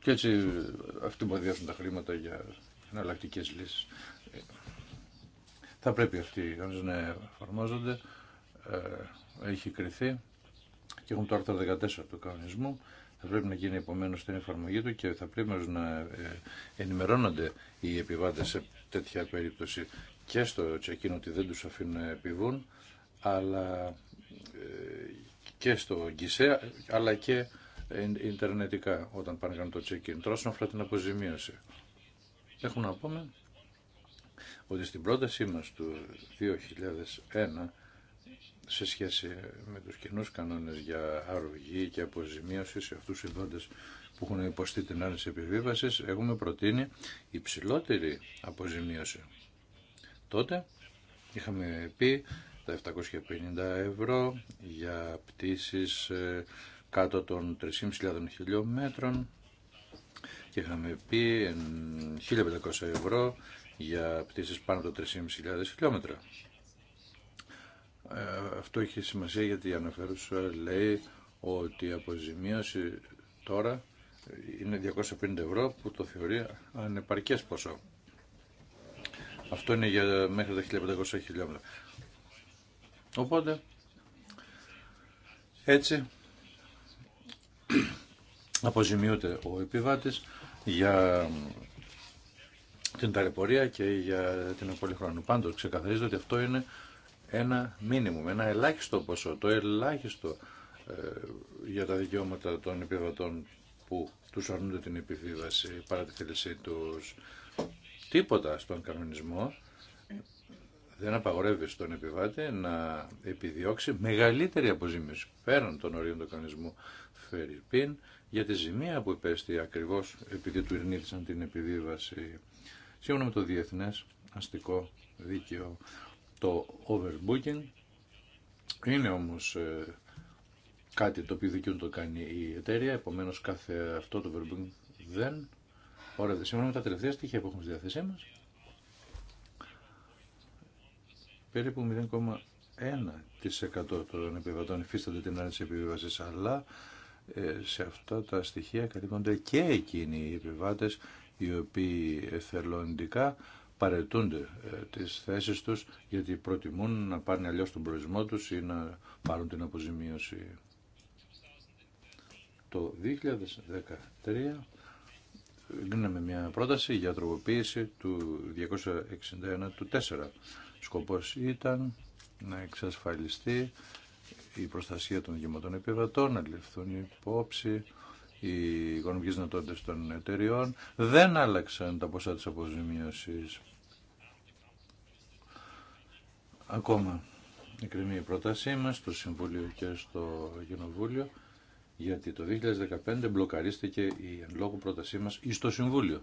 Και έτσι αυτοί που διάσουν τα χρήματα για εναλλακτικέ λύσει. Ε, θα πρέπει αυτοί οι να εφαρμόζονται. Ε, έχει κρυθεί και έχουμε το άρθρο 14 του κανονισμού θα πρέπει να γίνει επομένω στην εφαρμογή του και θα πρέπει να ε, ενημερώνονται οι επιβάτε σε τέτοια περίπτωση και στο τσεκίνο ότι δεν τους αφήνουν να επιβούν, αλλά ε, και στο γκισέ, e, αλλά και ιντερνετικά όταν πάνε κάνουν το check-in. να αφορά την αποζημίωση. Έχουμε να πούμε ότι στην πρότασή μας του 2001 σε σχέση με τους κοινούς κανόνες για αρρωγή και αποζημίωση σε αυτούς οι που έχουν υποστεί την άνεση επιβίβασης, έχουμε προτείνει υψηλότερη αποζημίωση. Τότε είχαμε πει τα 750 ευρώ για πτήσεις ε, κάτω των 3.500 χιλιόμετρων και είχαμε πει 1.500 ε, ευρώ για πτήσεις πάνω από 3.500 χιλιόμετρα. Ε, αυτό έχει σημασία γιατί η αναφέρουσα λέει ότι η αποζημίωση τώρα είναι 250 ευρώ που το θεωρεί ανεπαρκές ποσό. Αυτό είναι για μέχρι τα 1500 χιλιόμετρα. Οπότε, έτσι, αποζημιούται ο επιβάτης για την ταλαιπωρία και για την απολύχρονη. Πάντως ξεκαθαρίζεται ότι αυτό είναι ένα μήνυμο, ένα ελάχιστο ποσό, το ελάχιστο ε, για τα δικαιώματα των επιβατών που τους αρνούνται την επιβίβαση παρά τη θέλησή τους. Τίποτα στον κανονισμό δεν απαγορεύει στον επιβάτη να επιδιώξει μεγαλύτερη αποζημίωση πέραν των ορίων του κανονισμού Φερρυπίν για τη ζημία που υπέστη ακριβώς επειδή του ειρνήθησαν την επιβίβαση σύμφωνα με το Διεθνές Αστικό Δίκαιο το overbooking είναι όμως ε, κάτι το οποίο δικαιούν το κάνει η εταιρεία, επομένως κάθε αυτό το overbooking δεν ωραία Σήμερα με τα τελευταία στοιχεία που έχουμε στη διάθεσή μας, περίπου 0,1% των επιβατών υφίστανται την άρνηση επιβίβασης, αλλά ε, σε αυτά τα στοιχεία καλύπτονται και εκείνοι οι επιβάτες οι οποίοι εθελοντικά παρετούνται ε, τις θέσεις τους γιατί προτιμούν να πάρουν αλλιώς τον προορισμό τους ή να πάρουν την αποζημίωση. Το 2013 γίναμε μια πρόταση για τροποποίηση του 261 του 4. Σκοπός ήταν να εξασφαλιστεί η προστασία των δημοτών επιβατών, να ληφθούν υπόψη οι οικονομικές δυνατότητες των εταιριών. Δεν άλλαξαν τα ποσά της αποζημίωσης. Ακόμα εκκρεμεί η πρότασή μας στο Συμβούλιο και στο Γενοβούλιο γιατί το 2015 μπλοκαρίστηκε η εν λόγω πρότασή μας στο Συμβούλιο.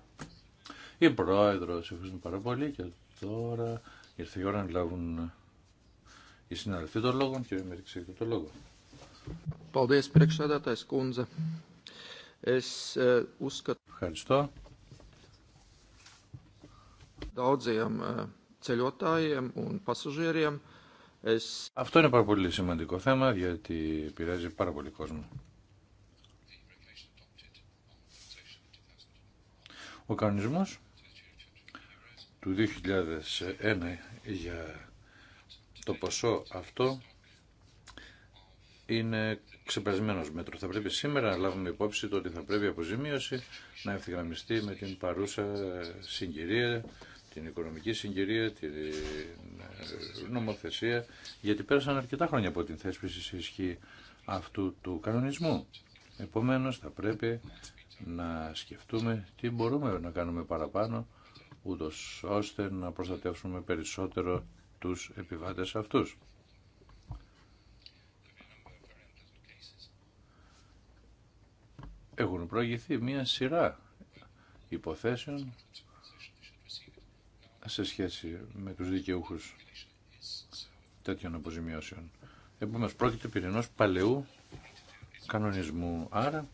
Η πρόεδρο ευχαριστούμε πάρα πολύ και τώρα ήρθε η ώρα να λάβουν οι συναδελφοί των λόγων και με ρίξετε το λόγο. Ε, Ευχαριστώ. Ε, αυτό είναι πάρα πολύ σημαντικό θέμα γιατί επηρεάζει πάρα πολύ κόσμο. Ο κανονισμός του 2001 για το ποσό αυτό είναι ξεπερασμένο μέτρο. Θα πρέπει σήμερα να λάβουμε υπόψη το ότι θα πρέπει η αποζημίωση να ευθυγραμμιστεί με την παρούσα συγκυρία την οικονομική συγκυρία, την ε, νομοθεσία, γιατί πέρασαν αρκετά χρόνια από την θέσπιση σε ισχύ αυτού του κανονισμού. Επομένως θα πρέπει να σκεφτούμε τι μπορούμε να κάνουμε παραπάνω, ούτως ώστε να προστατεύσουμε περισσότερο τους επιβάτες αυτούς. Έχουν προηγηθεί μία σειρά υποθέσεων σε σχέση με τους δικαιούχους τέτοιων αποζημιώσεων. Επομένως πρόκειται το παλαιού κανονισμού. Άρα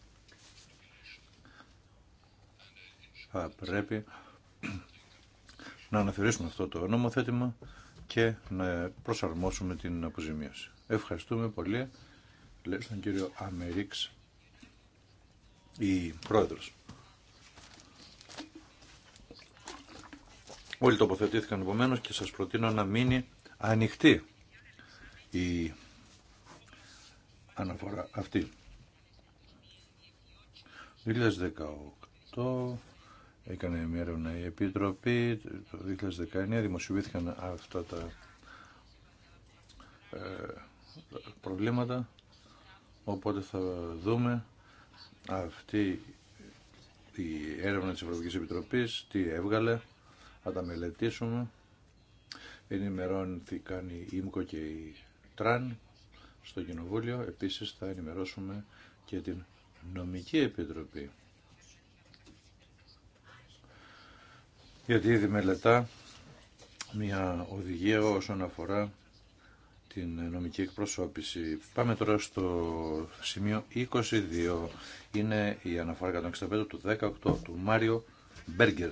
θα πρέπει να αναθεωρήσουμε αυτό το νομοθέτημα και να προσαρμόσουμε την αποζημίωση. Ευχαριστούμε πολύ. Λέει στον κύριο Αμερίξ η πρόεδρος. Όλοι τοποθετήθηκαν επομένω και σας προτείνω να μείνει ανοιχτή η αναφορά αυτή. 2018 έκανε μια έρευνα η Επίτροπη, το 2019 δημοσιοποιήθηκαν αυτά τα ε, προβλήματα, οπότε θα δούμε αυτή η έρευνα της Ευρωπαϊκής Επιτροπής, τι έβγαλε, θα τα μελετήσουμε. Ενημερώνθηκαν η ΙΜΚΟ και η ΤΡΑΝ στο Κοινοβούλιο. Επίσης θα ενημερώσουμε και την Νομική Επιτροπή. Γιατί ήδη μελετά μια οδηγία όσον αφορά την νομική εκπροσώπηση. Πάμε τώρα στο σημείο 22. Είναι η αναφορά 165 του 18 του Μάριο Μπέργκερ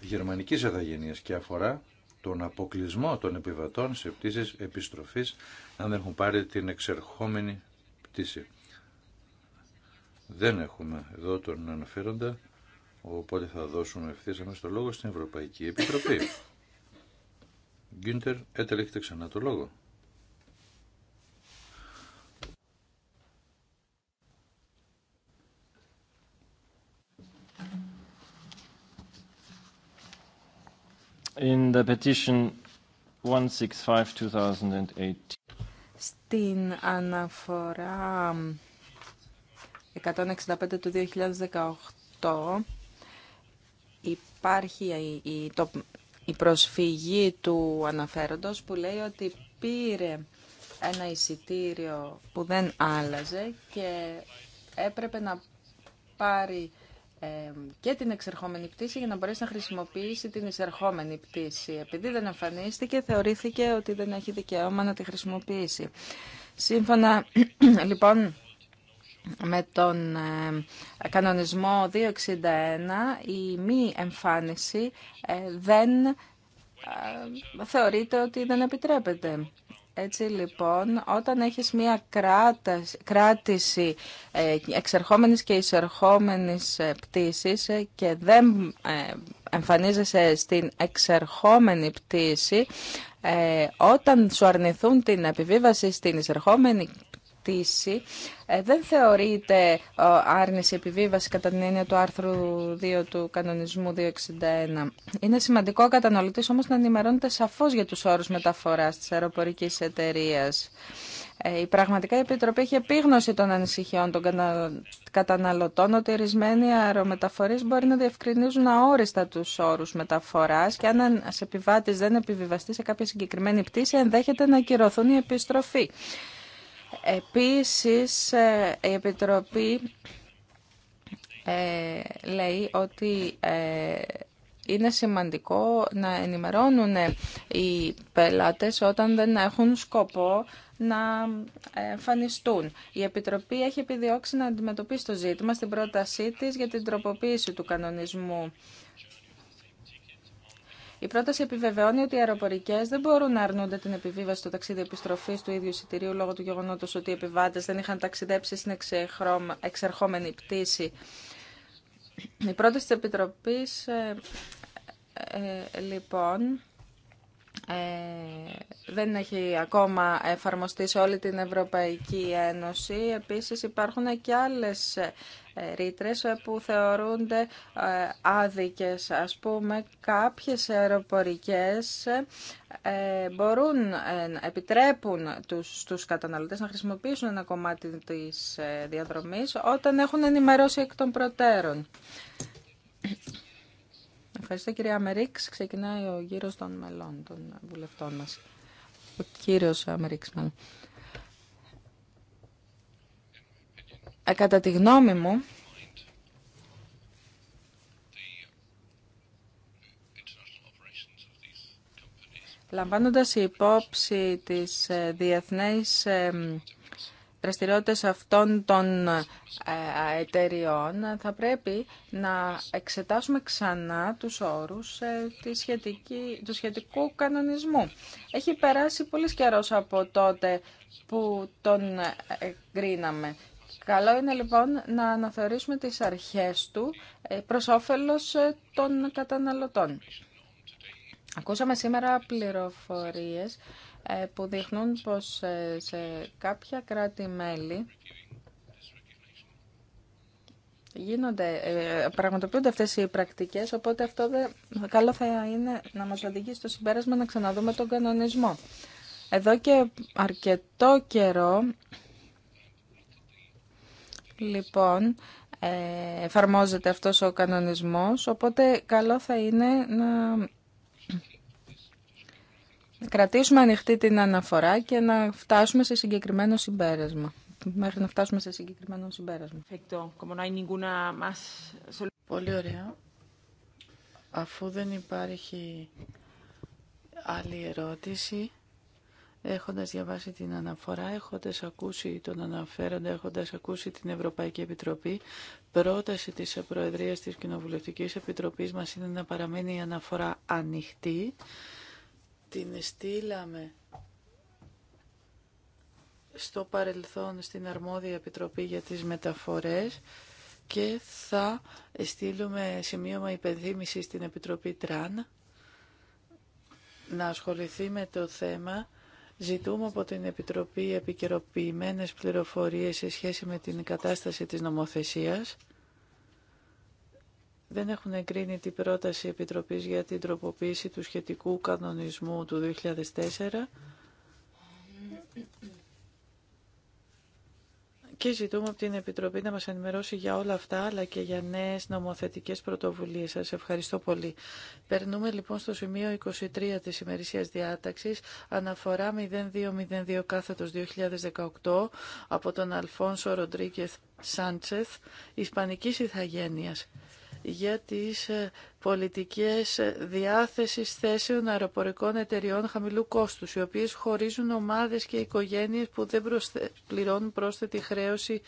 γερμανικής εθαγενείας και αφορά τον αποκλεισμό των επιβατών σε πτήσεις επιστροφής αν δεν έχουν πάρει την εξερχόμενη πτήση. Δεν έχουμε εδώ τον αναφέροντα, οπότε θα δώσουμε ευθύς αμέσως το λόγο στην Ευρωπαϊκή Επιτροπή. Γκίντερ, έτελεχτε ξανά το λόγο. Στην αναφορά 165 του 2018 υπάρχει η, η προσφυγή του αναφέροντος που λέει ότι πήρε ένα εισιτήριο που δεν άλλαζε και έπρεπε να πάρει και την εξερχόμενη πτήση για να μπορέσει να χρησιμοποιήσει την εισερχόμενη πτήση. Επειδή δεν εμφανίστηκε, θεωρήθηκε ότι δεν έχει δικαίωμα να τη χρησιμοποιήσει. Σύμφωνα, λοιπόν, με τον κανονισμό 261, η μη εμφάνιση ε, δεν ε, θεωρείται ότι δεν επιτρέπεται. Έτσι λοιπόν, όταν έχεις μία κράτηση ε, εξερχόμενης και εισερχόμενης ε, πτήσης ε, και δεν εμφανίζεσαι στην εξερχόμενη πτήση, όταν σου αρνηθούν την επιβίβαση στην εισερχόμενη ε, δεν θεωρείται ε, άρνηση επιβίβαση κατά την έννοια του άρθρου 2 του κανονισμού 261. Είναι σημαντικό ο καταναλωτή όμω να ενημερώνεται σαφώ για του όρου μεταφορά τη αεροπορική εταιρεία. Ε, η πραγματικά Επιτροπή έχει επίγνωση των ανησυχιών των καταναλωτών ότι ορισμένοι αερομεταφορείς μπορεί να διευκρινίζουν αόριστα τους όρους μεταφοράς και αν ένας επιβάτης δεν επιβιβαστεί σε κάποια συγκεκριμένη πτήση ενδέχεται να ακυρωθούν η επιστροφή. Επίσης, ε, η Επιτροπή ε, λέει ότι ε, είναι σημαντικό να ενημερώνουν οι πελάτες όταν δεν έχουν σκοπό να εμφανιστούν. Η Επιτροπή έχει επιδιώξει να αντιμετωπίσει το ζήτημα στην πρότασή της για την τροποποίηση του κανονισμού η πρόταση επιβεβαιώνει ότι οι αεροπορικέ δεν μπορούν να αρνούνται την επιβίβαση του ταξίδι επιστροφή του ίδιου εισιτηρίου λόγω του γεγονότο ότι οι επιβάτε δεν είχαν ταξιδέψει στην εξερχόμενη πτήση. Η πρόταση τη Επιτροπή, ε, ε, ε, λοιπόν, ε, δεν έχει ακόμα εφαρμοστεί σε όλη την Ευρωπαϊκή Ένωση. Επίσης υπάρχουν και άλλες ε, ρήτρε που θεωρούνται ε, άδικες. Ας πούμε κάποιες αεροπορικές μπορούν, επιτρέπουν τους, τους καταναλωτές να χρησιμοποιήσουν ένα κομμάτι της διαδρομής όταν έχουν ενημερώσει εκ των προτέρων. Ευχαριστώ κυρία Αμερίξ. Ξεκινάει ο γύρος των μελών, των βουλευτών μας. Ο κύριος Αμερίξ ε, μάλλον. Ε, κατά τη γνώμη μου, λαμβάνοντας υπόψη τις ε, διεθνείς δραστηριότητες αυτών των ε, εταιριών θα πρέπει να εξετάσουμε ξανά τους όρους ε, του σχετικού κανονισμού. Έχει περάσει πολύ καιρό από τότε που τον εγκρίναμε. Καλό είναι λοιπόν να αναθεωρήσουμε τις αρχές του ε, προς όφελος των καταναλωτών. Ακούσαμε σήμερα πληροφορίες ε, που δείχνουν πως ε, σε κάποια κράτη-μέλη γίνονται, ε, πραγματοποιούνται αυτές οι πρακτικές, οπότε αυτό καλό θα είναι να μας οδηγήσει στο συμπέρασμα να ξαναδούμε τον κανονισμό. Εδώ και αρκετό καιρό, λοιπόν, εφαρμόζεται αυτός ο κανονισμός, οπότε καλό θα είναι να κρατήσουμε ανοιχτή την αναφορά και να φτάσουμε σε συγκεκριμένο συμπέρασμα. Μέχρι να φτάσουμε σε συγκεκριμένο συμπέρασμα. Πολύ ωραία. Αφού δεν υπάρχει άλλη ερώτηση, έχοντας διαβάσει την αναφορά, έχοντας ακούσει τον αναφέροντα, έχοντας ακούσει την Ευρωπαϊκή Επιτροπή, πρόταση της Προεδρίας της Κοινοβουλευτικής Επιτροπής μας είναι να παραμένει η αναφορά ανοιχτή την στείλαμε στο παρελθόν στην αρμόδια επιτροπή για τις μεταφορές και θα στείλουμε σημείωμα υπενθύμηση στην Επιτροπή Τραν να ασχοληθεί με το θέμα. Ζητούμε από την Επιτροπή επικαιροποιημένες πληροφορίες σε σχέση με την κατάσταση της νομοθεσίας δεν έχουν εγκρίνει την πρόταση Επιτροπής για την τροποποίηση του σχετικού κανονισμού του 2004 και ζητούμε από την Επιτροπή να μας ενημερώσει για όλα αυτά αλλά και για νέες νομοθετικές πρωτοβουλίες. Σας ευχαριστώ πολύ. Περνούμε λοιπόν στο σημείο 23 της ημερησίας διάταξης αναφορά 0202 κάθετος 2018 από τον Αλφόνσο Ροντρίκεθ Σάντσεθ Ισπανικής Ιθαγένειας για τις ε, πολιτικές διάθεσης θέσεων αεροπορικών εταιριών χαμηλού κόστους, οι οποίες χωρίζουν ομάδες και οικογένειες που δεν προσθε... πληρώνουν πρόσθετη χρέωση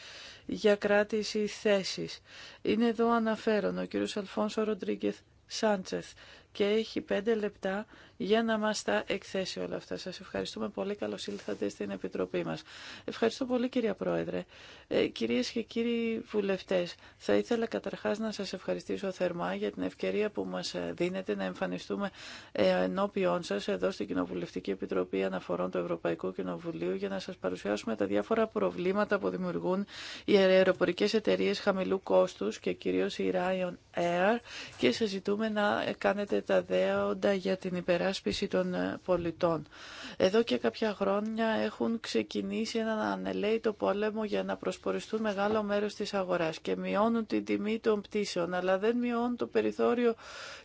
για κράτηση θέσης. Είναι εδώ αναφέρον ο κύριος Αλφόνσο Ροντρίγκεθ Σάντσεθ και έχει πέντε λεπτά για να μας τα εκθέσει όλα αυτά. Σας ευχαριστούμε πολύ. Καλώς ήλθατε στην Επιτροπή μας. Ευχαριστώ πολύ κυρία Πρόεδρε. Ε, κυρίες και κύριοι βουλευτές, θα ήθελα καταρχάς να σας ευχαριστήσω θερμά για την ευκαιρία που μας δίνετε να εμφανιστούμε ε, ενώπιόν σας εδώ στην Κοινοβουλευτική Επιτροπή Αναφορών του Ευρωπαϊκού Κοινοβουλίου για να σας παρουσιάσουμε τα διάφορα προβλήματα που δημιουργούν οι αεροπορικέ εταιρείε χαμηλού κόστους και κυρίως η Ryanair και σας ζητούμε να κάνετε τα δέοντα για την υπεράσπιση των ε, πολιτών. Εδώ και κάποια χρόνια έχουν ξεκινήσει έναν το πόλεμο για να προσποριστούν μεγάλο μέρος της αγοράς και μειώνουν την τιμή των πτήσεων, αλλά δεν μειώνουν το περιθώριο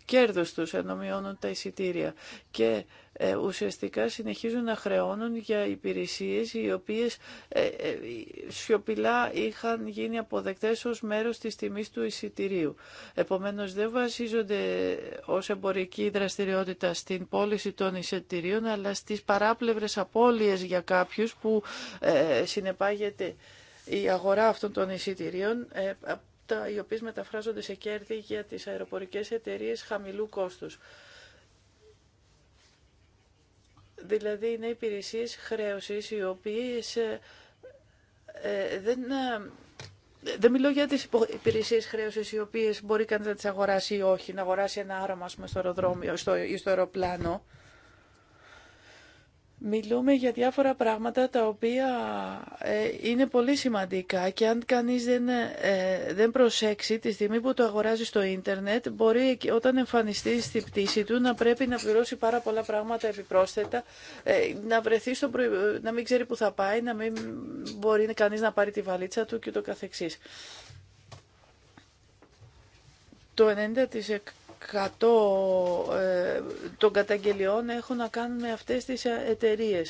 κέρδους τους, ενώ μειώνουν τα εισιτήρια. Και ε, ουσιαστικά συνεχίζουν να χρεώνουν για υπηρεσίες οι οποίες ε, ε, σιωπηλά είχαν γίνει αποδεκτές ως μέρος της τιμής του εισιτηρίου. Επομένως δεν βασίζονται ως εμπορική δραστηριότητα στην πώληση των εισιτηρίων αλλά στις παράπλευρες απώλειες για κάποιους που συνεπάγεται η αγορά αυτών των εισιτηρίων οι οποίες μεταφράζονται σε κέρδη για τις αεροπορικές εταιρείες χαμηλού κόστους. Δηλαδή είναι υπηρεσίες χρέωση, οι οποίες ε, ε, δεν... Ε, δεν μιλώ για τις υπηρεσίες χρέωσης οι οποίες μπορεί κανείς να τις αγοράσει ή όχι, να αγοράσει ένα άρωμα στο αεροδρόμιο στο αεροπλάνο. Μιλούμε για διάφορα πράγματα τα οποία ε, είναι πολύ σημαντικά και αν κανείς δεν, ε, δεν προσέξει τη στιγμή που το αγοράζει στο ίντερνετ μπορεί όταν εμφανιστεί στη πτήση του να πρέπει να πληρώσει πάρα πολλά πράγματα επιπρόσθετα, ε, να βρεθεί να μην ξέρει που θα πάει, να μην μπορεί κανείς να πάρει τη βαλίτσα του και το καθεξής. Το ε, των καταγγελιών έχουν να κάνουν με αυτές τις ε, εταιρείε.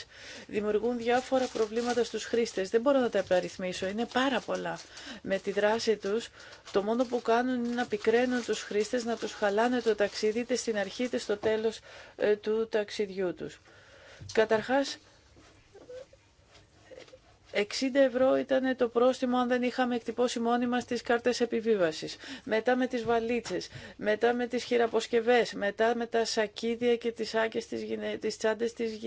Δημιουργούν διάφορα προβλήματα στους χρήστες. Δεν μπορώ να τα επαριθμίσω. Είναι πάρα πολλά. Με τη δράση τους το μόνο που κάνουν είναι να πικραίνουν τους χρήστες, να τους χαλάνε το ταξίδι είτε στην αρχή είτε στο τέλος ε, του ταξιδιού τους. Καταρχάς 60 ευρώ ήταν το πρόστιμο αν δεν είχαμε εκτυπώσει μόνοι μας τις κάρτες επιβίβασης. Μετά με τις βαλίτσες, μετά με τις χειραποσκευές, μετά με τα σακίδια και τις, άκες, τη γυναι... τσάντες της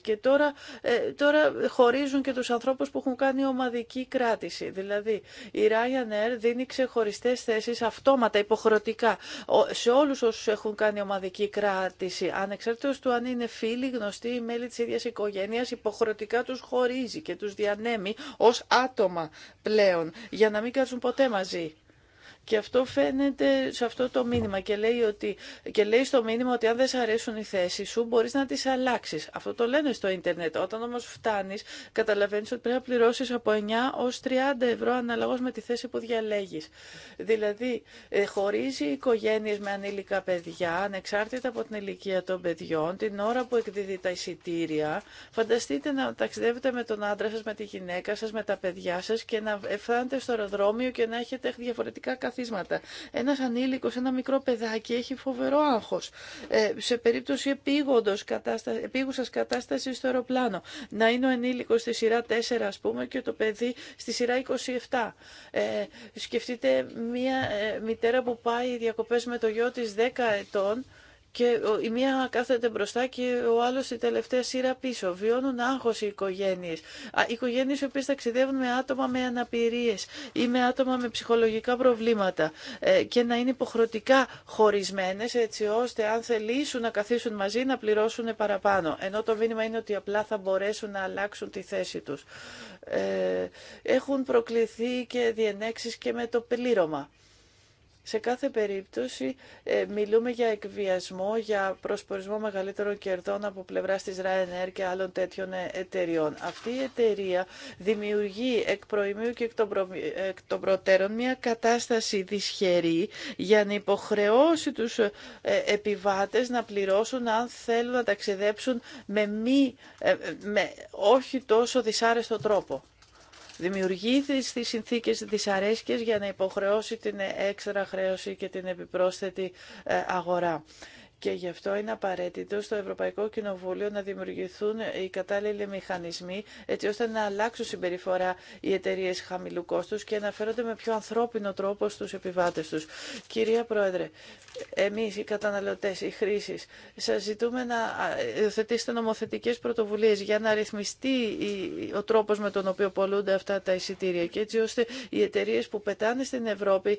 Και τώρα, ε, τώρα χωρίζουν και τους ανθρώπους που έχουν κάνει ομαδική κράτηση. Δηλαδή η Ryanair δίνει ξεχωριστές θέσεις αυτόματα, υποχρεωτικά, σε όλους όσους έχουν κάνει ομαδική κράτηση, ανεξαρτήτως του αν είναι φίλοι, γνωστοί ή μέλη της ίδιας οικογένειας, υποχρεωτικά τους χωρίζει και τους ω ως άτομα πλέον για να μην κάτσουν ποτέ μαζί. Και αυτό φαίνεται σε αυτό το μήνυμα και λέει, ότι, και στο μήνυμα ότι αν δεν σε αρέσουν οι θέσει σου μπορείς να τις αλλάξεις. Αυτό το λένε στο ίντερνετ. Όταν όμως φτάνεις καταλαβαίνεις ότι πρέπει να πληρώσεις από 9 ως 30 ευρώ αναλόγως με τη θέση που διαλέγεις. Δηλαδή ε, χωρίζει οικογένειες με ανήλικα παιδιά ανεξάρτητα από την ηλικία των παιδιών την ώρα που εκδίδει τα εισιτήρια. Φανταστείτε να ταξιδεύετε με τον άντρα σας, με τη γυναίκα σας, με τα παιδιά σας και να φτάνετε στο αεροδρόμιο και να έχετε διαφορετικά καθόλου καθίσματα. Ένας ανήλικος, ένα μικρό παιδάκι έχει φοβερό άγχο. Ε, σε περίπτωση επίγοντος κατάσταση κατάστασης στο αεροπλάνο. Να είναι ο ενήλικο στη σειρά 4 ας πούμε και το παιδί στη σειρά 27. Ε, σκεφτείτε μια ε, μητέρα που πάει διακοπέ με το γιο τη 10 ετών και η μία κάθεται μπροστά και ο άλλο η τελευταία σειρά πίσω. Βιώνουν άγχος οι οικογένειε. Οι οικογένειε οι οποίε ταξιδεύουν με άτομα με αναπηρίε ή με άτομα με ψυχολογικά προβλήματα ε, και να είναι υποχρεωτικά χωρισμένε έτσι ώστε αν θελήσουν να καθίσουν μαζί να πληρώσουν παραπάνω. Ενώ το μήνυμα είναι ότι απλά θα μπορέσουν να αλλάξουν τη θέση του. Ε, έχουν προκληθεί και διενέξει και με το πλήρωμα. Σε κάθε περίπτωση ε, μιλούμε για εκβιασμό, για προσπορισμό μεγαλύτερων κερδών από πλευρά τη Ryanair και άλλων τέτοιων ε, εταιριών. Αυτή η εταιρεία δημιουργεί εκ προημίου και εκ των προτέρων μια κατάσταση δυσχερή για να υποχρεώσει τους ε, επιβάτες να πληρώσουν αν θέλουν να ταξιδέψουν με, μη, με όχι τόσο δυσάρεστο τρόπο. Δημιουργείται στις συνθήκες δυσαρέσκειες για να υποχρεώσει την έξτρα χρέωση και την επιπρόσθετη ε, αγορά. Και γι' αυτό είναι απαραίτητο στο Ευρωπαϊκό Κοινοβούλιο να δημιουργηθούν οι κατάλληλοι μηχανισμοί, έτσι ώστε να αλλάξουν συμπεριφορά οι εταιρείε χαμηλού κόστου και να φέρονται με πιο ανθρώπινο τρόπο στου επιβάτε του. Κυρία Πρόεδρε, εμεί οι καταναλωτέ, οι χρήσει, σα ζητούμε να υιοθετήσετε νομοθετικέ πρωτοβουλίε για να ρυθμιστεί ο τρόπο με τον οποίο πολλούνται αυτά τα εισιτήρια και έτσι ώστε οι εταιρείε που πετάνε στην Ευρώπη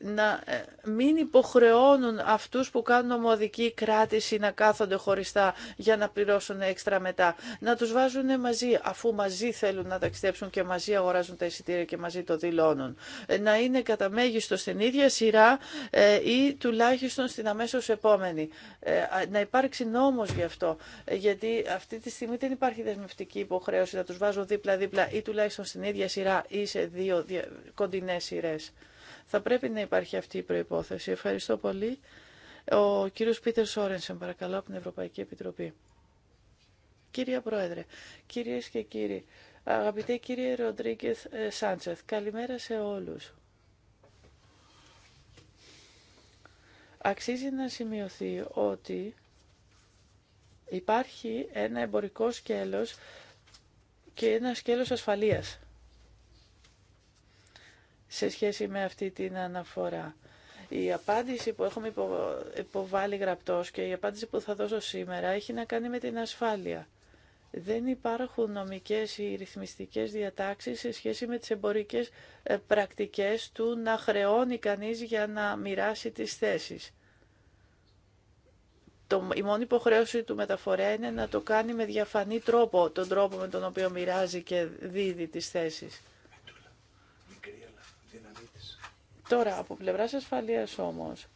να ε, μην υποχρεώνουν αυτού που κάνουν ομοδικέ υποχρεωτική κράτηση να κάθονται χωριστά για να πληρώσουν έξτρα μετά. Να τους βάζουν μαζί, αφού μαζί θέλουν να ταξιδέψουν και μαζί αγοράζουν τα εισιτήρια και μαζί το δηλώνουν. Ε, να είναι κατά μέγιστο στην ίδια σειρά ε, ή τουλάχιστον στην αμέσω επόμενη. Ε, να υπάρξει νόμος γι' αυτό, γιατί αυτή τη στιγμή δεν υπάρχει δεσμευτική υποχρέωση να τους βάζω δίπλα-δίπλα ή τουλάχιστον στην ίδια σειρά ή σε δύο κοντινές σειρές. Θα πρέπει να υπάρχει αυτή η προϋπόθεση. Ευχαριστώ πολύ. Ο κύριος Πίτερ Σόρενσεν, παρακαλώ, από την Ευρωπαϊκή Επιτροπή. Κύριε Πρόεδρε, κυρίες και κύριοι, αγαπητέ κύριε Ροντρίγκεθ ε, Σάντσεθ, καλημέρα σε όλους. Αξίζει να σημειωθεί ότι υπάρχει ένα εμπορικό σκέλος και ένα σκέλος ασφαλείας σε σχέση με αυτή την αναφορά. Η απάντηση που έχουμε υποβάλει γραπτός και η απάντηση που θα δώσω σήμερα έχει να κάνει με την ασφάλεια. Δεν υπάρχουν νομικές ή ρυθμιστικές διατάξεις σε σχέση με τις εμπορικές ε, πρακτικές του να χρεώνει κανείς για να μοιράσει τις θέσεις. Το, η μόνη υποχρέωση του μεταφορέα είναι να το κάνει με διαφανή τρόπο, τον τρόπο με τον οποίο μοιράζει και δίδει τις θέσεις. Τώρα, από πλευρά ασφαλεία όμως,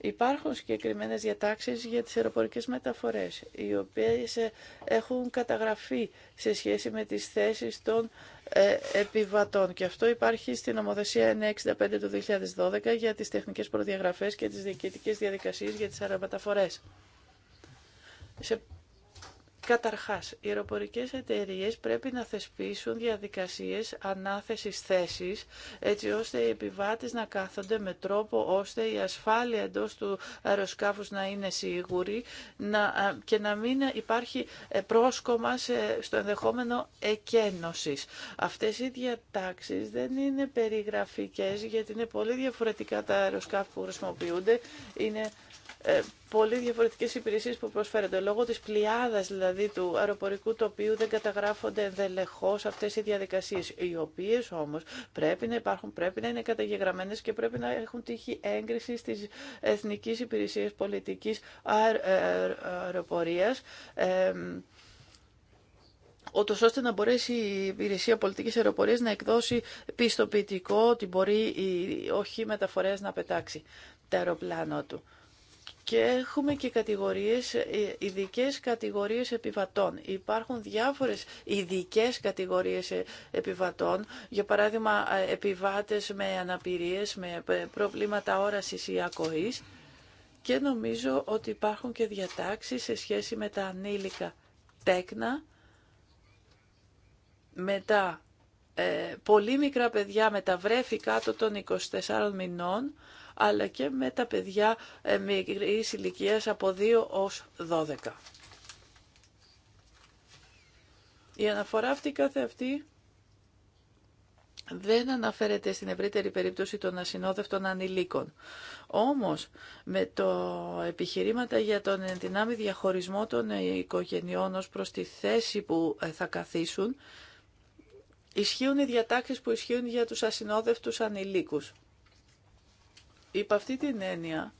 Υπάρχουν συγκεκριμένες διατάξει για τις αεροπορικέ μεταφορές, οι οποίες ε, έχουν καταγραφεί σε σχέση με τις θέσεις των ε, επιβατών. Και αυτό υπάρχει στην νομοθεσία 965 του 2012 για τις τεχνικές προδιαγραφές και τις διοικητικές διαδικασίες για τις αερομεταφορές. Σε Καταρχάς, οι αεροπορικές εταιρείες πρέπει να θεσπίσουν διαδικασίες ανάθεσης θέσης, έτσι ώστε οι επιβάτες να κάθονται με τρόπο ώστε η ασφάλεια εντός του αεροσκάφους να είναι σίγουρη να, και να μην υπάρχει ε, πρόσκομα στο ενδεχόμενο εκένωσης. Αυτές οι διατάξεις δεν είναι περιγραφικές γιατί είναι πολύ διαφορετικά τα αεροσκάφη που χρησιμοποιούνται, ε, πολύ διαφορετικές υπηρεσίες που προσφέρονται. Λόγω της πλειάδας δηλαδή του αεροπορικού τοπίου δεν καταγράφονται ενδελεχώς αυτές οι διαδικασίες, οι οποίες όμως πρέπει να υπάρχουν, πρέπει να είναι καταγεγραμμένες και πρέπει να έχουν τύχη έγκριση στις Εθνικές Υπηρεσίες Πολιτικής ε, Αεροπορίας ούτω ώστε να μπορέσει η Υπηρεσία Πολιτική Αεροπορία να εκδώσει πιστοποιητικό ότι μπορεί όχι μεταφορέ να πετάξει το αεροπλάνο του και έχουμε και κατηγορίες, ε, ειδικέ κατηγορίες επιβατών. Υπάρχουν διάφορες ειδικέ κατηγορίες ε, επιβατών, για παράδειγμα ε, επιβάτες με αναπηρίες, με προβλήματα όρασης ή ακοής και νομίζω ότι υπάρχουν και διατάξεις σε σχέση με τα ανήλικα τέκνα, με τα πολύ μικρά παιδιά με τα βρέφη κάτω των 24 μηνών, αλλά και με τα παιδιά ε, μικρής ηλικίας από 2 ως 12. Η αναφορά αυτή κάθε αυτή δεν αναφέρεται στην ευρύτερη περίπτωση των ασυνόδευτων ανηλίκων. Όμως, με το επιχειρήματα για τον ενδυνάμει διαχωρισμό των οικογενειών ως προς τη θέση που ε, θα καθίσουν, ισχύουν οι διατάξεις που ισχύουν για τους ασυνόδευτους ανηλίκους. Υπ' αυτή την έννοια,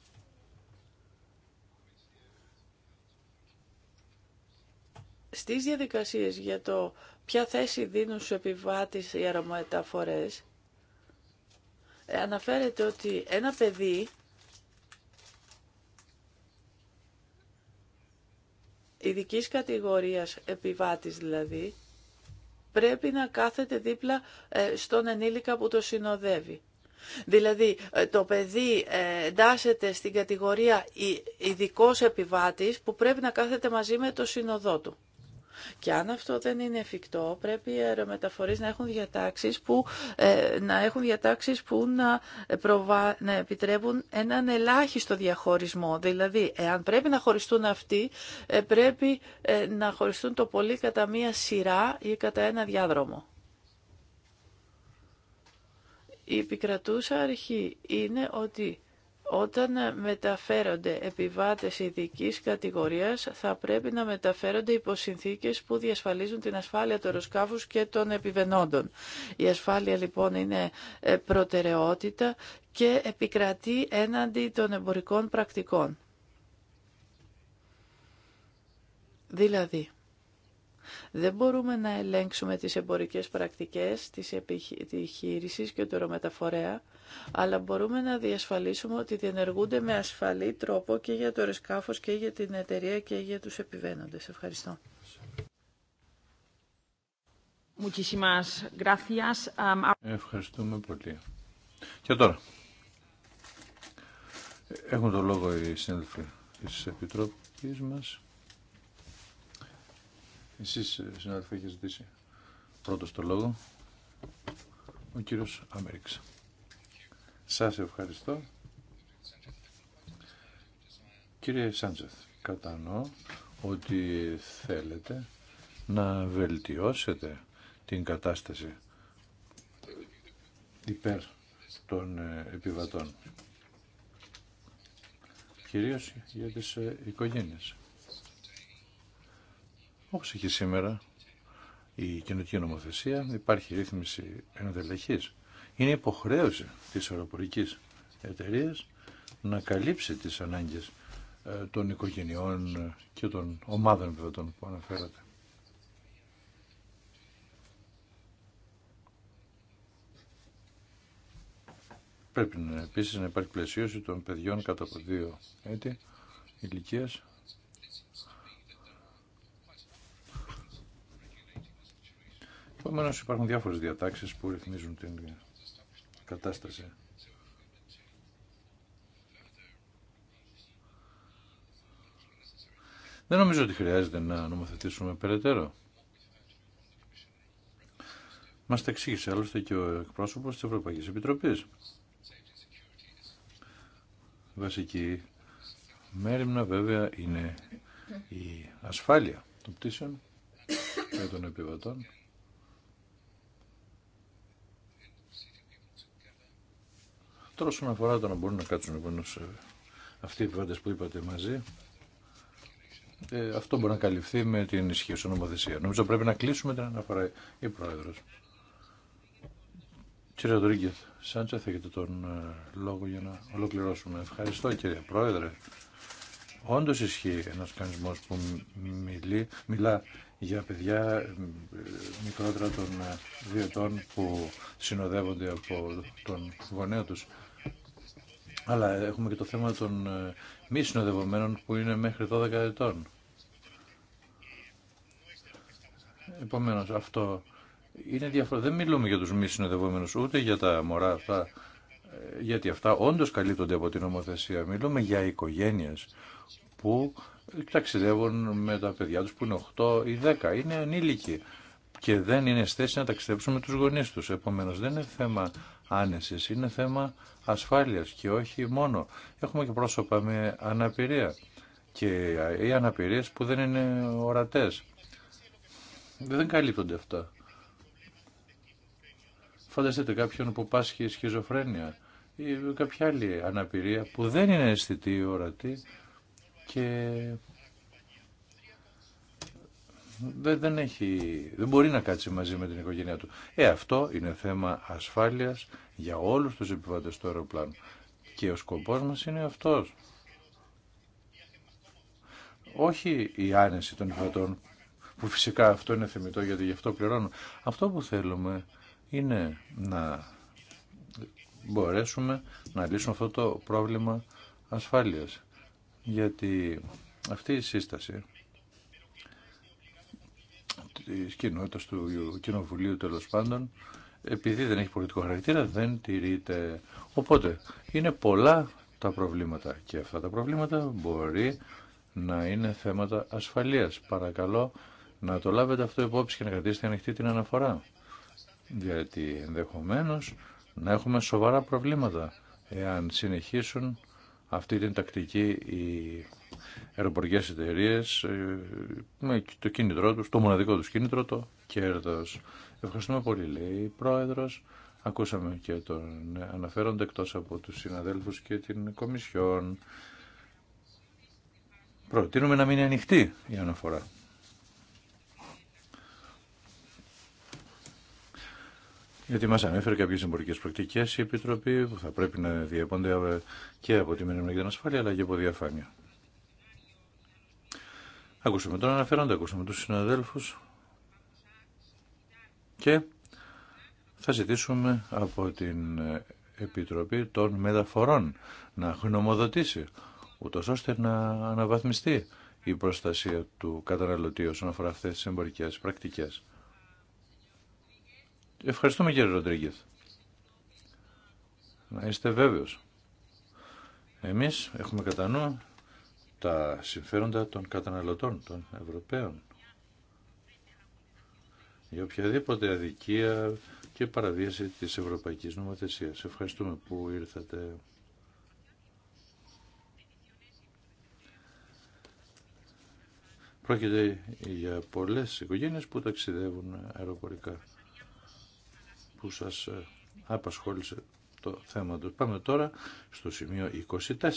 στις διαδικασίες για το ποια θέση δίνουν στους επιβάτες οι αρωματαφορές αναφέρεται ότι ένα παιδί ειδική κατηγορίας επιβάτης δηλαδή, πρέπει να κάθεται δίπλα ε, στον ενήλικα που το συνοδεύει. Δηλαδή ε, το παιδί ε, εντάσσεται στην κατηγορία ειδικό επιβάτης που πρέπει να κάθεται μαζί με το συνοδό του. Και αν αυτό δεν είναι εφικτό, πρέπει οι αερομεταφορείς να έχουν διατάξεις που, ε, να, έχουν διατάξεις που να, προβα... να επιτρέπουν έναν ελάχιστο διαχωρισμό. Δηλαδή, εάν πρέπει να χωριστούν αυτοί, πρέπει να χωριστούν το πολύ κατά μία σειρά ή κατά ένα διάδρομο. Η επικρατούσα αρχή είναι ότι όταν μεταφέρονται επιβάτες ειδική κατηγορίας θα πρέπει να μεταφέρονται υπό συνθήκες που διασφαλίζουν την ασφάλεια του αεροσκάφους και των επιβενόντων. Η ασφάλεια λοιπόν είναι ε, προτεραιότητα και επικρατεί έναντι των εμπορικών πρακτικών. Δηλαδή, δεν μπορούμε να ελέγξουμε τις εμπορικές πρακτικές τις επιχείρησης και του ρομεταφορέα, αλλά μπορούμε να διασφαλίσουμε ότι διενεργούνται με ασφαλή τρόπο και για το ρεσκάφος και για την εταιρεία και για τους επιβαίνοντες. Ευχαριστώ. Ευχαριστούμε πολύ. Και τώρα. Έχουν το λόγο οι συνέλφοι της Επιτροπής μας. Εσείς, ε, συνάδελφοι, έχετε ζητήσει πρώτος το λόγο. Ο κύριος Αμέριξ. Σας ευχαριστώ. Κύριε Σάντζεθ, κατανοώ ότι θέλετε να βελτιώσετε την κατάσταση υπέρ των ε, επιβατών. Κυρίως για τις ε, οικογένειες. Όπως έχει σήμερα η καινοτική νομοθεσία υπάρχει ρύθμιση ενδελεχής. Είναι υποχρέωση της αεροπορικής εταιρεία να καλύψει τις ανάγκες ε, των οικογενειών και των ομάδων παιδιών που αναφέρατε. Πρέπει να, επίσης να υπάρχει πλαισίωση των παιδιών κατά από δύο έτη ηλικίας Επομένω υπάρχουν διάφορες διατάξει που ρυθμίζουν την κατάσταση. Δεν νομίζω ότι χρειάζεται να νομοθετήσουμε περαιτέρω. Μας τα εξήγησε άλλωστε και ο εκπρόσωπος της Ευρωπαϊκής Επιτροπής. Βασική μέρημνα βέβαια είναι η ασφάλεια των πτήσεων και των επιβατών. Τώρα όσον αφορά το να μπορούν να κάτσουν λοιπόν αυτοί οι επιβάτες που είπατε μαζί, ε, αυτό μπορεί να καλυφθεί με την ισχύωση νομοθεσία. Νομίζω πρέπει να κλείσουμε την αναφορά η Πρόεδρος. Κύριε Σάντσα θα έχετε τον ε, λόγο για να ολοκληρώσουμε. Ευχαριστώ κύριε Πρόεδρε. Όντω ισχύει ένα κανισμό που μιλεί, μιλά για παιδιά ε, μικρότερα των δύο ετών που συνοδεύονται από τον γονέα τους. Αλλά έχουμε και το θέμα των ε, μη συνοδευομένων που είναι μέχρι 12 ετών. Επομένω, αυτό είναι διαφορετικό. Δεν μιλούμε για τους μη συνοδευόμενους, ούτε για τα μωρά αυτά, ε, γιατί αυτά όντως καλύπτονται από την νομοθεσία. Μιλούμε για οικογένειες που ταξιδεύουν με τα παιδιά τους που είναι 8 ή 10, είναι ανήλικοι και δεν είναι στέση να ταξιδέψουν με τους γονείς τους. Επομένως, δεν είναι θέμα άνεσης. Είναι θέμα ασφάλειας και όχι μόνο. Έχουμε και πρόσωπα με αναπηρία και οι αναπηρίες που δεν είναι ορατές. Δεν καλύπτονται αυτά. Φανταστείτε κάποιον που πάσχει σχιζοφρένεια ή κάποια άλλη αναπηρία που δεν είναι αισθητή ή ορατή και δεν, δεν, έχει, δεν μπορεί να κάτσει μαζί με την οικογένειά του. Ε, αυτό είναι θέμα ασφάλειας για όλους τους επιβάτες του αεροπλάνου. Και ο σκοπός μας είναι αυτός. Όχι η άνεση των υφατών, που φυσικά αυτό είναι θεμητό γιατί γι' αυτό πληρώνω. Αυτό που θέλουμε είναι να μπορέσουμε να λύσουμε αυτό το πρόβλημα ασφάλειας. Γιατί αυτή η σύσταση τη κοινότητα του Κοινοβουλίου τέλο πάντων, επειδή δεν έχει πολιτικό χαρακτήρα, δεν τηρείται. Οπότε, είναι πολλά τα προβλήματα και αυτά τα προβλήματα μπορεί να είναι θέματα ασφαλείας. Παρακαλώ να το λάβετε αυτό υπόψη και να κρατήσετε ανοιχτή την αναφορά. Γιατί ενδεχομένως να έχουμε σοβαρά προβλήματα εάν συνεχίσουν αυτή την τακτική αεροπορικές εταιρείε ε, το κίνητρό του το μοναδικό του κίνητρο, το κέρδος. Ευχαριστούμε πολύ, λέει η Πρόεδρος. Ακούσαμε και τον Αναφέρονται εκτός από τους συναδέλφους και την Κομισιόν. Προτείνουμε να μείνει ανοιχτή η αναφορά. Γιατί μα ανέφερε κάποιε εμπορικέ πρακτικέ η Επιτροπή που θα πρέπει να διέπονται και από τη μερική ασφάλεια αλλά και από διαφάνεια. Ακούσαμε τον αναφέροντα, ακούσαμε τους συναδέλφους και θα ζητήσουμε από την Επιτροπή των Μεταφορών να γνωμοδοτήσει, ούτω ώστε να αναβαθμιστεί η προστασία του καταναλωτή όσον αφορά αυτές τις εμπορικές πρακτικές. Ευχαριστούμε κύριε Ροντρίγκεθ. Να είστε βέβαιος. Εμείς έχουμε κατά νου τα συμφέροντα των καταναλωτών, των Ευρωπαίων. Για οποιαδήποτε αδικία και παραβίαση της Ευρωπαϊκής Νομοθεσίας. Ευχαριστούμε που ήρθατε. Πρόκειται για πολλές οικογένειες που ταξιδεύουν αεροπορικά, που σας ε, απασχόλησε το θέμα του. Πάμε τώρα στο σημείο 24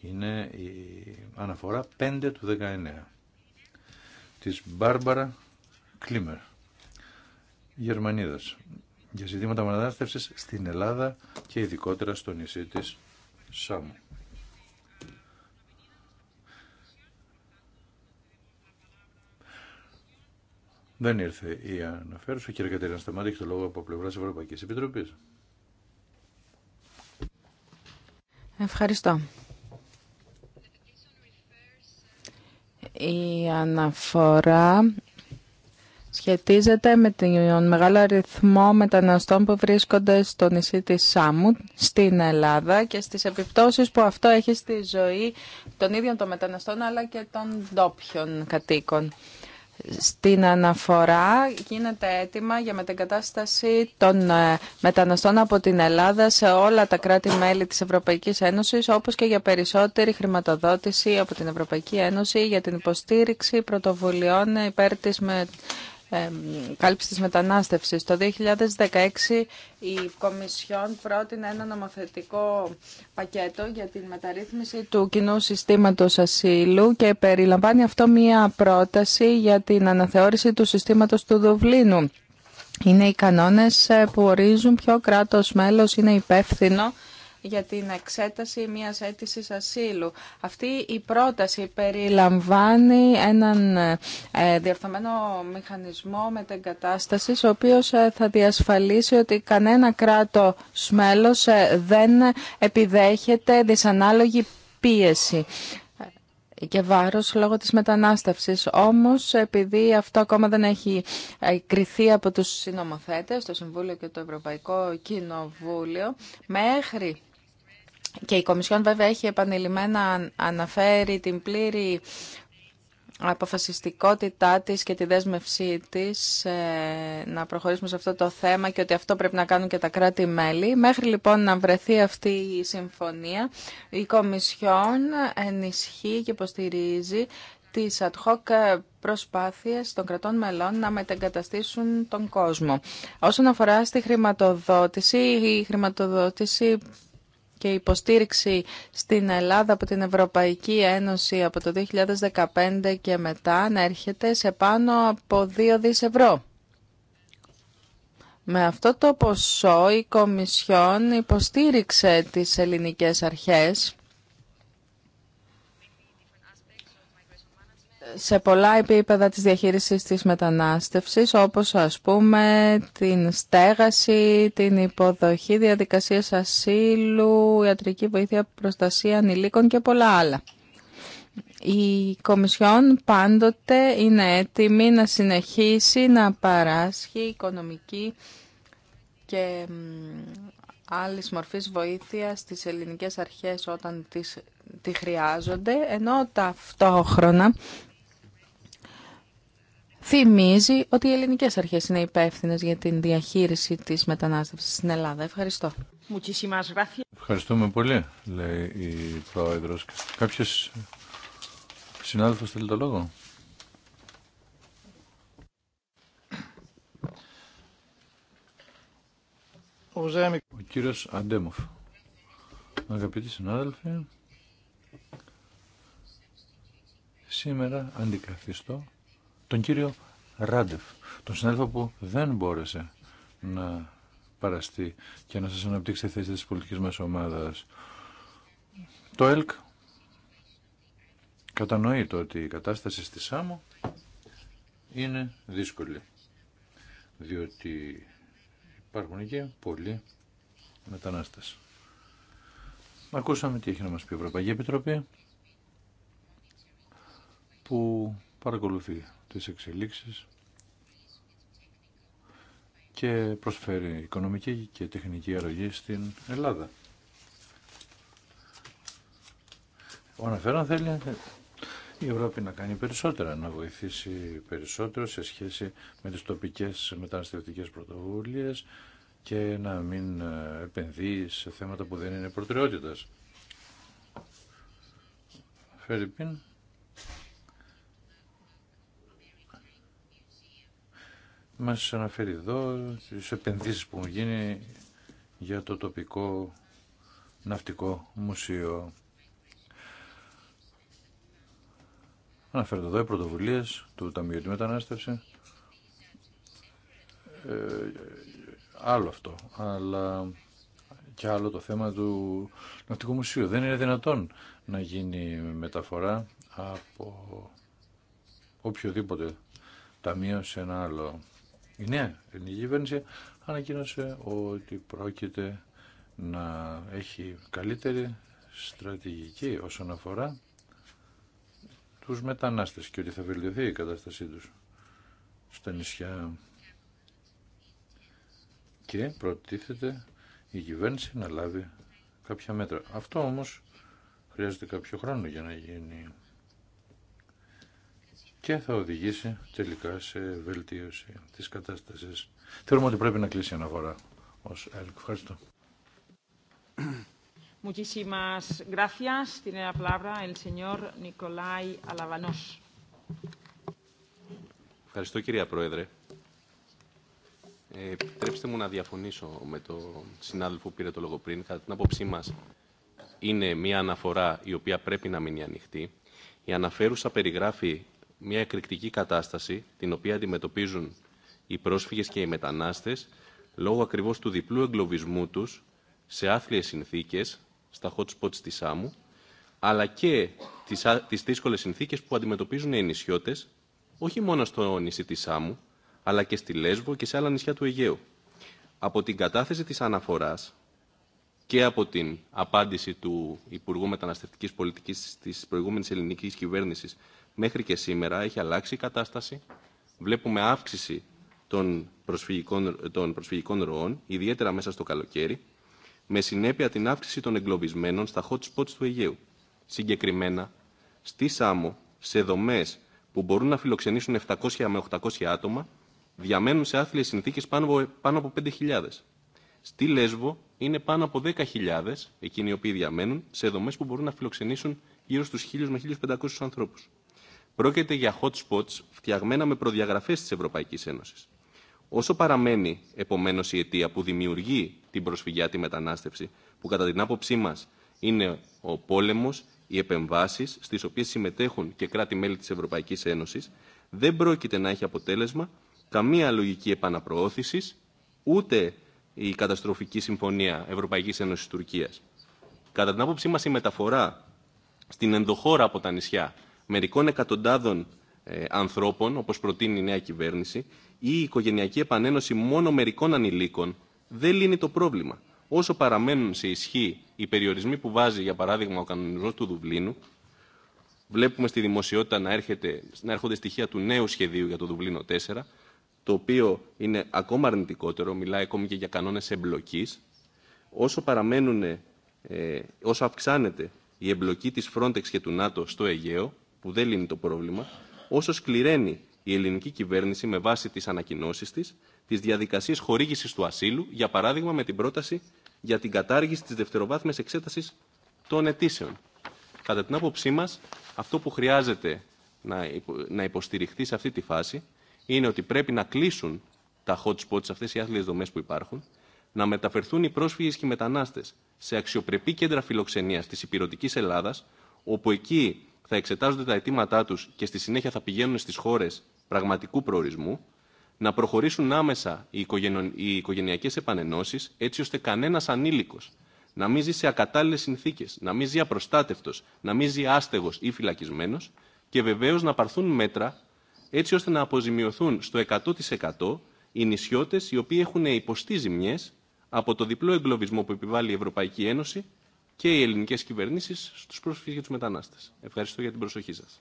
είναι η αναφορά 5 του 19 της Μπάρμπαρα Κλίμερ Γερμανίδας για ζητήματα μετανάστευσης στην Ελλάδα και ειδικότερα στο νησί της Σάμου. Δεν ήρθε η αναφέρουσα. Κύριε Κατερίνα Σταμάτη, έχει το λόγο από πλευρά Ευρωπαϊκή Επιτροπή. Ευχαριστώ. Η αναφορά σχετίζεται με τον μεγάλο αριθμό μεταναστών που βρίσκονται στο νησί της Σάμου στην Ελλάδα και στις επιπτώσεις που αυτό έχει στη ζωή των ίδιων των μεταναστών αλλά και των ντόπιων κατοίκων στην αναφορά γίνεται έτοιμα για μετεγκατάσταση των ε, μεταναστών από την Ελλάδα σε όλα τα κράτη-μέλη της Ευρωπαϊκής Ένωσης, όπως και για περισσότερη χρηματοδότηση από την Ευρωπαϊκή Ένωση για την υποστήριξη πρωτοβουλειών υπέρ της με κάλυψη της μετανάστευσης. Το 2016 η Κομισιόν πρότεινε ένα νομοθετικό πακέτο για την μεταρρύθμιση του κοινού συστήματος ασύλου και περιλαμβάνει αυτό μία πρόταση για την αναθεώρηση του συστήματος του Δουβλίνου. Είναι οι κανόνες ε, που ορίζουν ποιο κράτος μέλος είναι υπεύθυνο για την εξέταση μιας αίτησης ασύλου. Αυτή η πρόταση περιλαμβάνει έναν ε, διορθωμένο μηχανισμό μετεγκατάστασης, ο οποίος ε, θα διασφαλίσει ότι κανένα κράτος μέλος ε, δεν επιδέχεται δυσανάλογη πίεση και βάρος λόγω της μετανάστευσης. Όμως, επειδή αυτό ακόμα δεν έχει κριθεί από τους συνομοθέτες, το Συμβούλιο και το Ευρωπαϊκό Κοινοβούλιο, μέχρι και η Κομισιόν βέβαια έχει επανειλημμένα αναφέρει την πλήρη αποφασιστικότητά της και τη δέσμευσή της ε, να προχωρήσουμε σε αυτό το θέμα και ότι αυτό πρέπει να κάνουν και τα κράτη-μέλη. Μέχρι λοιπόν να βρεθεί αυτή η συμφωνία, η Κομισιόν ενισχύει και υποστηρίζει τις ad hoc προσπάθειες των κρατών μελών να μετεγκαταστήσουν τον κόσμο. Όσον αφορά στη χρηματοδότηση, η χρηματοδότηση και υποστήριξη στην Ελλάδα από την Ευρωπαϊκή Ένωση από το 2015 και μετά να έρχεται σε πάνω από 2 δις ευρώ. Με αυτό το ποσό η Κομισιόν υποστήριξε τις ελληνικές αρχές σε πολλά επίπεδα της διαχείρισης της μετανάστευσης, όπως ας πούμε την στέγαση, την υποδοχή, διαδικασίας ασύλου, ιατρική βοήθεια, προστασία ανηλίκων και πολλά άλλα. Η Κομισιόν πάντοτε είναι έτοιμη να συνεχίσει να παράσχει οικονομική και άλλη μορφής βοήθεια στις ελληνικές αρχές όταν τις, τη χρειάζονται, ενώ ταυτόχρονα θυμίζει ότι οι ελληνικές αρχές είναι υπεύθυνε για την διαχείριση της μετανάστευσης στην Ελλάδα. Ευχαριστώ. Ευχαριστούμε πολύ, λέει η Πρόεδρος. Κάποιος συνάδελφος θέλει το λόγο. Ο κύριος Αντέμοφ. Αγαπητοί συνάδελφοι, σήμερα αντικαθιστώ τον κύριο Ράντεφ, τον συνάδελφο που δεν μπόρεσε να παραστεί και να σας αναπτύξει τη θέση της πολιτικής μας ομάδας. Το ΕΛΚ κατανοεί το ότι η κατάσταση στη ΣΑΜΟ είναι δύσκολη, διότι υπάρχουν και πολλοί μετανάστες. Ακούσαμε τι έχει να μας πει η Ευρωπαϊκή Επιτροπή που παρακολουθεί τις εξελίξεις και προσφέρει οικονομική και τεχνική αρρωγή στην Ελλάδα. Ο αναφέρον θέλει η Ευρώπη να κάνει περισσότερα, να βοηθήσει περισσότερο σε σχέση με τις τοπικές μεταναστευτικές πρωτοβουλίες και να μην ε, επενδύει σε θέματα που δεν είναι προτεραιότητας. Φερρυπίν, μας αναφέρει εδώ τις επενδύσεις που έχουν γίνει για το τοπικό ναυτικό μουσείο. Αναφέρεται εδώ οι πρωτοβουλίε του Ταμείου τη Μετανάστευση. Ε, άλλο αυτό, αλλά και άλλο το θέμα του Ναυτικού Μουσείου. Δεν είναι δυνατόν να γίνει μεταφορά από οποιοδήποτε ταμείο σε ένα άλλο. Η νέα ελληνική κυβέρνηση ανακοίνωσε ότι πρόκειται να έχει καλύτερη στρατηγική όσον αφορά τους μετανάστες και ότι θα βελτιωθεί η κατάστασή τους στα νησιά και προτίθεται η κυβέρνηση να λάβει κάποια μέτρα. Αυτό όμως χρειάζεται κάποιο χρόνο για να γίνει και θα οδηγήσει τελικά σε βελτίωση της κατάστασης. Θεωρούμε ότι πρέπει να κλείσει η αναφορά ως ΕΛΚ. Ευχαριστώ. Muchísimas gracias. Tiene la palabra el señor Nicolai Alavanos. Ευχαριστώ κυρία Πρόεδρε. Ε, επιτρέψτε μου να διαφωνήσω με τον συνάδελφο που πήρε το λόγο πριν. Κατά την άποψή μα είναι μια αναφορά η οποία πρέπει να μείνει ανοιχτή. Η αναφέρουσα περιγράφει μια εκρηκτική κατάσταση την οποία αντιμετωπίζουν οι πρόσφυγες και οι μετανάστες λόγω ακριβώς του διπλού εγκλωβισμού τους σε άθλιες συνθήκες στα hot spots της ΣΑΜΟΥ, αλλά και τις, δύσκολε δύσκολες συνθήκες που αντιμετωπίζουν οι νησιώτες όχι μόνο στο νησί της ΣΑΜΟΥ, αλλά και στη Λέσβο και σε άλλα νησιά του Αιγαίου. Από την κατάθεση της αναφοράς και από την απάντηση του Υπουργού Μεταναστευτικής Πολιτικής της προηγούμενης ελληνικής κυβέρνησης μέχρι και σήμερα έχει αλλάξει η κατάσταση. Βλέπουμε αύξηση των προσφυγικών, των προσφυγικών ροών, ιδιαίτερα μέσα στο καλοκαίρι, με συνέπεια την αύξηση των εγκλωβισμένων στα hot spots του Αιγαίου. Συγκεκριμένα, στη Σάμο, σε δομέ που μπορούν να φιλοξενήσουν 700 με 800 άτομα, διαμένουν σε άθλιες συνθήκε πάνω, από 5.000. Στη Λέσβο είναι πάνω από 10.000 εκείνοι οι οποίοι διαμένουν σε δομέ που μπορούν να φιλοξενήσουν γύρω στου 1.000 με 1.500 ανθρώπου. Πρόκειται για hot spots φτιαγμένα με προδιαγραφέ τη Ευρωπαϊκή Ένωση. Όσο παραμένει, επομένω, η αιτία που δημιουργεί την προσφυγιά, τη μετανάστευση, που κατά την άποψή μα είναι ο πόλεμο, οι επεμβάσει, στι οποίε συμμετέχουν και κράτη-μέλη τη Ευρωπαϊκή Ένωση, δεν πρόκειται να έχει αποτέλεσμα καμία λογική επαναπροώθηση, ούτε η καταστροφική συμφωνία Ευρωπαϊκή Ένωση Τουρκία. Κατά την άποψή μα, η μεταφορά στην ενδοχώρα από τα νησιά μερικών εκατοντάδων ε, ανθρώπων, όπως προτείνει η νέα κυβέρνηση, ή η οικογενειακή επανένωση μόνο μερικών ανηλίκων, δεν λύνει το πρόβλημα. Όσο παραμένουν σε ισχύ οι περιορισμοί που βάζει, για παράδειγμα, ο κανονισμός του Δουβλίνου, βλέπουμε στη δημοσιότητα να, έρχεται, να έρχονται στοιχεία του νέου σχεδίου για το Δουβλίνο 4, το οποίο είναι ακόμα αρνητικότερο, μιλάει ακόμη και για κανόνες εμπλοκής, όσο παραμένουν, ε, όσο αυξάνεται η εμπλοκή της Frontex και του ΝΑΤΟ στο Αιγαίο, που δεν λύνει το πρόβλημα, όσο σκληραίνει η ελληνική κυβέρνηση με βάση τι ανακοινώσει τη, τι διαδικασίε χορήγησης του ασύλου, για παράδειγμα με την πρόταση για την κατάργηση τη δευτεροβάθμιας εξέταση των αιτήσεων. Κατά την άποψή μα, αυτό που χρειάζεται να υποστηριχθεί σε αυτή τη φάση είναι ότι πρέπει να κλείσουν τα hot spots, αυτέ οι άθλιε δομέ που υπάρχουν, να μεταφερθούν οι πρόσφυγε και οι μετανάστες σε αξιοπρεπή κέντρα φιλοξενία τη υπηρετική Ελλάδα, όπου εκεί θα εξετάζονται τα αιτήματά του και στη συνέχεια θα πηγαίνουν στι χώρε πραγματικού προορισμού, να προχωρήσουν άμεσα οι, οικογενο... οι οικογενειακές επανενώσεις έτσι ώστε κανένα ανήλικο, να μην ζει σε ακατάλληλες συνθήκε, να μην ζει απροστάτευτο, να μην ζει άστεγος ή φυλακισμένο, και βεβαίω να παρθούν μέτρα έτσι ώστε να αποζημιωθούν στο 100% οι νησιώτες οι οποίοι έχουν υποστεί ζημιές από το διπλό εγκλωβισμό που επιβάλλει η Ευρωπαϊκή Ένωση και οι ελληνικές κυβερνήσεις στους πρόσφυγες και τους μετανάστες. Ευχαριστώ για την προσοχή σας.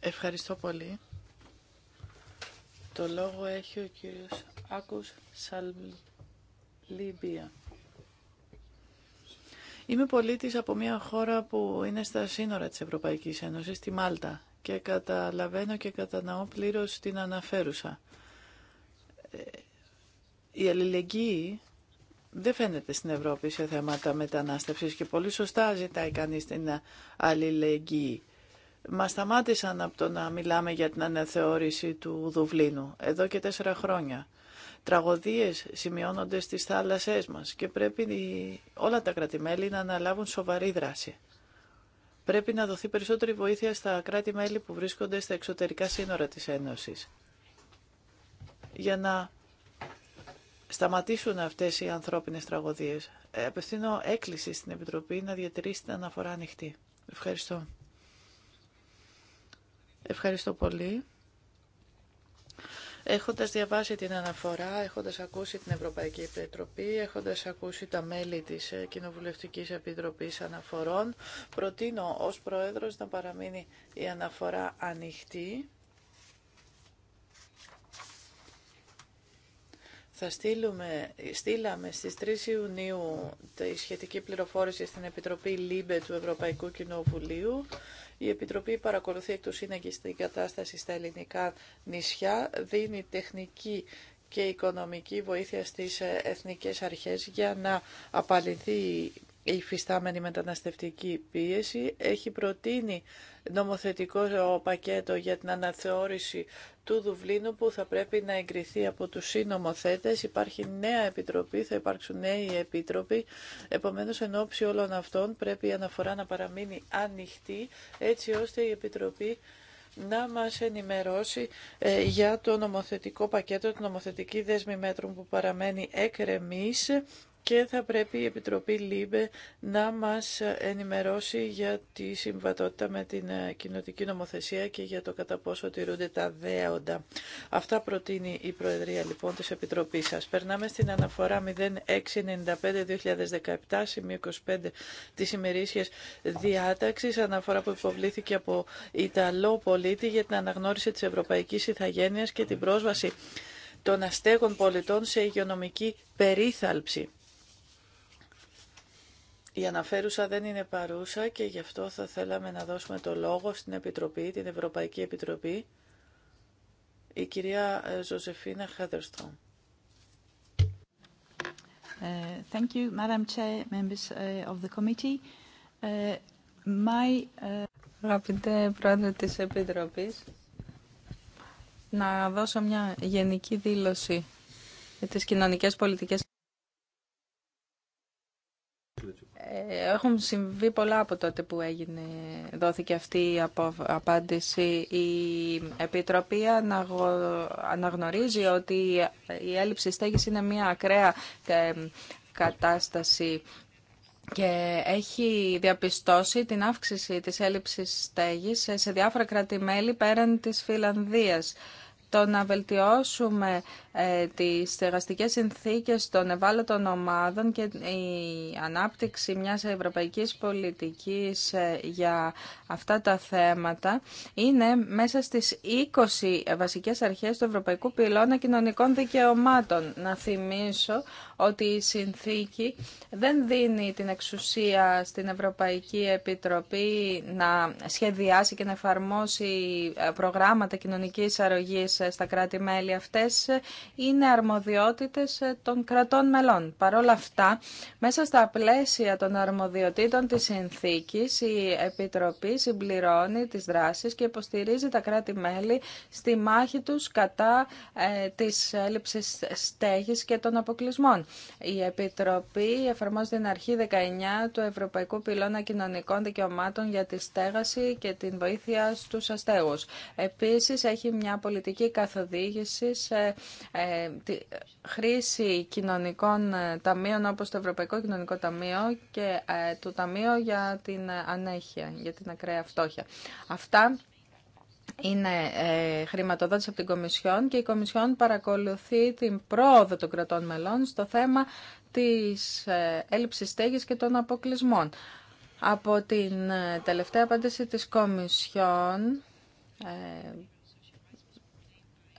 Ευχαριστώ πολύ. Το λόγο έχει ο κύριος Άκους Σαλμπία. Είμαι πολίτης από μια χώρα που είναι στα σύνορα της Ευρωπαϊκής Ένωσης, τη Μάλτα, και καταλαβαίνω και καταναώ πλήρως την αναφέρουσα. Ε, η αλληλεγγύη δεν φαίνεται στην Ευρώπη σε θέματα μετανάστευσης και πολύ σωστά ζητάει κανείς την αλληλεγγύη. Μα σταμάτησαν από το να μιλάμε για την αναθεώρηση του Δουβλίνου εδώ και τέσσερα χρόνια. Τραγωδίες σημειώνονται στις θάλασσές μας και πρέπει όλα τα κρατημέλη να αναλάβουν σοβαρή δράση. Πρέπει να δοθεί περισσότερη βοήθεια στα κράτη-μέλη που βρίσκονται στα εξωτερικά σύνορα της Ένωσης για να σταματήσουν αυτές οι ανθρώπινες τραγωδίες. Ε, απευθύνω έκκληση στην Επιτροπή να διατηρήσει την αναφορά ανοιχτή. Ευχαριστώ. Ευχαριστώ πολύ. Έχοντας διαβάσει την αναφορά, έχοντας ακούσει την Ευρωπαϊκή Επιτροπή, έχοντας ακούσει τα μέλη της ε, Κοινοβουλευτικής Επιτροπής Αναφορών, προτείνω ως Πρόεδρος να παραμείνει η αναφορά ανοιχτή. Θα στείλουμε, στείλαμε στις 3 Ιουνίου τη σχετική πληροφόρηση στην Επιτροπή ΛΥΜΠΕ του Ευρωπαϊκού Κοινοβουλίου. Η Επιτροπή παρακολουθεί εκ του σύνεγγυ στην κατάσταση στα ελληνικά νησιά, δίνει τεχνική και οικονομική βοήθεια στις ε, εθνικές αρχές για να απαλληθεί η φυστάμενη μεταναστευτική πίεση. Έχει προτείνει νομοθετικό πακέτο για την αναθεώρηση του Δουβλίνου που θα πρέπει να εγκριθεί από τους συνομοθέτες. Υπάρχει νέα επιτροπή, θα υπάρξουν νέοι επίτροποι. Επομένως, εν ώψη όλων αυτών πρέπει η αναφορά να παραμείνει ανοιχτή έτσι ώστε η επιτροπή να μας ενημερώσει ε, για το νομοθετικό πακέτο, την νομοθετική δέσμη μέτρων που παραμένει εκρεμής και θα πρέπει η Επιτροπή ΛΥΜΠΕ να μας ενημερώσει για τη συμβατότητα με την ε, κοινοτική νομοθεσία και για το κατά πόσο τηρούνται τα δέοντα. Αυτά προτείνει η Προεδρία λοιπόν της Επιτροπής σας. Περνάμε στην αναφορά 0695-2017, σημείο 25 της ημερήσιας διάταξης, αναφορά που υποβλήθηκε από Ιταλό πολίτη για την αναγνώριση της Ευρωπαϊκής Ιθαγένειας και την πρόσβαση των αστέγων πολιτών σε υγειονομική περίθαλψη. Η αναφέρουσα δεν είναι παρούσα και γι' αυτό θα θέλαμε να δώσουμε το λόγο στην Επιτροπή, την Ευρωπαϊκή Επιτροπή, η κυρία ε, Ζωζεφίνα Χάδερστρομ. Ε, thank you, Madam eh, ε, Αγαπητέ Πρόεδρε της Επιτροπής, να δώσω μια γενική δήλωση για τις κοινωνικές πολιτικές ε, έχουν συμβεί πολλά από τότε που έγινε, δόθηκε αυτή η απάντηση. Η Επιτροπή αναγνωρίζει ότι η έλλειψη στέγης είναι μια ακραία κατάσταση και έχει διαπιστώσει την αύξηση της έλλειψης στέγης σε διάφορα κράτη-μέλη πέραν της Φιλανδίας. Το να βελτιώσουμε ε, τι στεγαστικές συνθήκες των ευάλωτων ομάδων και η ανάπτυξη μιας ευρωπαϊκής πολιτικής ε, για αυτά τα θέματα είναι μέσα στις 20 βασικές αρχές του Ευρωπαϊκού Πυλώνα Κοινωνικών Δικαιωμάτων. Να θυμίσω ότι η συνθήκη δεν δίνει την εξουσία στην Ευρωπαϊκή Επιτροπή να σχεδιάσει και να εφαρμόσει ε, προγράμματα κοινωνικής αρρωγής στα κράτη-μέλη. Αυτές είναι αρμοδιότητες ε, των κρατών μελών. Παρ' όλα αυτά, μέσα στα πλαίσια των αρμοδιοτήτων της συνθήκης, η Επιτροπή συμπληρώνει τις δράσεις και υποστηρίζει τα κράτη-μέλη στη μάχη τους κατά ε, της έλλειψης στέγης και των αποκλεισμών. Η Επιτροπή εφαρμόζει την αρχή 19 του Ευρωπαϊκού Πυλώνα Κοινωνικών Δικαιωμάτων για τη στέγαση και την βοήθεια στους αστέγους. Επίσης, έχει μια πολιτική καθοδήγηση ε, ε, τη χρήση κοινωνικών ε, ταμείων όπως το Ευρωπαϊκό Κοινωνικό Ταμείο και ε, το Ταμείο για την Ανέχεια, για την ακραία φτώχεια. Αυτά είναι χρηματοδότηση από την Κομισιόν και η Κομισιόν παρακολουθεί την πρόοδο των κρατών μελών στο θέμα της έλλειψης στέγης και των αποκλεισμών. Από την τελευταία απάντηση της Κομισιόν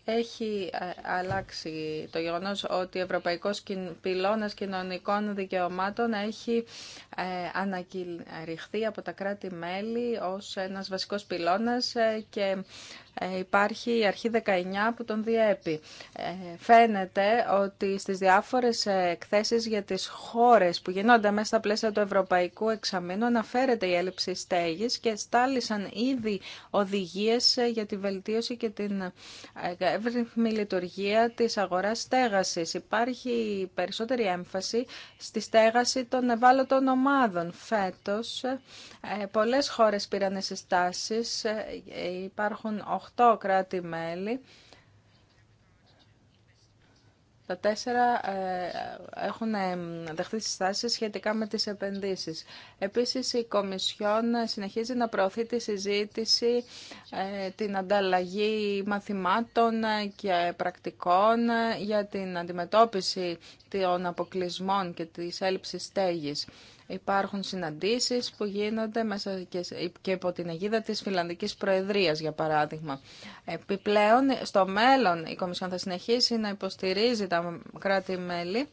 έχει ε, αλλάξει το γεγονός ότι ο Ευρωπαϊκός Πυλώνας Κοινωνικών Δικαιωμάτων έχει ε, ανακηρυχθεί από τα κράτη-μέλη ως ένας βασικός πυλώνας ε, και ε, υπάρχει η αρχή 19 που τον διέπει. Ε, φαίνεται ότι στις διάφορες ε, εκθέσεις για τις χώρες που γινόνται μέσα στα πλαίσια του Ευρωπαϊκού Εξαμήνου αναφέρεται η έλλειψη στέγης και στάλησαν ήδη οδηγίες για τη βελτίωση και την εύρυθμη λειτουργία της αγοράς στέγασης. Υπάρχει περισσότερη έμφαση στη στέγαση των ευάλωτων ομάδων. Φέτος πολλές χώρες πήραν συστάσεις, υπάρχουν 8 κράτη-μέλη. Τα τέσσερα ε, έχουν ε, δεχτεί συστάσεις σχετικά με τις επενδύσεις. Επίσης, η Κομισιόν συνεχίζει να προωθεί τη συζήτηση, ε, την ανταλλαγή μαθημάτων και πρακτικών για την αντιμετώπιση των αποκλεισμών και της έλλειψης στέγης. Υπάρχουν συναντήσεις που γίνονται μέσα και υπό την αιγίδα της Φιλανδικής Προεδρίας, για παράδειγμα. Επιπλέον, στο μέλλον η Κομισιόν θα συνεχίσει να υποστηρίζει τα κράτη-μέλη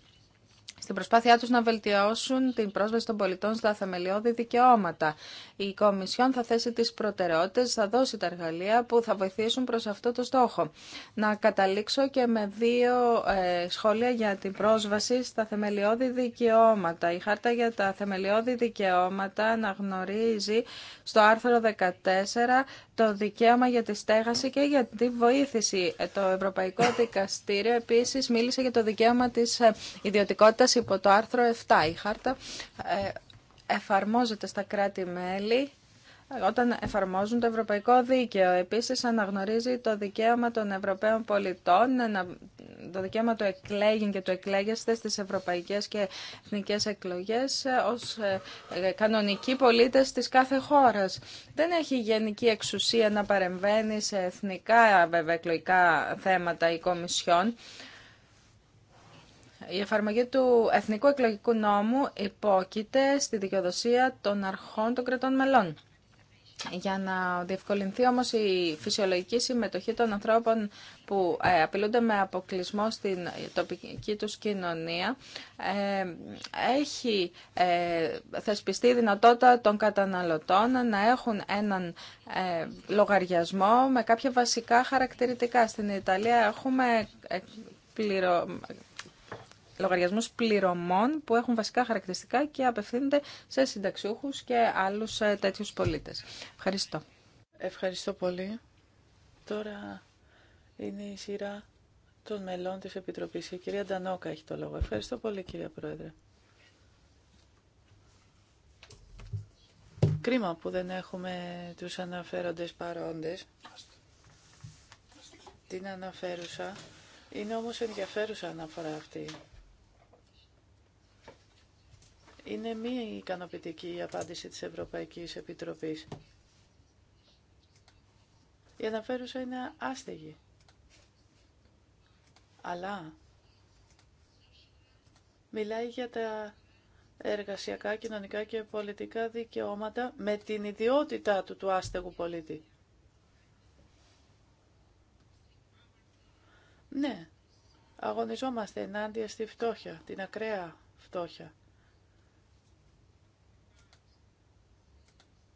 στην προσπάθειά τους να βελτιώσουν την πρόσβαση των πολιτών στα θεμελιώδη δικαιώματα. Η Κομισιόν θα θέσει τις προτεραιότητες, θα δώσει τα εργαλεία που θα βοηθήσουν προς αυτό το στόχο. Να καταλήξω και με δύο ε, σχόλια για την πρόσβαση στα θεμελιώδη δικαιώματα. Η Χάρτα για τα θεμελιώδη δικαιώματα αναγνωρίζει στο άρθρο 14 το δικαίωμα για τη στέγαση και για τη βοήθηση. Ε, το Ευρωπαϊκό Δικαστήριο επίσης μίλησε για το δικαίωμα της ε, ιδιωτικότητας υπό το άρθρο 7. Η χάρτα ε, εφαρμόζεται στα κράτη-μέλη όταν εφαρμόζουν το ευρωπαϊκό δίκαιο. Επίσης αναγνωρίζει το δικαίωμα των Ευρωπαίων πολιτών, το δικαίωμα του εκλέγην και του εκλέγεστε στις ευρωπαϊκές και εθνικές εκλογές ε, ως ε, ε, κανονικοί πολίτες της κάθε χώρας. Δεν έχει γενική εξουσία να παρεμβαίνει σε εθνικά βέβαια, εκλογικά θέματα η Κομισιόν. Η εφαρμογή του Εθνικού Εκλογικού Νόμου υπόκειται στη δικαιοδοσία των αρχών των κρατών μελών. Για να διευκολυνθεί όμως η φυσιολογική συμμετοχή των ανθρώπων που ε, απειλούνται με αποκλεισμό στην τοπική τους κοινωνία, ε, έχει ε, θεσπιστεί η δυνατότητα των καταναλωτών να έχουν έναν λογαριασμό με κάποια βασικά χαρακτηριστικά. Στην Ιταλία έχουμε λογαριασμούς πληρωμών που έχουν βασικά χαρακτηριστικά και απευθύνεται σε συνταξιούχους και άλλους ε, τέτοιους πολίτες. Ευχαριστώ. Ευχαριστώ πολύ. Τώρα είναι η σειρά των μελών της Επιτροπής. Η κυρία Ντανόκα έχει το λόγο. Ευχαριστώ πολύ κυρία Πρόεδρε. Κρίμα που δεν έχουμε τους αναφέροντες παρόντες. Την αναφέρουσα. Είναι όμως ενδιαφέρουσα αναφορά αυτή. Είναι μη ικανοποιητική η απάντηση της Ευρωπαϊκής Επιτροπής. Η αναφέρουσα είναι άστεγη. Αλλά μιλάει για τα εργασιακά, κοινωνικά και πολιτικά δικαιώματα με την ιδιότητά του του άστεγου πολίτη. Ναι, αγωνιζόμαστε ενάντια στη φτώχεια, την ακραία φτώχεια.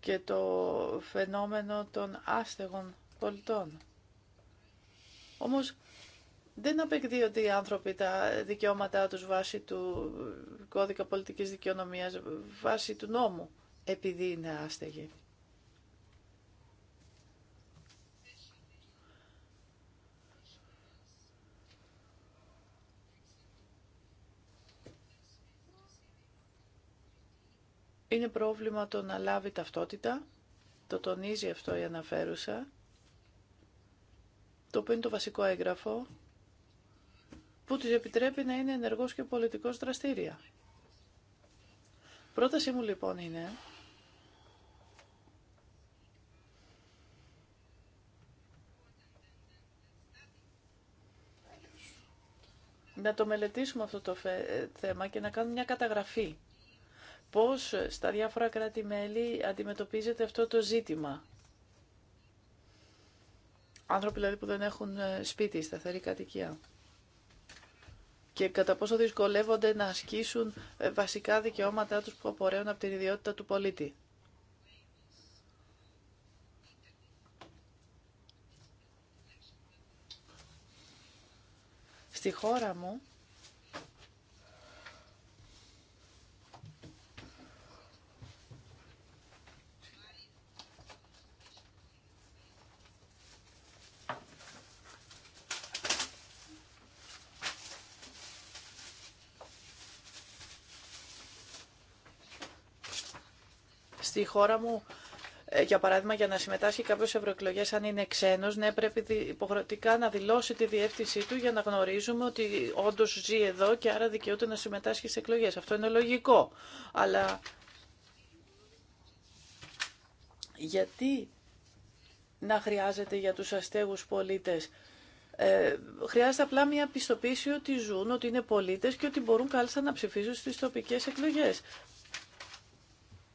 και το φαινόμενο των άστεγων πολιτών. Όμως δεν απεκδίονται οι άνθρωποι τα δικαιώματά τους βάσει του κώδικα πολιτικής δικαιονομίας, βάσει του νόμου, επειδή είναι άστεγοι. Είναι πρόβλημα το να λάβει ταυτότητα, το τονίζει αυτό η αναφέρουσα, το οποίο είναι το βασικό έγγραφο, που της επιτρέπει να είναι ενεργός και πολιτικός δραστήρια. Πρότασή μου λοιπόν είναι να το μελετήσουμε αυτό το θέμα και να κάνουμε μια καταγραφή πώς στα διάφορα κράτη-μέλη αντιμετωπίζεται αυτό το ζήτημα. Άνθρωποι δηλαδή που δεν έχουν ε, σπίτι, σταθερή κατοικία. Και κατά πόσο δυσκολεύονται να ασκήσουν ε, βασικά δικαιώματά τους που απορρέουν από την ιδιότητα του πολίτη. Στη χώρα μου, Στη χώρα μου, ε, για παράδειγμα, για να συμμετάσχει κάποιο σε ευρωεκλογέ, αν είναι ξένο, ναι, πρέπει υποχρεωτικά να δηλώσει τη διεύθυνσή του για να γνωρίζουμε ότι όντω ζει εδώ και άρα δικαιούται να συμμετάσχει σε εκλογέ. Αυτό είναι λογικό. Αλλά γιατί να χρειάζεται για τους αστέγους πολίτες. Ε, χρειάζεται απλά μια πιστοποίηση ότι ζουν, ότι είναι πολίτες και ότι μπορούν κάλλιστα να ψηφίζουν στις τοπικές εκλογές.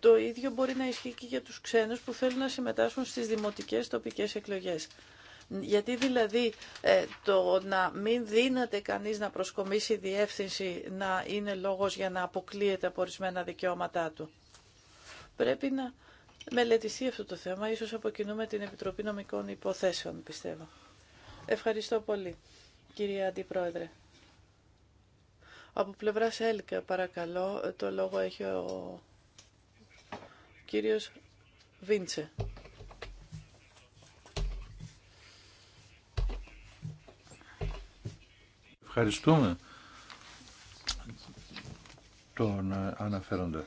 Το ίδιο μπορεί να ισχύει και για τους ξένους που θέλουν να συμμετάσχουν στις δημοτικές τοπικές εκλογές. Γιατί δηλαδή ε, το να μην δύναται κανείς να προσκομίσει διεύθυνση να είναι λόγος για να αποκλείεται από ορισμένα δικαιώματά του. Πρέπει να μελετηθεί αυτό το θέμα, ίσως αποκοινούμε την Επιτροπή Νομικών Υποθέσεων, πιστεύω. Ευχαριστώ πολύ, κυρία Αντιπρόεδρε. Από πλευράς ΕΛΚΑ, παρακαλώ, το λόγο έχει ο κύριος Βίντσε. Ευχαριστούμε τον ε, αναφέροντα.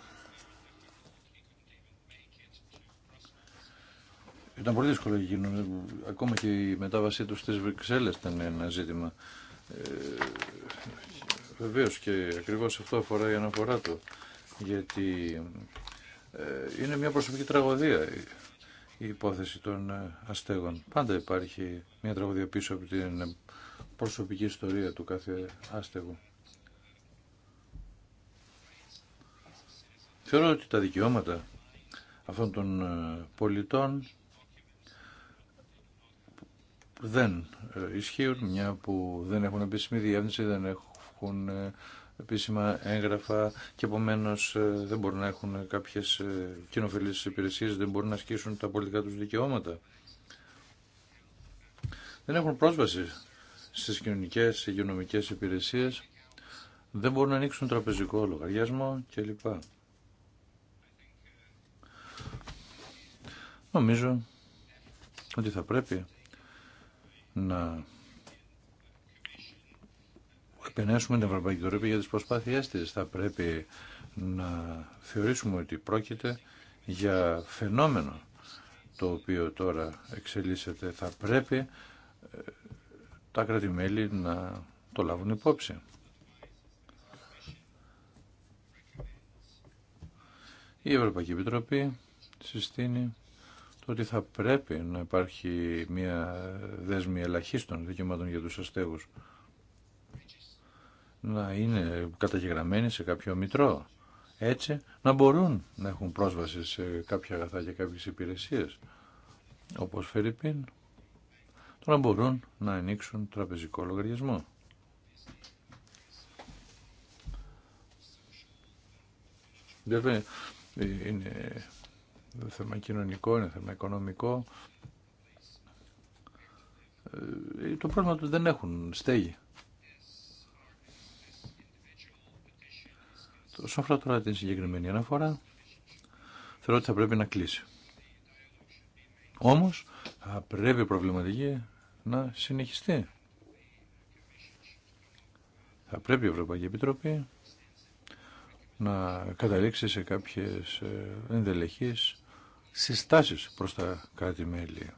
Ήταν πολύ δύσκολο γίνουν. Ε, ακόμα και η μετάβασή του στις Βρυξέλλες ήταν ένα ζήτημα. Ε, Βεβαίω και ακριβώς αυτό αφορά η αναφορά του. Γιατί ε, είναι μια προσωπική τραγωδία η υπόθεση των ε, αστέγων. Πάντα υπάρχει μια τραγωδία πίσω από την ε, προσωπική ιστορία του κάθε άστεγου. Θεωρώ ότι τα δικαιώματα αυτών των πολιτών δεν ισχύουν, μια που δεν έχουν επίσημη διεύθυνση, δεν έχουν επίσημα έγγραφα και επομένω ε, δεν μπορούν να έχουν κάποιε κοινοφελεί υπηρεσίε, δεν μπορούν να ασκήσουν τα πολιτικά του δικαιώματα. Δεν έχουν πρόσβαση στι κοινωνικέ, υγειονομικέ υπηρεσίε, δεν μπορούν να ανοίξουν τραπεζικό λογαριασμό κλπ. Νομίζω ότι θα πρέπει να εκπαινέσουμε την Ευρωπαϊκή Επιτροπή για τις προσπάθειές της. Θα πρέπει να θεωρήσουμε ότι πρόκειται για φαινόμενο το οποίο τώρα εξελίσσεται. Θα πρέπει ε, τα κρατημέλη να το λάβουν υπόψη. Η Ευρωπαϊκή Επιτροπή συστήνει το ότι θα πρέπει να υπάρχει μια δέσμη ελαχίστων δικαιωμάτων για τους αστέγους να είναι καταγεγραμμένοι σε κάποιο μητρό. Έτσι να μπορούν να έχουν πρόσβαση σε κάποια αγαθά και κάποιες υπηρεσίες, όπως Φερρυπίν, το να μπορούν να ανοίξουν τραπεζικό λογαριασμό. Βέβαια, είναι θέμα κοινωνικό, είναι θέμα οικονομικό. Ε, το πρόβλημα του δεν έχουν στέγη. Όσον αφορά τώρα την συγκεκριμένη αναφορά, θεωρώ ότι θα πρέπει να κλείσει. Όμως, θα πρέπει η προβληματική να συνεχιστεί. Θα πρέπει η Ευρωπαϊκή Επιτροπή να καταλήξει σε κάποιες ε, ενδελεχείς συστάσεις προς τα κάτι μέλη.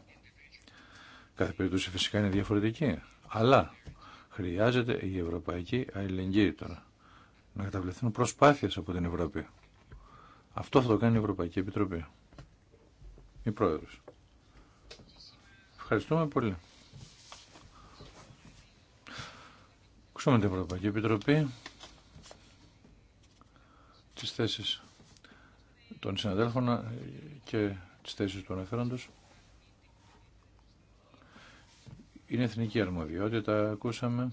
Κάθε περίπτωση φυσικά είναι διαφορετική, αλλά χρειάζεται η ευρωπαϊκή αλληλεγγύη τώρα να καταβληθούν προσπάθειες από την Ευρώπη. Αυτό θα το κάνει η Ευρωπαϊκή Επιτροπή. Η Πρόεδρος. Ευχαριστούμε πολύ. Ακούσαμε την Ευρωπαϊκή Επιτροπή τις θέσεις των συναδέλφων και τις θέσεις του αναφέροντος. Είναι εθνική αρμοδιότητα, ακούσαμε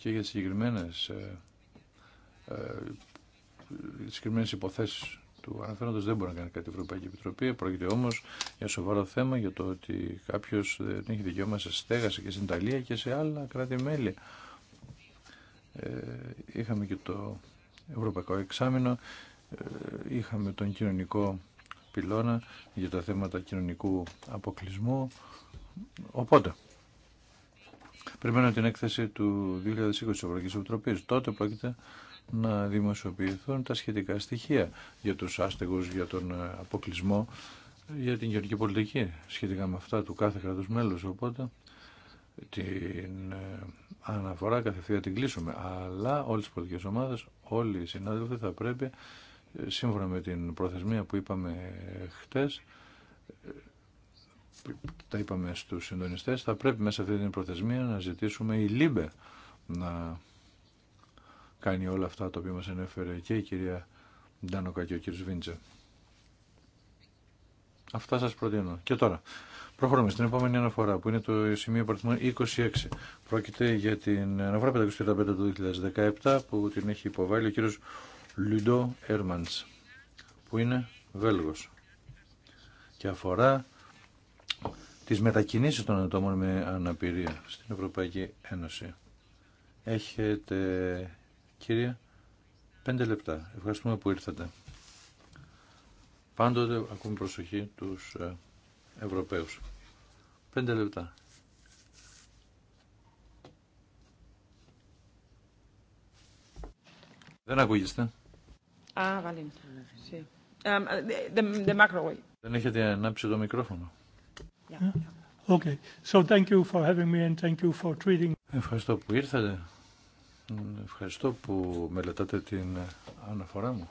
και για συγκεκριμένες, ε, ε, υποθέσεις του αναφέροντος δεν μπορεί να κάνει κάτι η Ευρωπαϊκή Επιτροπή. Πρόκειται όμως για σοβαρό θέμα για το ότι κάποιος δεν έχει δικαίωμα σε στέγαση και στην Ιταλία και σε άλλα κράτη-μέλη. Ε, είχαμε και το Ευρωπαϊκό Εξάμεινο, ε, είχαμε τον κοινωνικό πυλώνα για τα θέματα κοινωνικού αποκλεισμού. Οπότε, Περιμένω την έκθεση του 2020 της Ευρωπαϊκής Επιτροπής. Τότε πρόκειται να δημοσιοποιηθούν τα σχετικά στοιχεία για τους άστεγους, για τον ε, αποκλεισμό, για την γεωργική πολιτική σχετικά με αυτά του κάθε κράτους μέλους. Οπότε την ε, αναφορά κατευθείαν την κλείσουμε. Αλλά όλες τις πολιτικές ομάδες, όλοι οι συνάδελφοι θα πρέπει ε, σύμφωνα με την προθεσμία που είπαμε χτες τα είπαμε στους συντονιστές, θα πρέπει μέσα αυτή την προθεσμία να ζητήσουμε η λίμπε να κάνει όλα αυτά τα οποία μας ενέφερε και η κυρία Ντάνοκα και ο κύριος Βίντζε. Αυτά σας προτείνω. Και τώρα, προχωρούμε στην επόμενη αναφορά που είναι το σημείο 26. Πρόκειται για την αναφορά 535 του 2017 που την έχει υποβάλει ο κύριος Λουντό Έρμαντς που είναι Βέλγος και αφορά τις μετακινήσεις των ατόμων με αναπηρία στην Ευρωπαϊκή Ένωση. Έχετε, κύριε, πέντε λεπτά. Ευχαριστούμε που ήρθατε. Πάντοτε ακούμε προσοχή τους ε, Ευρωπαίους. Πέντε λεπτά. Δεν ακούγεστε. Α, ε, Δεν έχετε ανάψει το μικρόφωνο. Ευχαριστώ που ήρθατε. Ευχαριστώ που μελετάτε την αναφορά μου.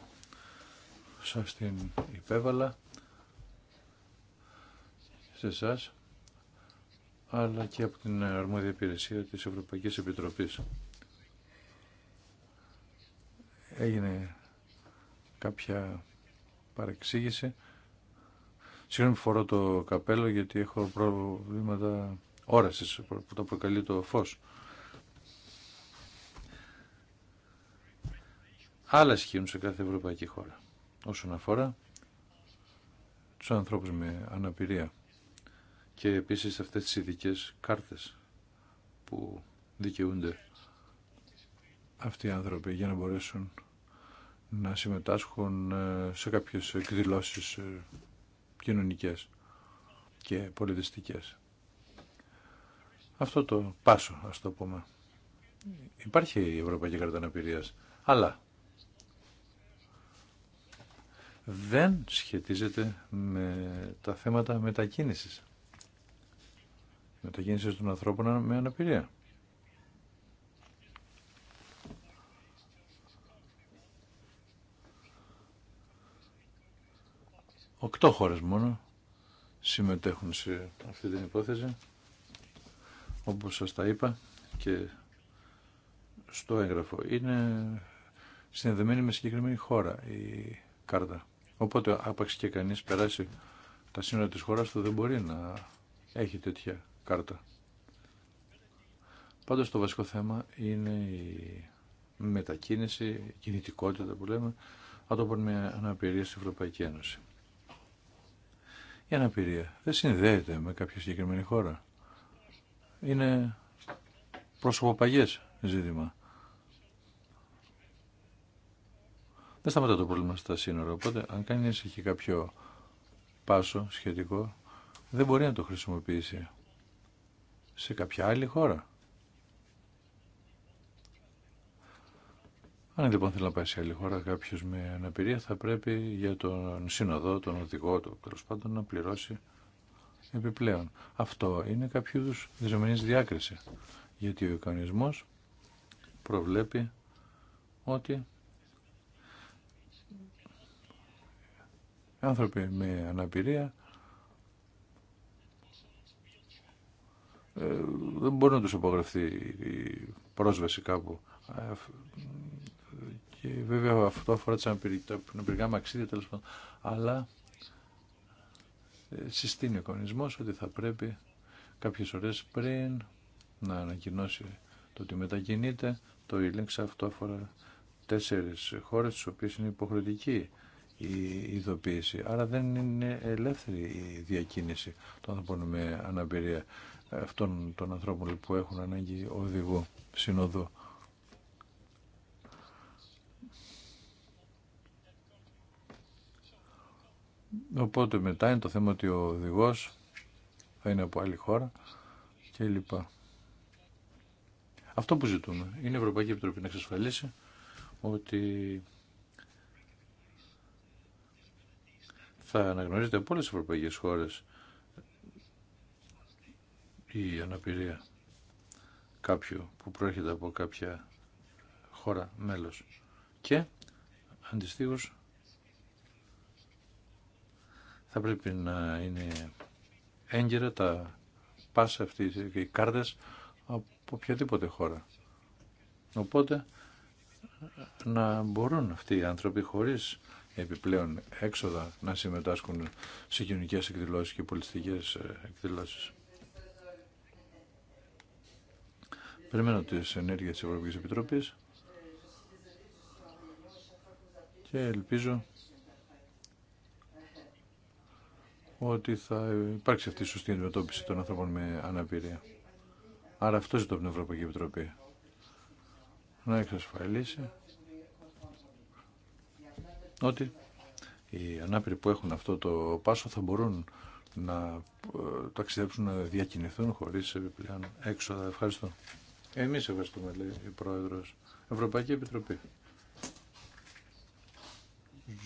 Σας την υπέβαλα σε εσά, αλλά και από την αρμόδια υπηρεσία της Ευρωπαϊκής Επιτροπής. Έγινε κάποια παρεξήγηση Συγγνώμη φορώ το καπέλο γιατί έχω προβλήματα όρασης που το προκαλεί το φως. Άλλα ισχύουν σε κάθε ευρωπαϊκή χώρα όσον αφορά τους ανθρώπους με αναπηρία και επίσης αυτές τις ειδικέ κάρτες που δικαιούνται αυτοί οι άνθρωποι για να μπορέσουν να συμμετάσχουν ε, σε κάποιες εκδηλώσεις ε, κοινωνικές και πολιτιστικές. Αυτό το πάσο, ας το πούμε. Υπάρχει η Ευρωπαϊκή Κράτη Αναπηρίας, αλλά δεν σχετίζεται με τα θέματα μετακίνησης. Μετακίνησης των ανθρώπων με αναπηρία. Οκτώ χώρες μόνο συμμετέχουν σε αυτή την υπόθεση, όπως σας τα είπα και στο έγγραφο. Είναι συνδεδεμένη με συγκεκριμένη χώρα η κάρτα. Οπότε άπαξ και κανείς περάσει τα σύνορα της χώρας του δεν μπορεί να έχει τέτοια κάρτα. Πάντως το βασικό θέμα είναι η μετακίνηση, η κινητικότητα που λέμε, το με αναπηρία στην Ευρωπαϊκή Ένωση η αναπηρία δεν συνδέεται με κάποια συγκεκριμένη χώρα. Είναι προσωποπαγές ζήτημα. Δεν σταματά το πρόβλημα στα σύνορα, οπότε αν κάνει έχει κάποιο πάσο σχετικό, δεν μπορεί να το χρησιμοποιήσει σε κάποια άλλη χώρα. Αν λοιπόν θέλει να πάει σε άλλη χώρα κάποιο με αναπηρία θα πρέπει για τον σύνοδο, τον οδηγό του τέλο πάντων να πληρώσει επιπλέον. Αυτό είναι κάποιο είδου διάκριση. Γιατί ο οικονομισμό προβλέπει ότι άνθρωποι με αναπηρία ε, δεν μπορεί να τους απογραφεί η πρόσβαση κάπου ε, και βέβαια αυτό αφορά τις τα μαξίδια τέλος πάντων. Αλλά ε, συστήνει ο κανονισμός ότι θα πρέπει κάποιες ώρες πριν να ανακοινώσει το ότι μετακινείται. Το e-links αυτό αφορά τέσσερις χώρες τις οποίες είναι υποχρεωτική η ειδοποίηση. Άρα δεν είναι ελεύθερη η διακίνηση των ανθρώπων με αναπηρία ε, αυτών των ανθρώπων που έχουν ανάγκη οδηγού, συνοδού. Οπότε μετά είναι το θέμα ότι ο οδηγό θα είναι από άλλη χώρα κλπ. Αυτό που ζητούμε είναι η Ευρωπαϊκή Επιτροπή να εξασφαλίσει ότι θα αναγνωρίζεται από όλες τις ευρωπαϊκές χώρες η αναπηρία κάποιου που προέρχεται από κάποια χώρα μέλος και αντιστοίχως θα πρέπει να είναι έγκυρα τα πάσα αυτή και οι κάρτες από οποιαδήποτε χώρα. Οπότε να μπορούν αυτοί οι άνθρωποι χωρίς επιπλέον έξοδα να συμμετάσχουν σε κοινωνικές εκδηλώσεις και πολιτιστικέ ε, εκδηλώσεις. Περιμένω τις ενέργειες της Ευρωπαϊκής Επιτροπής και ελπίζω ότι θα υπάρξει αυτή η σωστή αντιμετώπιση των ανθρώπων με αναπηρία. Άρα αυτό ζητώ από την Ευρωπαϊκή Επιτροπή. Να εξασφαλίσει ότι οι ανάπηροι που έχουν αυτό το πάσο θα μπορούν να ε, ταξιδέψουν, να διακινηθούν χωρίς επιπλέον έξοδα. Ευχαριστώ. Εμείς ευχαριστούμε, λέει η Πρόεδρος. Ευρωπαϊκή Επιτροπή.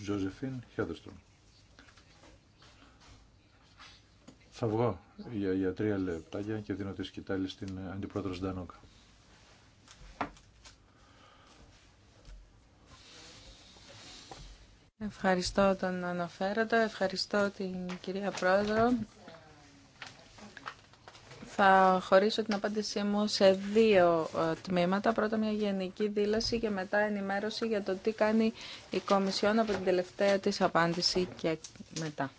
Ζωζεφίν Θα βγω για, για τρία λεπτάκια και δίνω τη σκητάλη στην αντιπρόεδρο Ντανόκα. Ευχαριστώ τον αναφέροντα, ευχαριστώ την κυρία Πρόεδρο. Θα χωρίσω την απάντησή μου σε δύο ε, τμήματα. Πρώτα μια γενική δήλωση και μετά ενημέρωση για το τι κάνει η Κομισιόν από την τελευταία της απάντηση και μετά.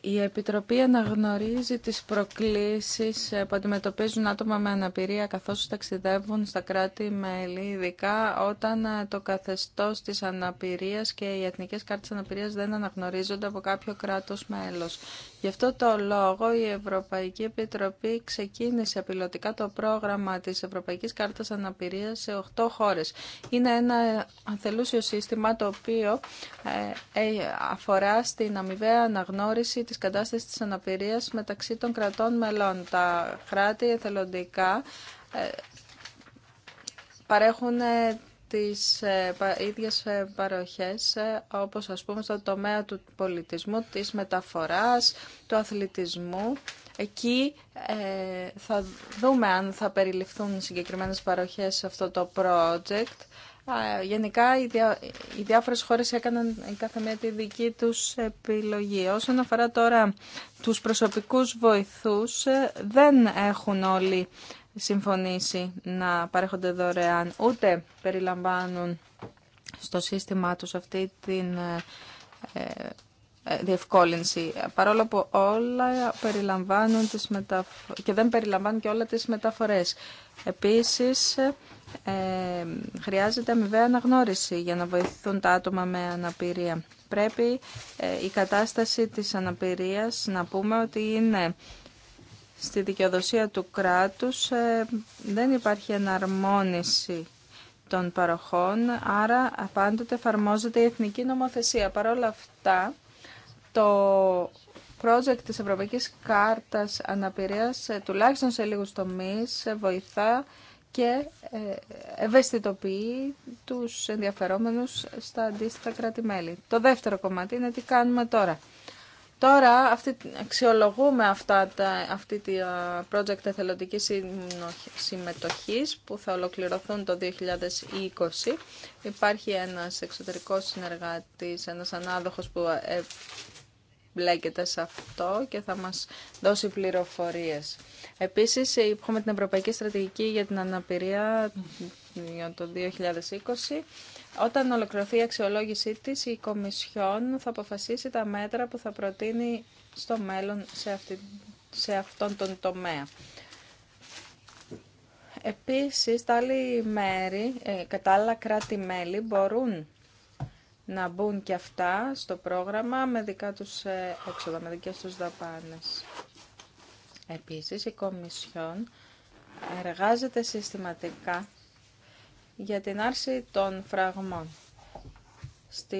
Η Επιτροπή αναγνωρίζει τις προκλήσεις ε, που αντιμετωπίζουν άτομα με αναπηρία καθώς ταξιδεύουν στα κράτη-μέλη, ειδικά όταν ε, το καθεστώς της αναπηρίας και οι εθνικές κάρτες αναπηρίας δεν αναγνωρίζονται από κάποιο κράτος μέλος. Γι' αυτό το λόγο η Ευρωπαϊκή Επιτροπή ξεκίνησε πιλωτικά το πρόγραμμα της Ευρωπαϊκής Κάρτας Αναπηρίας σε 8 χώρες. Είναι ένα θελούσιο σύστημα το οποίο ε, ε, αφορά στην αμοιβαία αναγνώριση της κατάστασης της αναπηρίας μεταξύ των κρατών μελών. Τα κράτη εθελοντικά ε, παρέχουν τις ε, ίδιες ε, παροχές ε, όπως ας πούμε στο τομέα του πολιτισμού, της μεταφοράς, του αθλητισμού. Εκεί θα δούμε αν θα περιληφθούν συγκεκριμένες παροχές σε αυτό το project. Γενικά, οι διάφορες χώρες έκαναν η κάθε μία τη δική τους επιλογή. Όσον αφορά τώρα τους προσωπικούς βοηθούς, δεν έχουν όλοι συμφωνήσει να παρέχονται δωρεάν, ούτε περιλαμβάνουν στο σύστημά τους αυτή την ε, ε, ε, διευκόλυνση. Παρόλο που όλα περιλαμβάνουν τις μεταφο... και δεν περιλαμβάνουν και όλα τις μεταφορές. Επίσης, χρειάζεται αμοιβαία αναγνώριση για να βοηθούν τα άτομα με αναπηρία. Πρέπει η κατάσταση της αναπηρίας να πούμε ότι είναι στη δικαιοδοσία του κράτους ε, δεν υπάρχει εναρμόνιση των παροχών, άρα απάντοτε εφαρμόζεται η εθνική νομοθεσία. Παρ' όλα αυτά, το project της Ευρωπαϊκής Κάρτας Αναπηρίας, ε, τουλάχιστον σε λίγους τομείς, ε, βοηθά και ευαισθητοποιεί τους ενδιαφερόμενους στα αντίστοιχα κράτη-μέλη. Το δεύτερο κομμάτι είναι τι κάνουμε τώρα. Τώρα αυτή, αξιολογούμε αυτά τα, αυτή τη project εθελοντικής συμμετοχής που θα ολοκληρωθούν το 2020. Υπάρχει ένας εξωτερικός συνεργάτης, ένας ανάδοχος που ε, μπλέκεται σε αυτό και θα μας δώσει πληροφορίες. Επίσης, έχουμε την Ευρωπαϊκή Στρατηγική για την Αναπηρία για το 2020 όταν ολοκληρωθεί η αξιολόγησή της, η Κομισιόν θα αποφασίσει τα μέτρα που θα προτείνει στο μέλλον σε, αυτόν τον τομέα. Επίσης, τα μέρη, ε, και άλλα κράτη-μέλη μπορούν να μπουν και αυτά στο πρόγραμμα με δικά τους ε, έξοδα, με δικές τους δαπάνες. Επίσης, η Κομισιόν εργάζεται συστηματικά για την άρση των φραγμών στη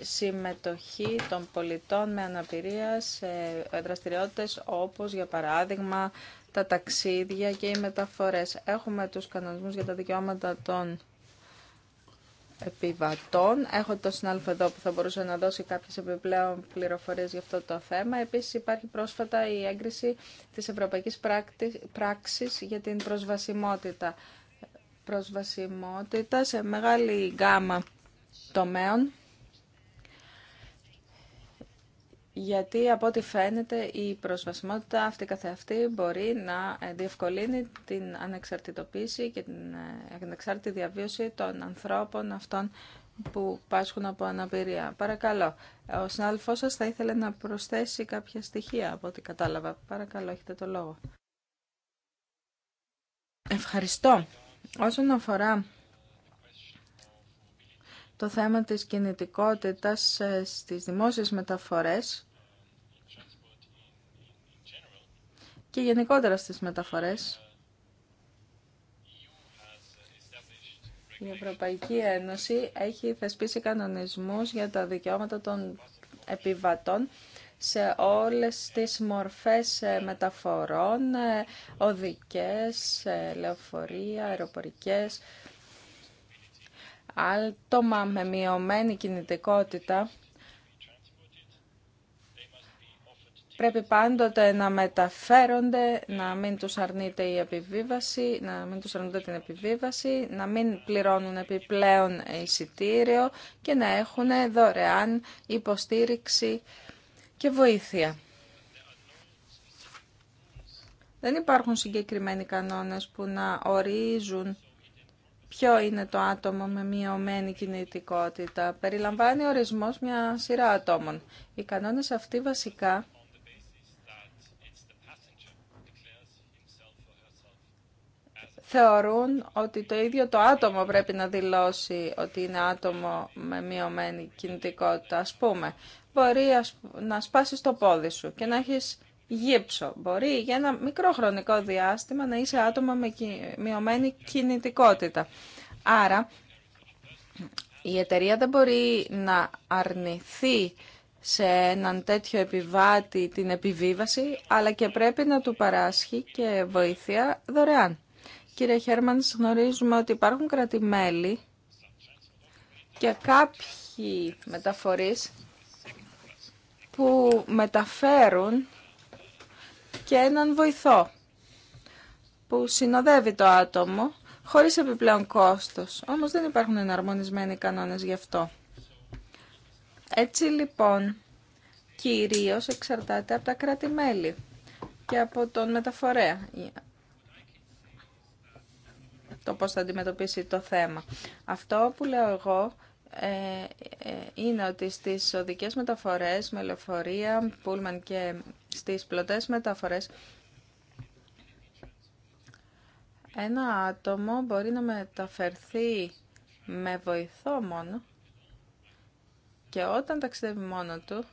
συμμετοχή των πολιτών με αναπηρία σε δραστηριότητες όπως για παράδειγμα τα ταξίδια και οι μεταφορές. Έχουμε τους κανονισμούς για τα δικαιώματα των επιβατών. Έχω το συνάλφο εδώ που θα μπορούσε να δώσει κάποιες επιπλέον πληροφορίες για αυτό το θέμα. Επίσης υπάρχει πρόσφατα η έγκριση της Ευρωπαϊκής Πράξης για την προσβασιμότητα προσβασιμότητα σε μεγάλη γκάμα τομέων γιατί από ό,τι φαίνεται η προσβασιμότητα αυτή καθεαυτή μπορεί να διευκολύνει την ανεξαρτητοποίηση και την ε, ανεξάρτητη διαβίωση των ανθρώπων αυτών που πάσχουν από αναπηρία. Παρακαλώ, ο συνάδελφός σας θα ήθελε να προσθέσει κάποια στοιχεία από ό,τι κατάλαβα. Παρακαλώ, έχετε το λόγο. Ευχαριστώ. Όσον αφορά το θέμα της κινητικότητας ε, στις δημόσιες μεταφορές και γενικότερα στις μεταφορές, η Ευρωπαϊκή Ένωση έχει θεσπίσει κανονισμούς για τα δικαιώματα των επιβατών σε όλες τις μορφές ε, μεταφορών, ε, οδικές, ε, λεωφορεία, αεροπορικές, άλτομα με μειωμένη κινητικότητα. Πρέπει πάντοτε να μεταφέρονται, να μην τους αρνείται η επιβίβαση, να μην τους αρνούνται την επιβίβαση, να μην πληρώνουν επιπλέον εισιτήριο και να έχουν δωρεάν υποστήριξη και βοήθεια. Δεν υπάρχουν συγκεκριμένοι κανόνες που να ορίζουν ποιο είναι το άτομο με μειωμένη κινητικότητα. Περιλαμβάνει ορισμός μια σειρά ατόμων. Οι κανόνες αυτοί βασικά θεωρούν ότι το ίδιο το άτομο πρέπει να δηλώσει ότι είναι άτομο με μειωμένη κινητικότητα. Ας πούμε, μπορεί να σπάσεις το πόδι σου και να έχεις γύψο. Μπορεί για ένα μικρό χρονικό διάστημα να είσαι άτομα με μειωμένη κινητικότητα. Άρα η εταιρεία δεν μπορεί να αρνηθεί σε έναν τέτοιο επιβάτη την επιβίβαση, αλλά και πρέπει να του παράσχει και βοήθεια δωρεάν. Κύριε Χέρμανς, γνωρίζουμε ότι υπάρχουν κρατημέλη και κάποιοι μεταφορείς που μεταφέρουν και έναν βοηθό που συνοδεύει το άτομο χωρίς επιπλέον κόστος. Όμως δεν υπάρχουν εναρμονισμένοι κανόνες γι' αυτό. Έτσι λοιπόν, κυρίως εξαρτάται από τα κράτη-μέλη και από τον μεταφορέα το πώς θα αντιμετωπίσει το θέμα. Αυτό που λέω εγώ ε, ε, είναι ότι στις οδικές μεταφορές, με λεωφορεία, πούλμαν και στις πλωτές μεταφορές, ένα άτομο μπορεί να μεταφερθεί με βοηθό μόνο και όταν ταξιδεύει μόνο του,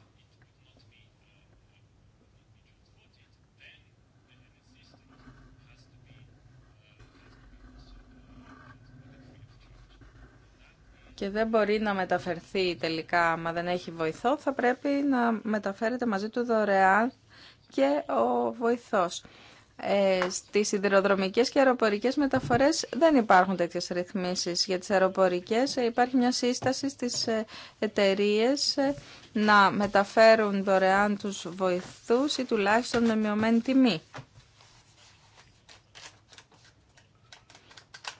και δεν μπορεί να μεταφερθεί τελικά άμα δεν έχει βοηθό, θα πρέπει να μεταφέρεται μαζί του δωρεάν και ο βοηθός. Ε, στις σιδηροδρομικές και αεροπορικές μεταφορές δεν υπάρχουν τέτοιες ρυθμίσεις. Για τις αεροπορικές ε, υπάρχει μια σύσταση στις ε, εταιρείε ε, να μεταφέρουν δωρεάν τους βοηθούς ή τουλάχιστον με μειωμένη τιμή.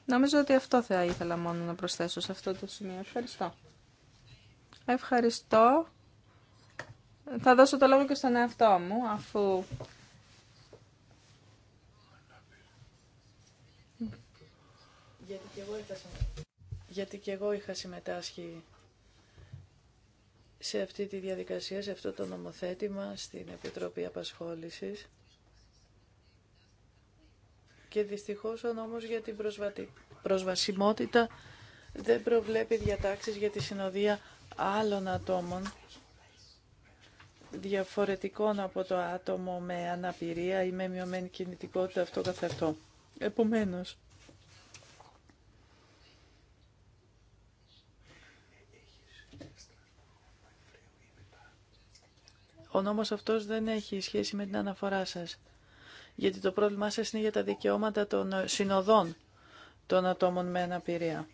Νομίζω ότι αυτό θα ήθελα μόνο να προσθέσω σε αυτό το σημείο. Ευχαριστώ. Ευχαριστώ. Θα δώσω το λόγο και στον εαυτό μου, αφού... Γιατί και εγώ είχα, Γιατί εγώ είχα συμμετάσχει σε αυτή τη διαδικασία, σε αυτό το νομοθέτημα στην Επιτροπή Απασχόλησης. Και δυστυχώς ο νόμος για την προσβασιμότητα δεν προβλέπει διατάξεις για τη συνοδεία άλλων ατόμων διαφορετικών από το άτομο με αναπηρία ή με μειωμένη κινητικότητα αυτό καθ' αυτό. Επομένως, ο νόμος αυτός δεν έχει σχέση με την αναφορά σας γιατί το πρόβλημά σας είναι για τα δικαιώματα των συνοδών των ατόμων με αναπηρία.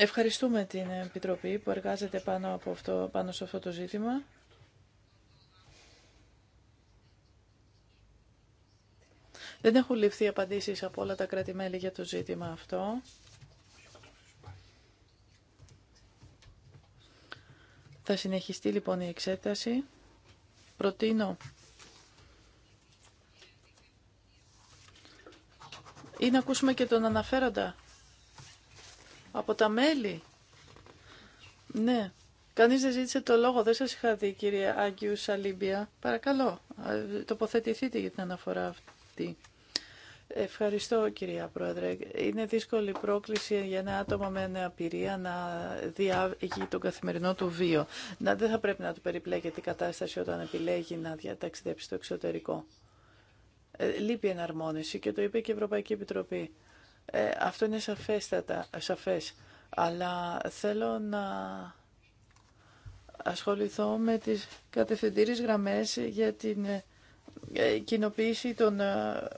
Ευχαριστούμε την Επιτροπή που εργάζεται πάνω, από αυτό, πάνω σε αυτό το ζήτημα. Δεν έχουν ληφθεί απαντήσεις από όλα τα κράτη-μέλη για το ζήτημα αυτό. Θα συνεχιστεί λοιπόν η εξέταση. Προτείνω. Ή να ακούσουμε και τον αναφέροντα. Από τα μέλη. Ναι. Κανείς δεν ζήτησε το λόγο. Δεν σας είχα δει, κύριε Άγγιου Σαλίμπια. Παρακαλώ, τοποθετηθείτε για την αναφορά αυτή. Ευχαριστώ κυρία Πρόεδρε. Είναι δύσκολη πρόκληση για ένα άτομο με αναπηρία να διάγει τον καθημερινό του βίο. δεν θα πρέπει να του περιπλέκεται η κατάσταση όταν επιλέγει να διαταξιδέψει στο εξωτερικό. Ε, λείπει εναρμόνιση και το είπε και η Ευρωπαϊκή Επιτροπή. Ε, αυτό είναι σαφέστατα, σαφές. Αλλά θέλω να ασχοληθώ με τις κατευθυντήρες γραμμές για την ε, ε, κοινοποίηση των ε,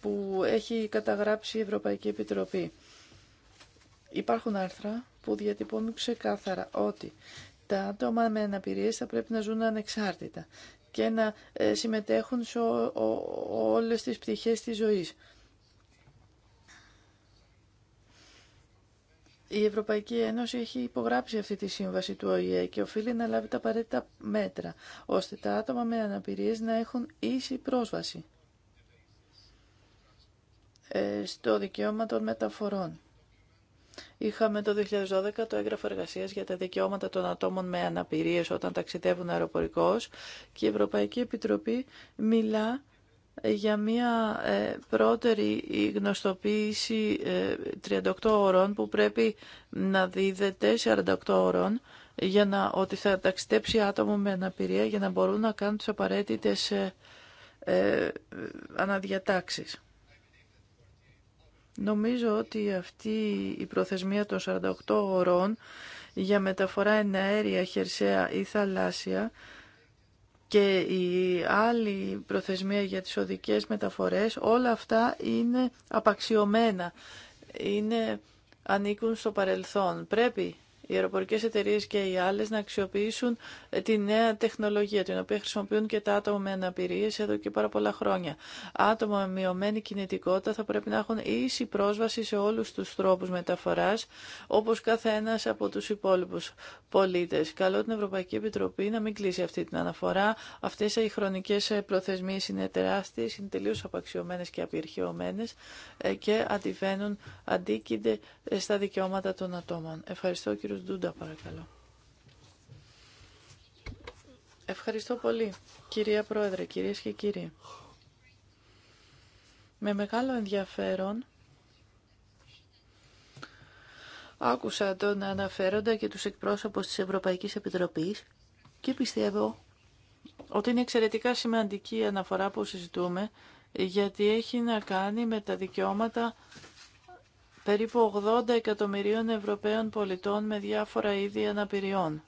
που έχει καταγράψει η Ευρωπαϊκή Επιτροπή. Υπάρχουν άρθρα που διατυπώνουν ξεκάθαρα ότι τα άτομα με αναπηρίες θα πρέπει να ζουν ανεξάρτητα και να ε, συμμετέχουν σε όλες τις πτυχές της ζωής. Η Ευρωπαϊκή Ένωση έχει υπογράψει αυτή τη σύμβαση του ΟΗΕ και οφείλει να λάβει τα απαραίτητα μέτρα, ώστε τα άτομα με αναπηρίες να έχουν ίση πρόσβαση ε, στο δικαίωμα των μεταφορών. Είχαμε το 2012 το έγγραφο εργασία για τα δικαιώματα των ατόμων με αναπηρίες όταν ταξιδεύουν αεροπορικώς και η Ευρωπαϊκή Επιτροπή μιλά ε, για μια ε, πρώτερη γνωστοποίηση 38 ώρων που πρέπει να δίδεται 48 ώρων για να, ότι θα ταξιδέψει άτομο με αναπηρία για να μπορούν να κάνουν τις απαραίτητες αναδιατάξεις. Νομίζω ότι αυτή η προθεσμία των 48 ωρών για μεταφορά εναέρια, χερσαία ή θαλάσσια και η άλλη προθεσμία για τις οδικές μεταφορές, όλα αυτά είναι απαξιωμένα, είναι, ανήκουν στο παρελθόν. Πρέπει οι αεροπορικέ εταιρείε και οι άλλε να αξιοποιήσουν ε, τη νέα τεχνολογία, την οποία χρησιμοποιούν και τα άτομα με αναπηρίε εδώ και πάρα πολλά χρόνια. Άτομα με μειωμένη κινητικότητα θα πρέπει να έχουν ίση πρόσβαση σε όλου του τρόπου μεταφορά, όπω κάθε ένα από του υπόλοιπου πολίτε. Καλό την Ευρωπαϊκή Επιτροπή να μην κλείσει αυτή την αναφορά. Αυτέ οι χρονικέ ε, προθεσμίε είναι τεράστιες, είναι τελείω απαξιωμένε και απειρχαιωμένε ε, και αντιβαίνουν, αντίκειται στα δικαιώματα των ατόμων. Ευχαριστώ κύριο Ευχαριστώ πολύ, κυρία Πρόεδρε, κυρίες και κύριοι. Με μεγάλο ενδιαφέρον άκουσα τον αναφέροντα και τους εκπρόσωπους της Ευρωπαϊκής Επιτροπής και πιστεύω ότι είναι εξαιρετικά σημαντική η αναφορά που συζητούμε γιατί έχει να κάνει με τα δικαιώματα περίπου 80 εκατομμυρίων Ευρωπαίων πολιτών με διάφορα είδη αναπηριών.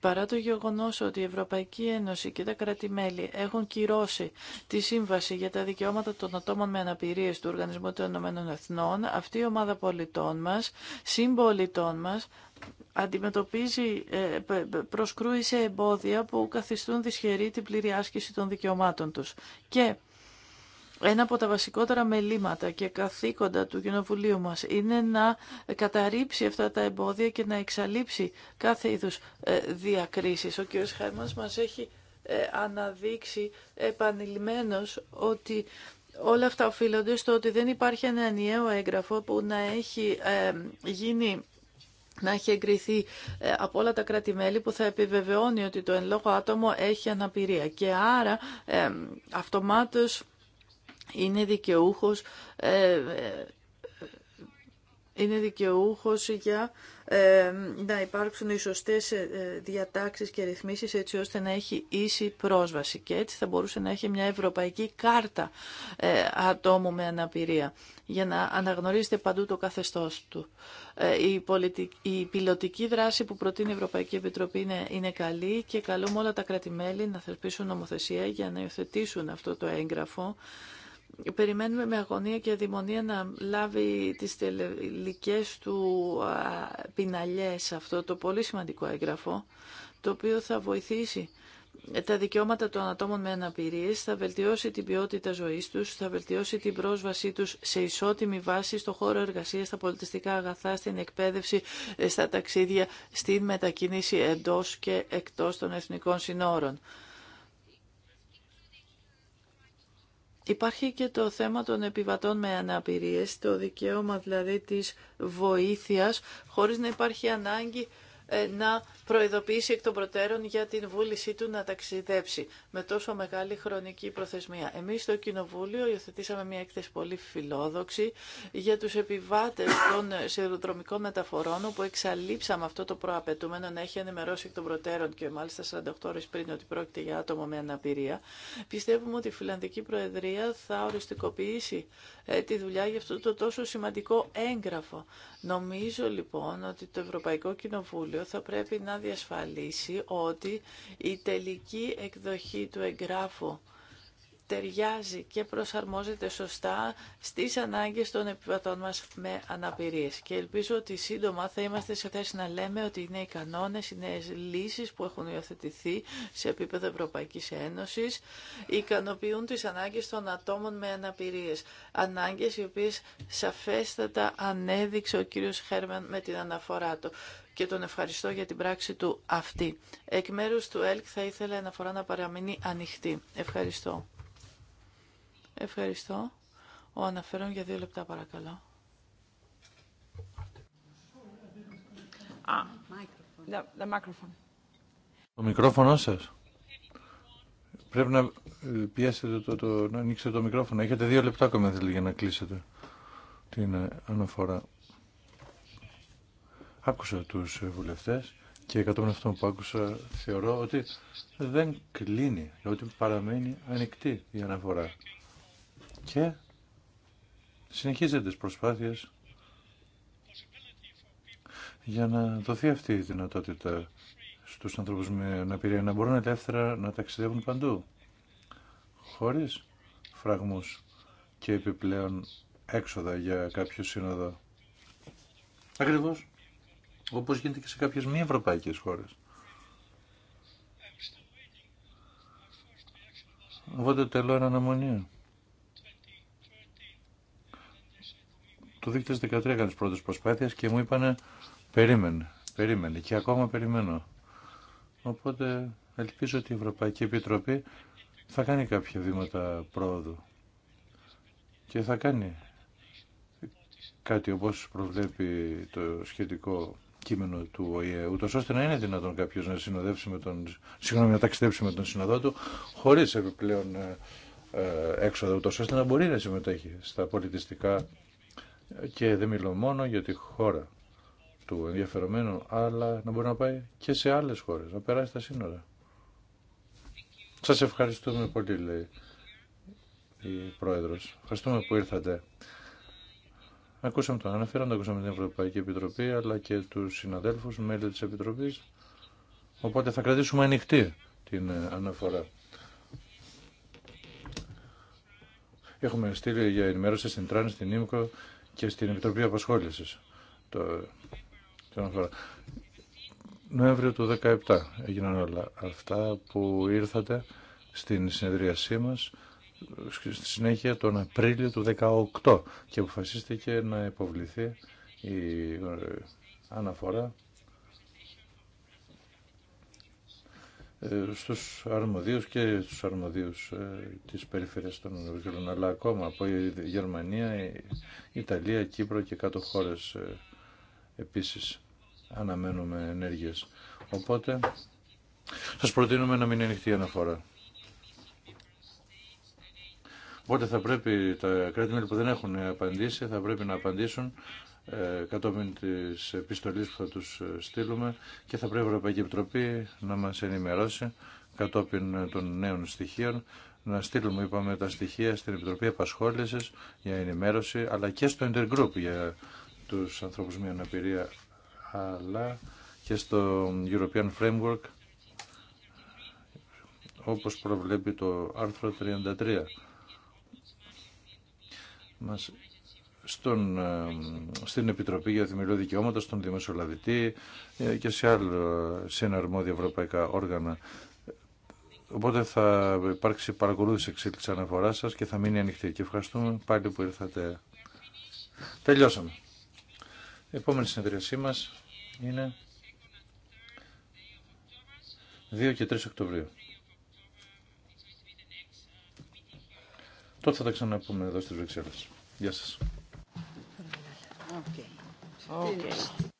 Παρά το γεγονός ότι η Ευρωπαϊκή Ένωση και τα κράτη-μέλη έχουν κυρώσει τη Σύμβαση για τα Δικαιώματα των Ατόμων με Αναπηρίες του Οργανισμού των Ηνωμένων Εθνών, αυτή η ομάδα πολιτών μας, συμπολιτών μας, αντιμετωπίζει, ε, προσκρούει σε εμπόδια που καθιστούν δυσχερή την πλήρη άσκηση των δικαιωμάτων τους. Και ένα από τα βασικότερα μελήματα και καθήκοντα του Κοινοβουλίου μας είναι να καταρρύψει αυτά τα εμπόδια και να εξαλείψει κάθε είδους ε, διακρίσεις. Ο κ. Χαϊμάς μας έχει ε, αναδείξει επανειλημμένος ότι όλα αυτά οφείλονται στο ότι δεν υπάρχει ένα ενιαίο έγγραφο που να έχει ε, γίνει να έχει εγκριθεί από όλα τα κρατη που θα επιβεβαιώνει ότι το εν λόγω άτομο έχει αναπηρία και άρα αυτομάτως είναι δικαιούχος ε, ε, είναι δικαιούχος για ε, να υπάρξουν οι σωστές ε, διατάξεις και ρυθμίσεις έτσι ώστε να έχει ίση πρόσβαση και έτσι θα μπορούσε να έχει μια ευρωπαϊκή κάρτα ε, ατόμου με αναπηρία για να αναγνωρίζεται παντού το καθεστώς του. η, πολιτική, η πιλωτική δράση που προτείνει η Ευρωπαϊκή Επιτροπή είναι, καλή και καλούμε όλα τα κρατημέλη να θεσπίσουν νομοθεσία για να υιοθετήσουν αυτό το έγγραφο περιμένουμε με αγωνία και αδημονία να λάβει τις τελικές του πιναλιές αυτό το πολύ σημαντικό έγγραφο, το οποίο θα βοηθήσει τα δικαιώματα των ατόμων με αναπηρίες, θα βελτιώσει την ποιότητα ζωής τους, θα βελτιώσει την πρόσβασή τους σε ισότιμη βάση στο χώρο εργασίας, στα πολιτιστικά αγαθά, στην εκπαίδευση, ε, στα ταξίδια, στην μετακίνηση εντός και εκτός των εθνικών συνόρων. Υπάρχει και το θέμα των επιβατών με αναπηρίες, το δικαίωμα δηλαδή της βοήθειας, χωρίς να υπάρχει ανάγκη ε, να προειδοποιήσει εκ των προτέρων για την βούλησή του να ταξιδέψει με τόσο μεγάλη χρονική προθεσμία. Εμείς στο Κοινοβούλιο υιοθετήσαμε μια έκθεση πολύ φιλόδοξη για τους επιβάτες των σιδηροδρομικών μεταφορών όπου εξαλείψαμε αυτό το προαπαιτούμενο να έχει ενημερώσει εκ των προτέρων και μάλιστα 48 ώρες πριν ότι πρόκειται για άτομο με αναπηρία. Πιστεύουμε ότι η Φιλανδική Προεδρία θα οριστικοποιήσει ε, τη δουλειά για αυτό το τόσο σημαντικό έγγραφο. Νομίζω λοιπόν ότι το Ευρωπαϊκό Κοινοβούλιο θα πρέπει να διασφαλίσει ότι η τελική εκδοχή του εγγράφου ταιριάζει και προσαρμόζεται σωστά στις ανάγκες των επιβατών μας με αναπηρίες. Και ελπίζω ότι σύντομα θα είμαστε σε θέση να λέμε ότι οι νέοι κανόνες, οι νέες λύσεις που έχουν υιοθετηθεί σε επίπεδο Ευρωπαϊκής Ένωσης ικανοποιούν τις ανάγκες των ατόμων με αναπηρίες. Ανάγκες οι οποίες σαφέστατα ανέδειξε ο κύριος Χέρμαν με την αναφορά του και τον ευχαριστώ για την πράξη του αυτή. Εκ μέρους του ΕΛΚ θα ήθελα η αναφορά να παραμείνει ανοιχτή. Ευχαριστώ. Ευχαριστώ. Ο αναφέρον για δύο λεπτά παρακαλώ. Το μικρόφωνο σας. Πρέπει να ε, πιέσετε το, το, να ανοίξετε το μικρόφωνο. Έχετε δύο λεπτά ακόμα θέλει για να κλείσετε την ε, αναφορά. Άκουσα τους βουλευτές και κατόπιν αυτό που άκουσα θεωρώ ότι δεν κλείνει, ότι παραμένει ανοιχτή η αναφορά και συνεχίζεται τις προσπάθειες για να δοθεί αυτή η δυνατότητα στους ανθρώπους με αναπηρία να μπορούν ελεύθερα να ταξιδεύουν παντού χωρίς φραγμούς και επιπλέον έξοδα για κάποιο σύνοδο. Ακριβώς όπως γίνεται και σε κάποιες μη ευρωπαϊκές χώρες. Οπότε τελώ ένα αναμονή. Το 2013 έκανε τις πρώτες προσπάθειες και μου είπανε περίμενε, περίμενε και ακόμα περιμένω. Οπότε ελπίζω ότι η Ευρωπαϊκή Επιτροπή θα κάνει κάποια βήματα πρόοδου και θα κάνει κάτι όπως προβλέπει το σχετικό κείμενο του ΟΗΕ, ούτως ώστε να είναι δυνατόν κάποιο να συνοδεύσει τον, συγγνώμη, να ταξιδέψει με τον συνοδό του χωρίς επιπλέον έξοδα, ε, ε, έξοδο, ούτως ώστε να μπορεί να συμμετέχει στα πολιτιστικά και δεν μιλώ μόνο για τη χώρα του ενδιαφερομένου, αλλά να μπορεί να πάει και σε άλλες χώρες, να περάσει τα σύνορα. Σας ευχαριστούμε πολύ, λέει η Πρόεδρος. Ευχαριστούμε που ήρθατε. Ακούσαμε τον αναφέροντα, ακούσαμε την Ευρωπαϊκή Επιτροπή, αλλά και τους συναδέλφους, μέλη της Επιτροπής. Οπότε θα κρατήσουμε ανοιχτή την ε, αναφορά. Έχουμε στείλει για ενημέρωση στην Τράνη, στην Ίμκο, και στην Επιτροπή Απασχόληση. το, Νοέμβριο του 2017 έγιναν όλα αυτά που ήρθατε στην συνεδρίασή μας στη συνέχεια τον Απρίλιο του 2018 και αποφασίστηκε να υποβληθεί η ε, αναφορά Ε, στους αρμοδίους και στους αρμοδίους ε, της περιφέρειας των Ευρωπαϊκών, αλλά ακόμα από η Γερμανία, η Ιταλία, Κύπρο και κάτω χώρες ε, επίσης αναμένουμε ενέργειες. Οπότε σας προτείνουμε να μην είναι ανοιχτή αναφορά. Οπότε θα πρέπει τα κράτη-μέλη που δεν έχουν απαντήσει θα πρέπει να απαντήσουν ε, κατόπιν της επιστολής που θα τους ε, στείλουμε και θα πρέπει η Ευρωπαϊκή Επιτροπή να μας ενημερώσει κατόπιν ε, των νέων στοιχείων να στείλουμε, είπαμε, τα στοιχεία στην Επιτροπή Επασχόλησης για ενημέρωση, αλλά και στο Intergroup για τους ανθρώπου με αναπηρία, αλλά και στο European Framework, όπως προβλέπει το άρθρο 33. Μας στον, ε, στην Επιτροπή για Δημιουργία Δικαιώματα, στον Δημοσιολαβητή ε, και σε άλλο συναρμόδια ευρωπαϊκά όργανα. Οπότε θα υπάρξει παρακολούθηση εξέλιξη αναφορά σα και θα μείνει ανοιχτή. Και ευχαριστούμε πάλι που ήρθατε. Τελειώσαμε. Η επόμενη συνεδρίασή μα είναι 2 και 3 Οκτωβρίου. Τότε θα τα ξαναπούμε εδώ στις Βρυξέλλες. Γεια σας. Okay. Okay.